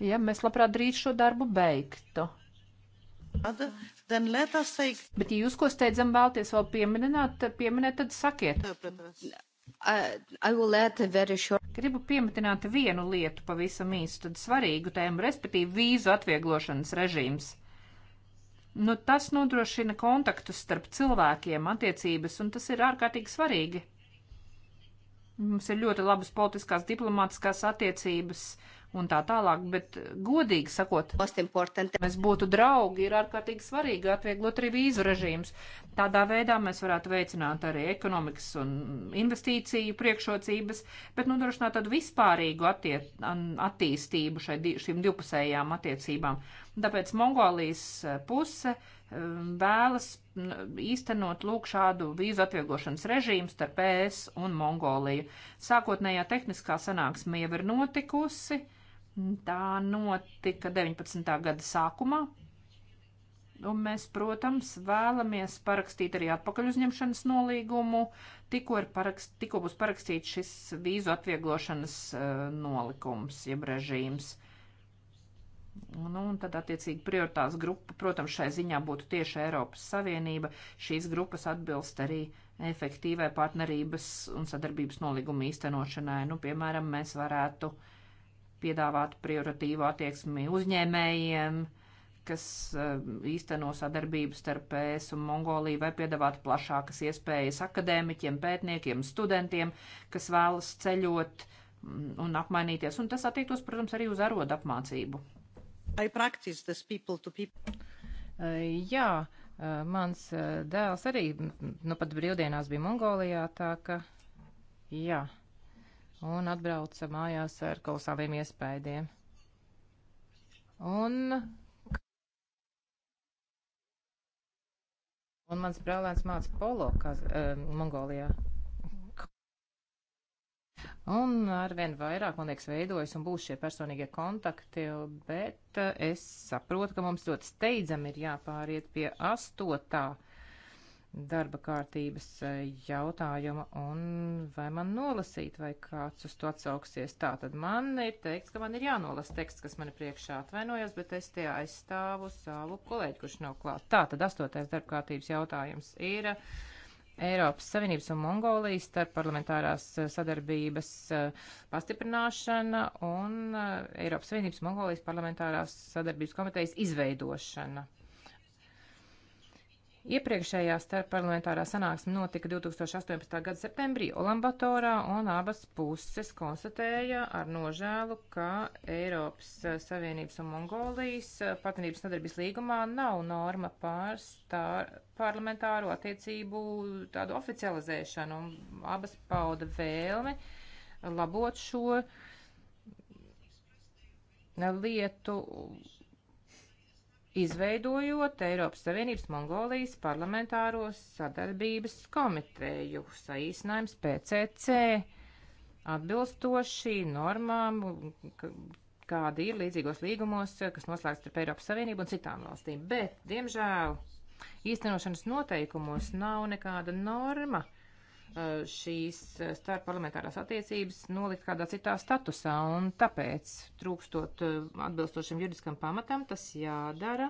Ja mēs labprāt drīz šo darbu beigtu. Bet, ja jūs ko steidzam vēlties vēl pieminēt, pieminēt tad sakiet. Gribu pieminēt vienu lietu pavisam īstu, tad svarīgu tēmu, respektīvi vīzu atvieglošanas režīms. Nu, tas nodrošina kontaktus starp cilvēkiem, attiecības, un tas ir ārkārtīgi svarīgi. Mums ir ļoti labas politiskās, diplomātiskās attiecības. Uh, un tā tālāk, bet godīgi sakot, mēs būtu draugi, ir ārkārtīgi svarīgi atvieglot arī vīzu režīmus. Tādā veidā mēs varētu veicināt arī ekonomikas un investīciju priekšrocības, bet nodrošināt tādu vispārīgu attie, attīstību šai, šīm divpusējām attiecībām. Tāpēc Mongolijas eh, puse eh, vēlas mm, īstenot lūk šādu vīzu atvieglošanas režīmu starp ES un Mongoliju. Sākotnējā tehniskā sanāksme jau ir notikusi. Uh, Tā notika 19. gada sākumā. Un mēs, protams, vēlamies parakstīt arī atpakaļuzņemšanas nolīgumu, tikko, parakst, tikko būs parakstīts šis vīzu atvieglošanas uh, nolikums, jeb režīms. Nu, un tad, attiecīgi, prioritārs grupa, protams, šai ziņā būtu tieši Eiropas Savienība. Šīs grupas atbilst arī efektīvai partnerības un sadarbības nolīguma īstenošanai. Nu, piemēram, mēs varētu uh, piedāvāt prioritīvu attieksmi uzņēmējiem, kas eh, īsteno sadarbību starp ES un Mongoliju, vai piedāvāt plašākas iespējas akadēmiķiem, pētniekiem, studentiem, kas vēlas ceļot mm, un apmainīties. Un tas attiektos, protams, arī uz arodu apmācību. People people. Eh, jā, eh, mans dēls arī, mm, nu pat brīvdienās bija Mongolijā, tā ka jā. Yeah un atbrauca mājās ar kolosāliem iespējiem. Un, un mans brālēns māca polo kaz, eh, Mongolijā. Un arvien vairāk, man liekas, veidojas un būs šie personīgie kontakti, bet eh, es saprotu, ka mums ļoti steidzam ir jāpāriet pie astotā uh, darba kārtības eh, jautājuma un vai man nolasīt, vai kāds uz to atsauksies. Tā tad man ir teikts, ka man ir jānolas teksts, kas man ir priekšā atvainojas, bet es tie aizstāvu savu kolēģi, kurš nav klāt. Tā tad astotais darba kārtības jautājums ir. Eh, Eiropas Savienības un Mongolijas starp parlamentārās eh, sadarbības pastiprināšana un Eiropas Savienības un Mongolijas parlamentārās sadarbības komitejas izveidošana. Iepriekšējā starpparlamentārā sanāksme notika 2018. gada septembrī Olambatorā, un abas puses konstatēja ar nožēlu, ka Eiropas Savienības un Mongolijas partnerības sadarbības līgumā nav norma pār star, parlamentāro attiecību tādu oficializēšanu, un abas pauda vēlmi labot šo lietu izveidojot Eiropas Savienības Mongolijas parlamentāros sadarbības komiteju, saīsinājums PCC, atbilstoši normām, kāda ir līdzīgos līgumos, kas noslēgts starp Eiropas Savienību un citām valstīm. Bet, diemžēl, īstenošanas noteikumos nav nekāda norma, uh, Eh, šīs eh, starpparlamentārās attiecības nolikt kādā citā statusā, un tāpēc, trūkstot eh, atbilstošam juridiskam pamatam, tas jādara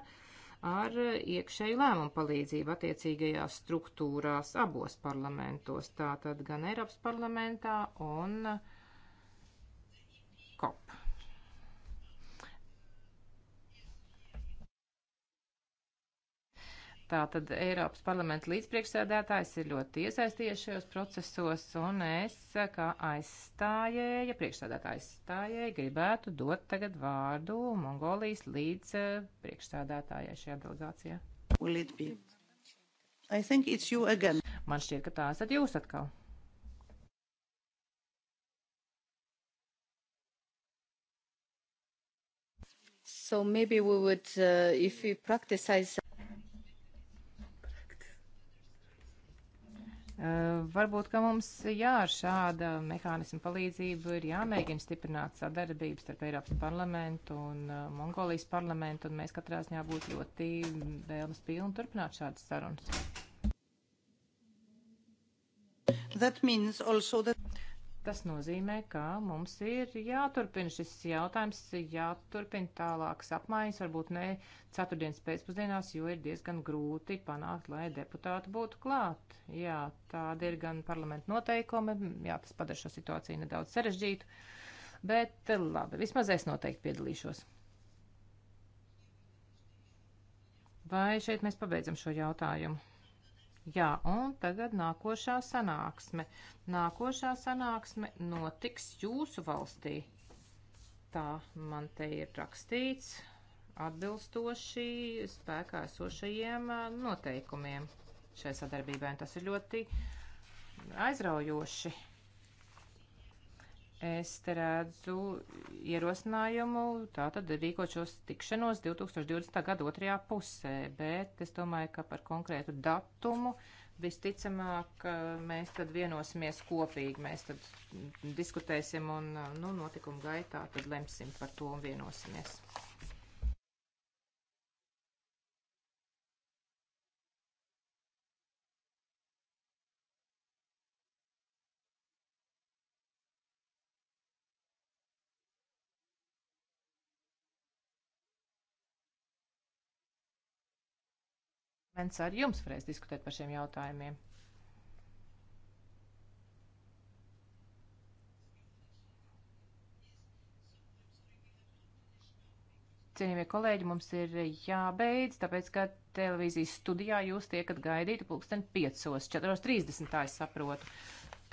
ar iekšēju lēmumu palīdzību attiecīgajās struktūrās abos parlamentos, tātad gan Eiropas parlamentā un COP. Tātad Eiropas parlamenta līdzpriekšsēdētājs ir ļoti iesaistījies šajos procesos, un es, kā aizstājēja, priekšsēdētāja aizstājēja, gribētu dot tagad vārdu Mongolijas līdz eh, priekšsēdētājai šajā delegācijā. Man šķiet, ka tā esat jūs atkal. So maybe we would, uh, if we practice, Eh, varbūt, ka mums jā, ar šāda mehānismu palīdzību ir jāmēģina stiprināt sadarbības starp Eiropas parlamentu un eh, Mongolijas parlamentu, un mēs katrā ziņā būtu ļoti vēlmes pilni turpināt šādas sarunas. That means also that Tas nozīmē, ka mums ir jāturpina šis jautājums, jāturpina tālākas apmaiņas, varbūt ne ceturtdienas pēcpusdienās, jo ir diezgan grūti panākt, lai deputāti būtu klāt. Jā, tāda ir gan parlamenta noteikumi, jā, tas padara šo situāciju nedaudz sarežģītu, bet eh, labi, vismaz es noteikti piedalīšos. Vai šeit mēs pabeidzam šo jautājumu? Jā, un tagad nākošā sanāksme. Nākošā sanāksme notiks jūsu valstī. Tā man te ir rakstīts atbilstoši spēkā esošajiem noteikumiem šai sadarbībai, un tas ir ļoti aizraujoši es te redzu ierosinājumu tātad rīkot šos tikšanos 2020. gada otrajā pusē, bet es domāju, ka par konkrētu datumu visticamāk eh, mēs tad vienosimies kopīgi, mēs tad diskutēsim un eh, nu, notikumu gaitā tad lemsim par to un vienosimies. parlaments ar jums varēs diskutēt par šiem jautājumiem. Cienījamie kolēģi, mums ir jābeidz, tāpēc, ka televīzijas studijā jūs tiekat gaidīti pulksten 5.4.30, tā es saprotu.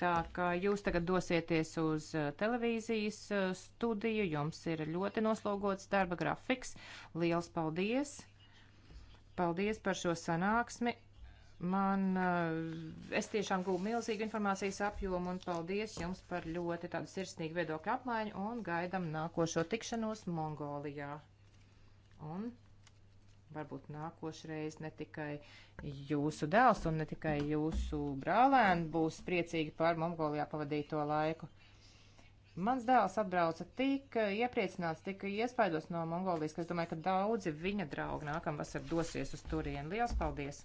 Tā kā jūs tagad dosieties uz eh, televīzijas eh, studiju, jums ir ļoti noslogots darba grafiks. Liels paldies! Paldies par šo sanāksmi. Man, eh, es tiešām gūvu milzīgu informācijas apjomu un paldies jums par ļoti tādu sirsnīgu viedokļu apmaiņu un gaidam nākošo tikšanos Mongolijā. Un varbūt nākošreiz ne tikai jūsu dēls un ne tikai jūsu brālēni būs priecīgi par Mongolijā pavadīto laiku. Mans dēls atbrauca tik iepriecināts, tik iespaidos no Mongolijas, ka es domāju, ka daudzi viņa draugi nākamvasar dosies uz turieni. Lielas paldies!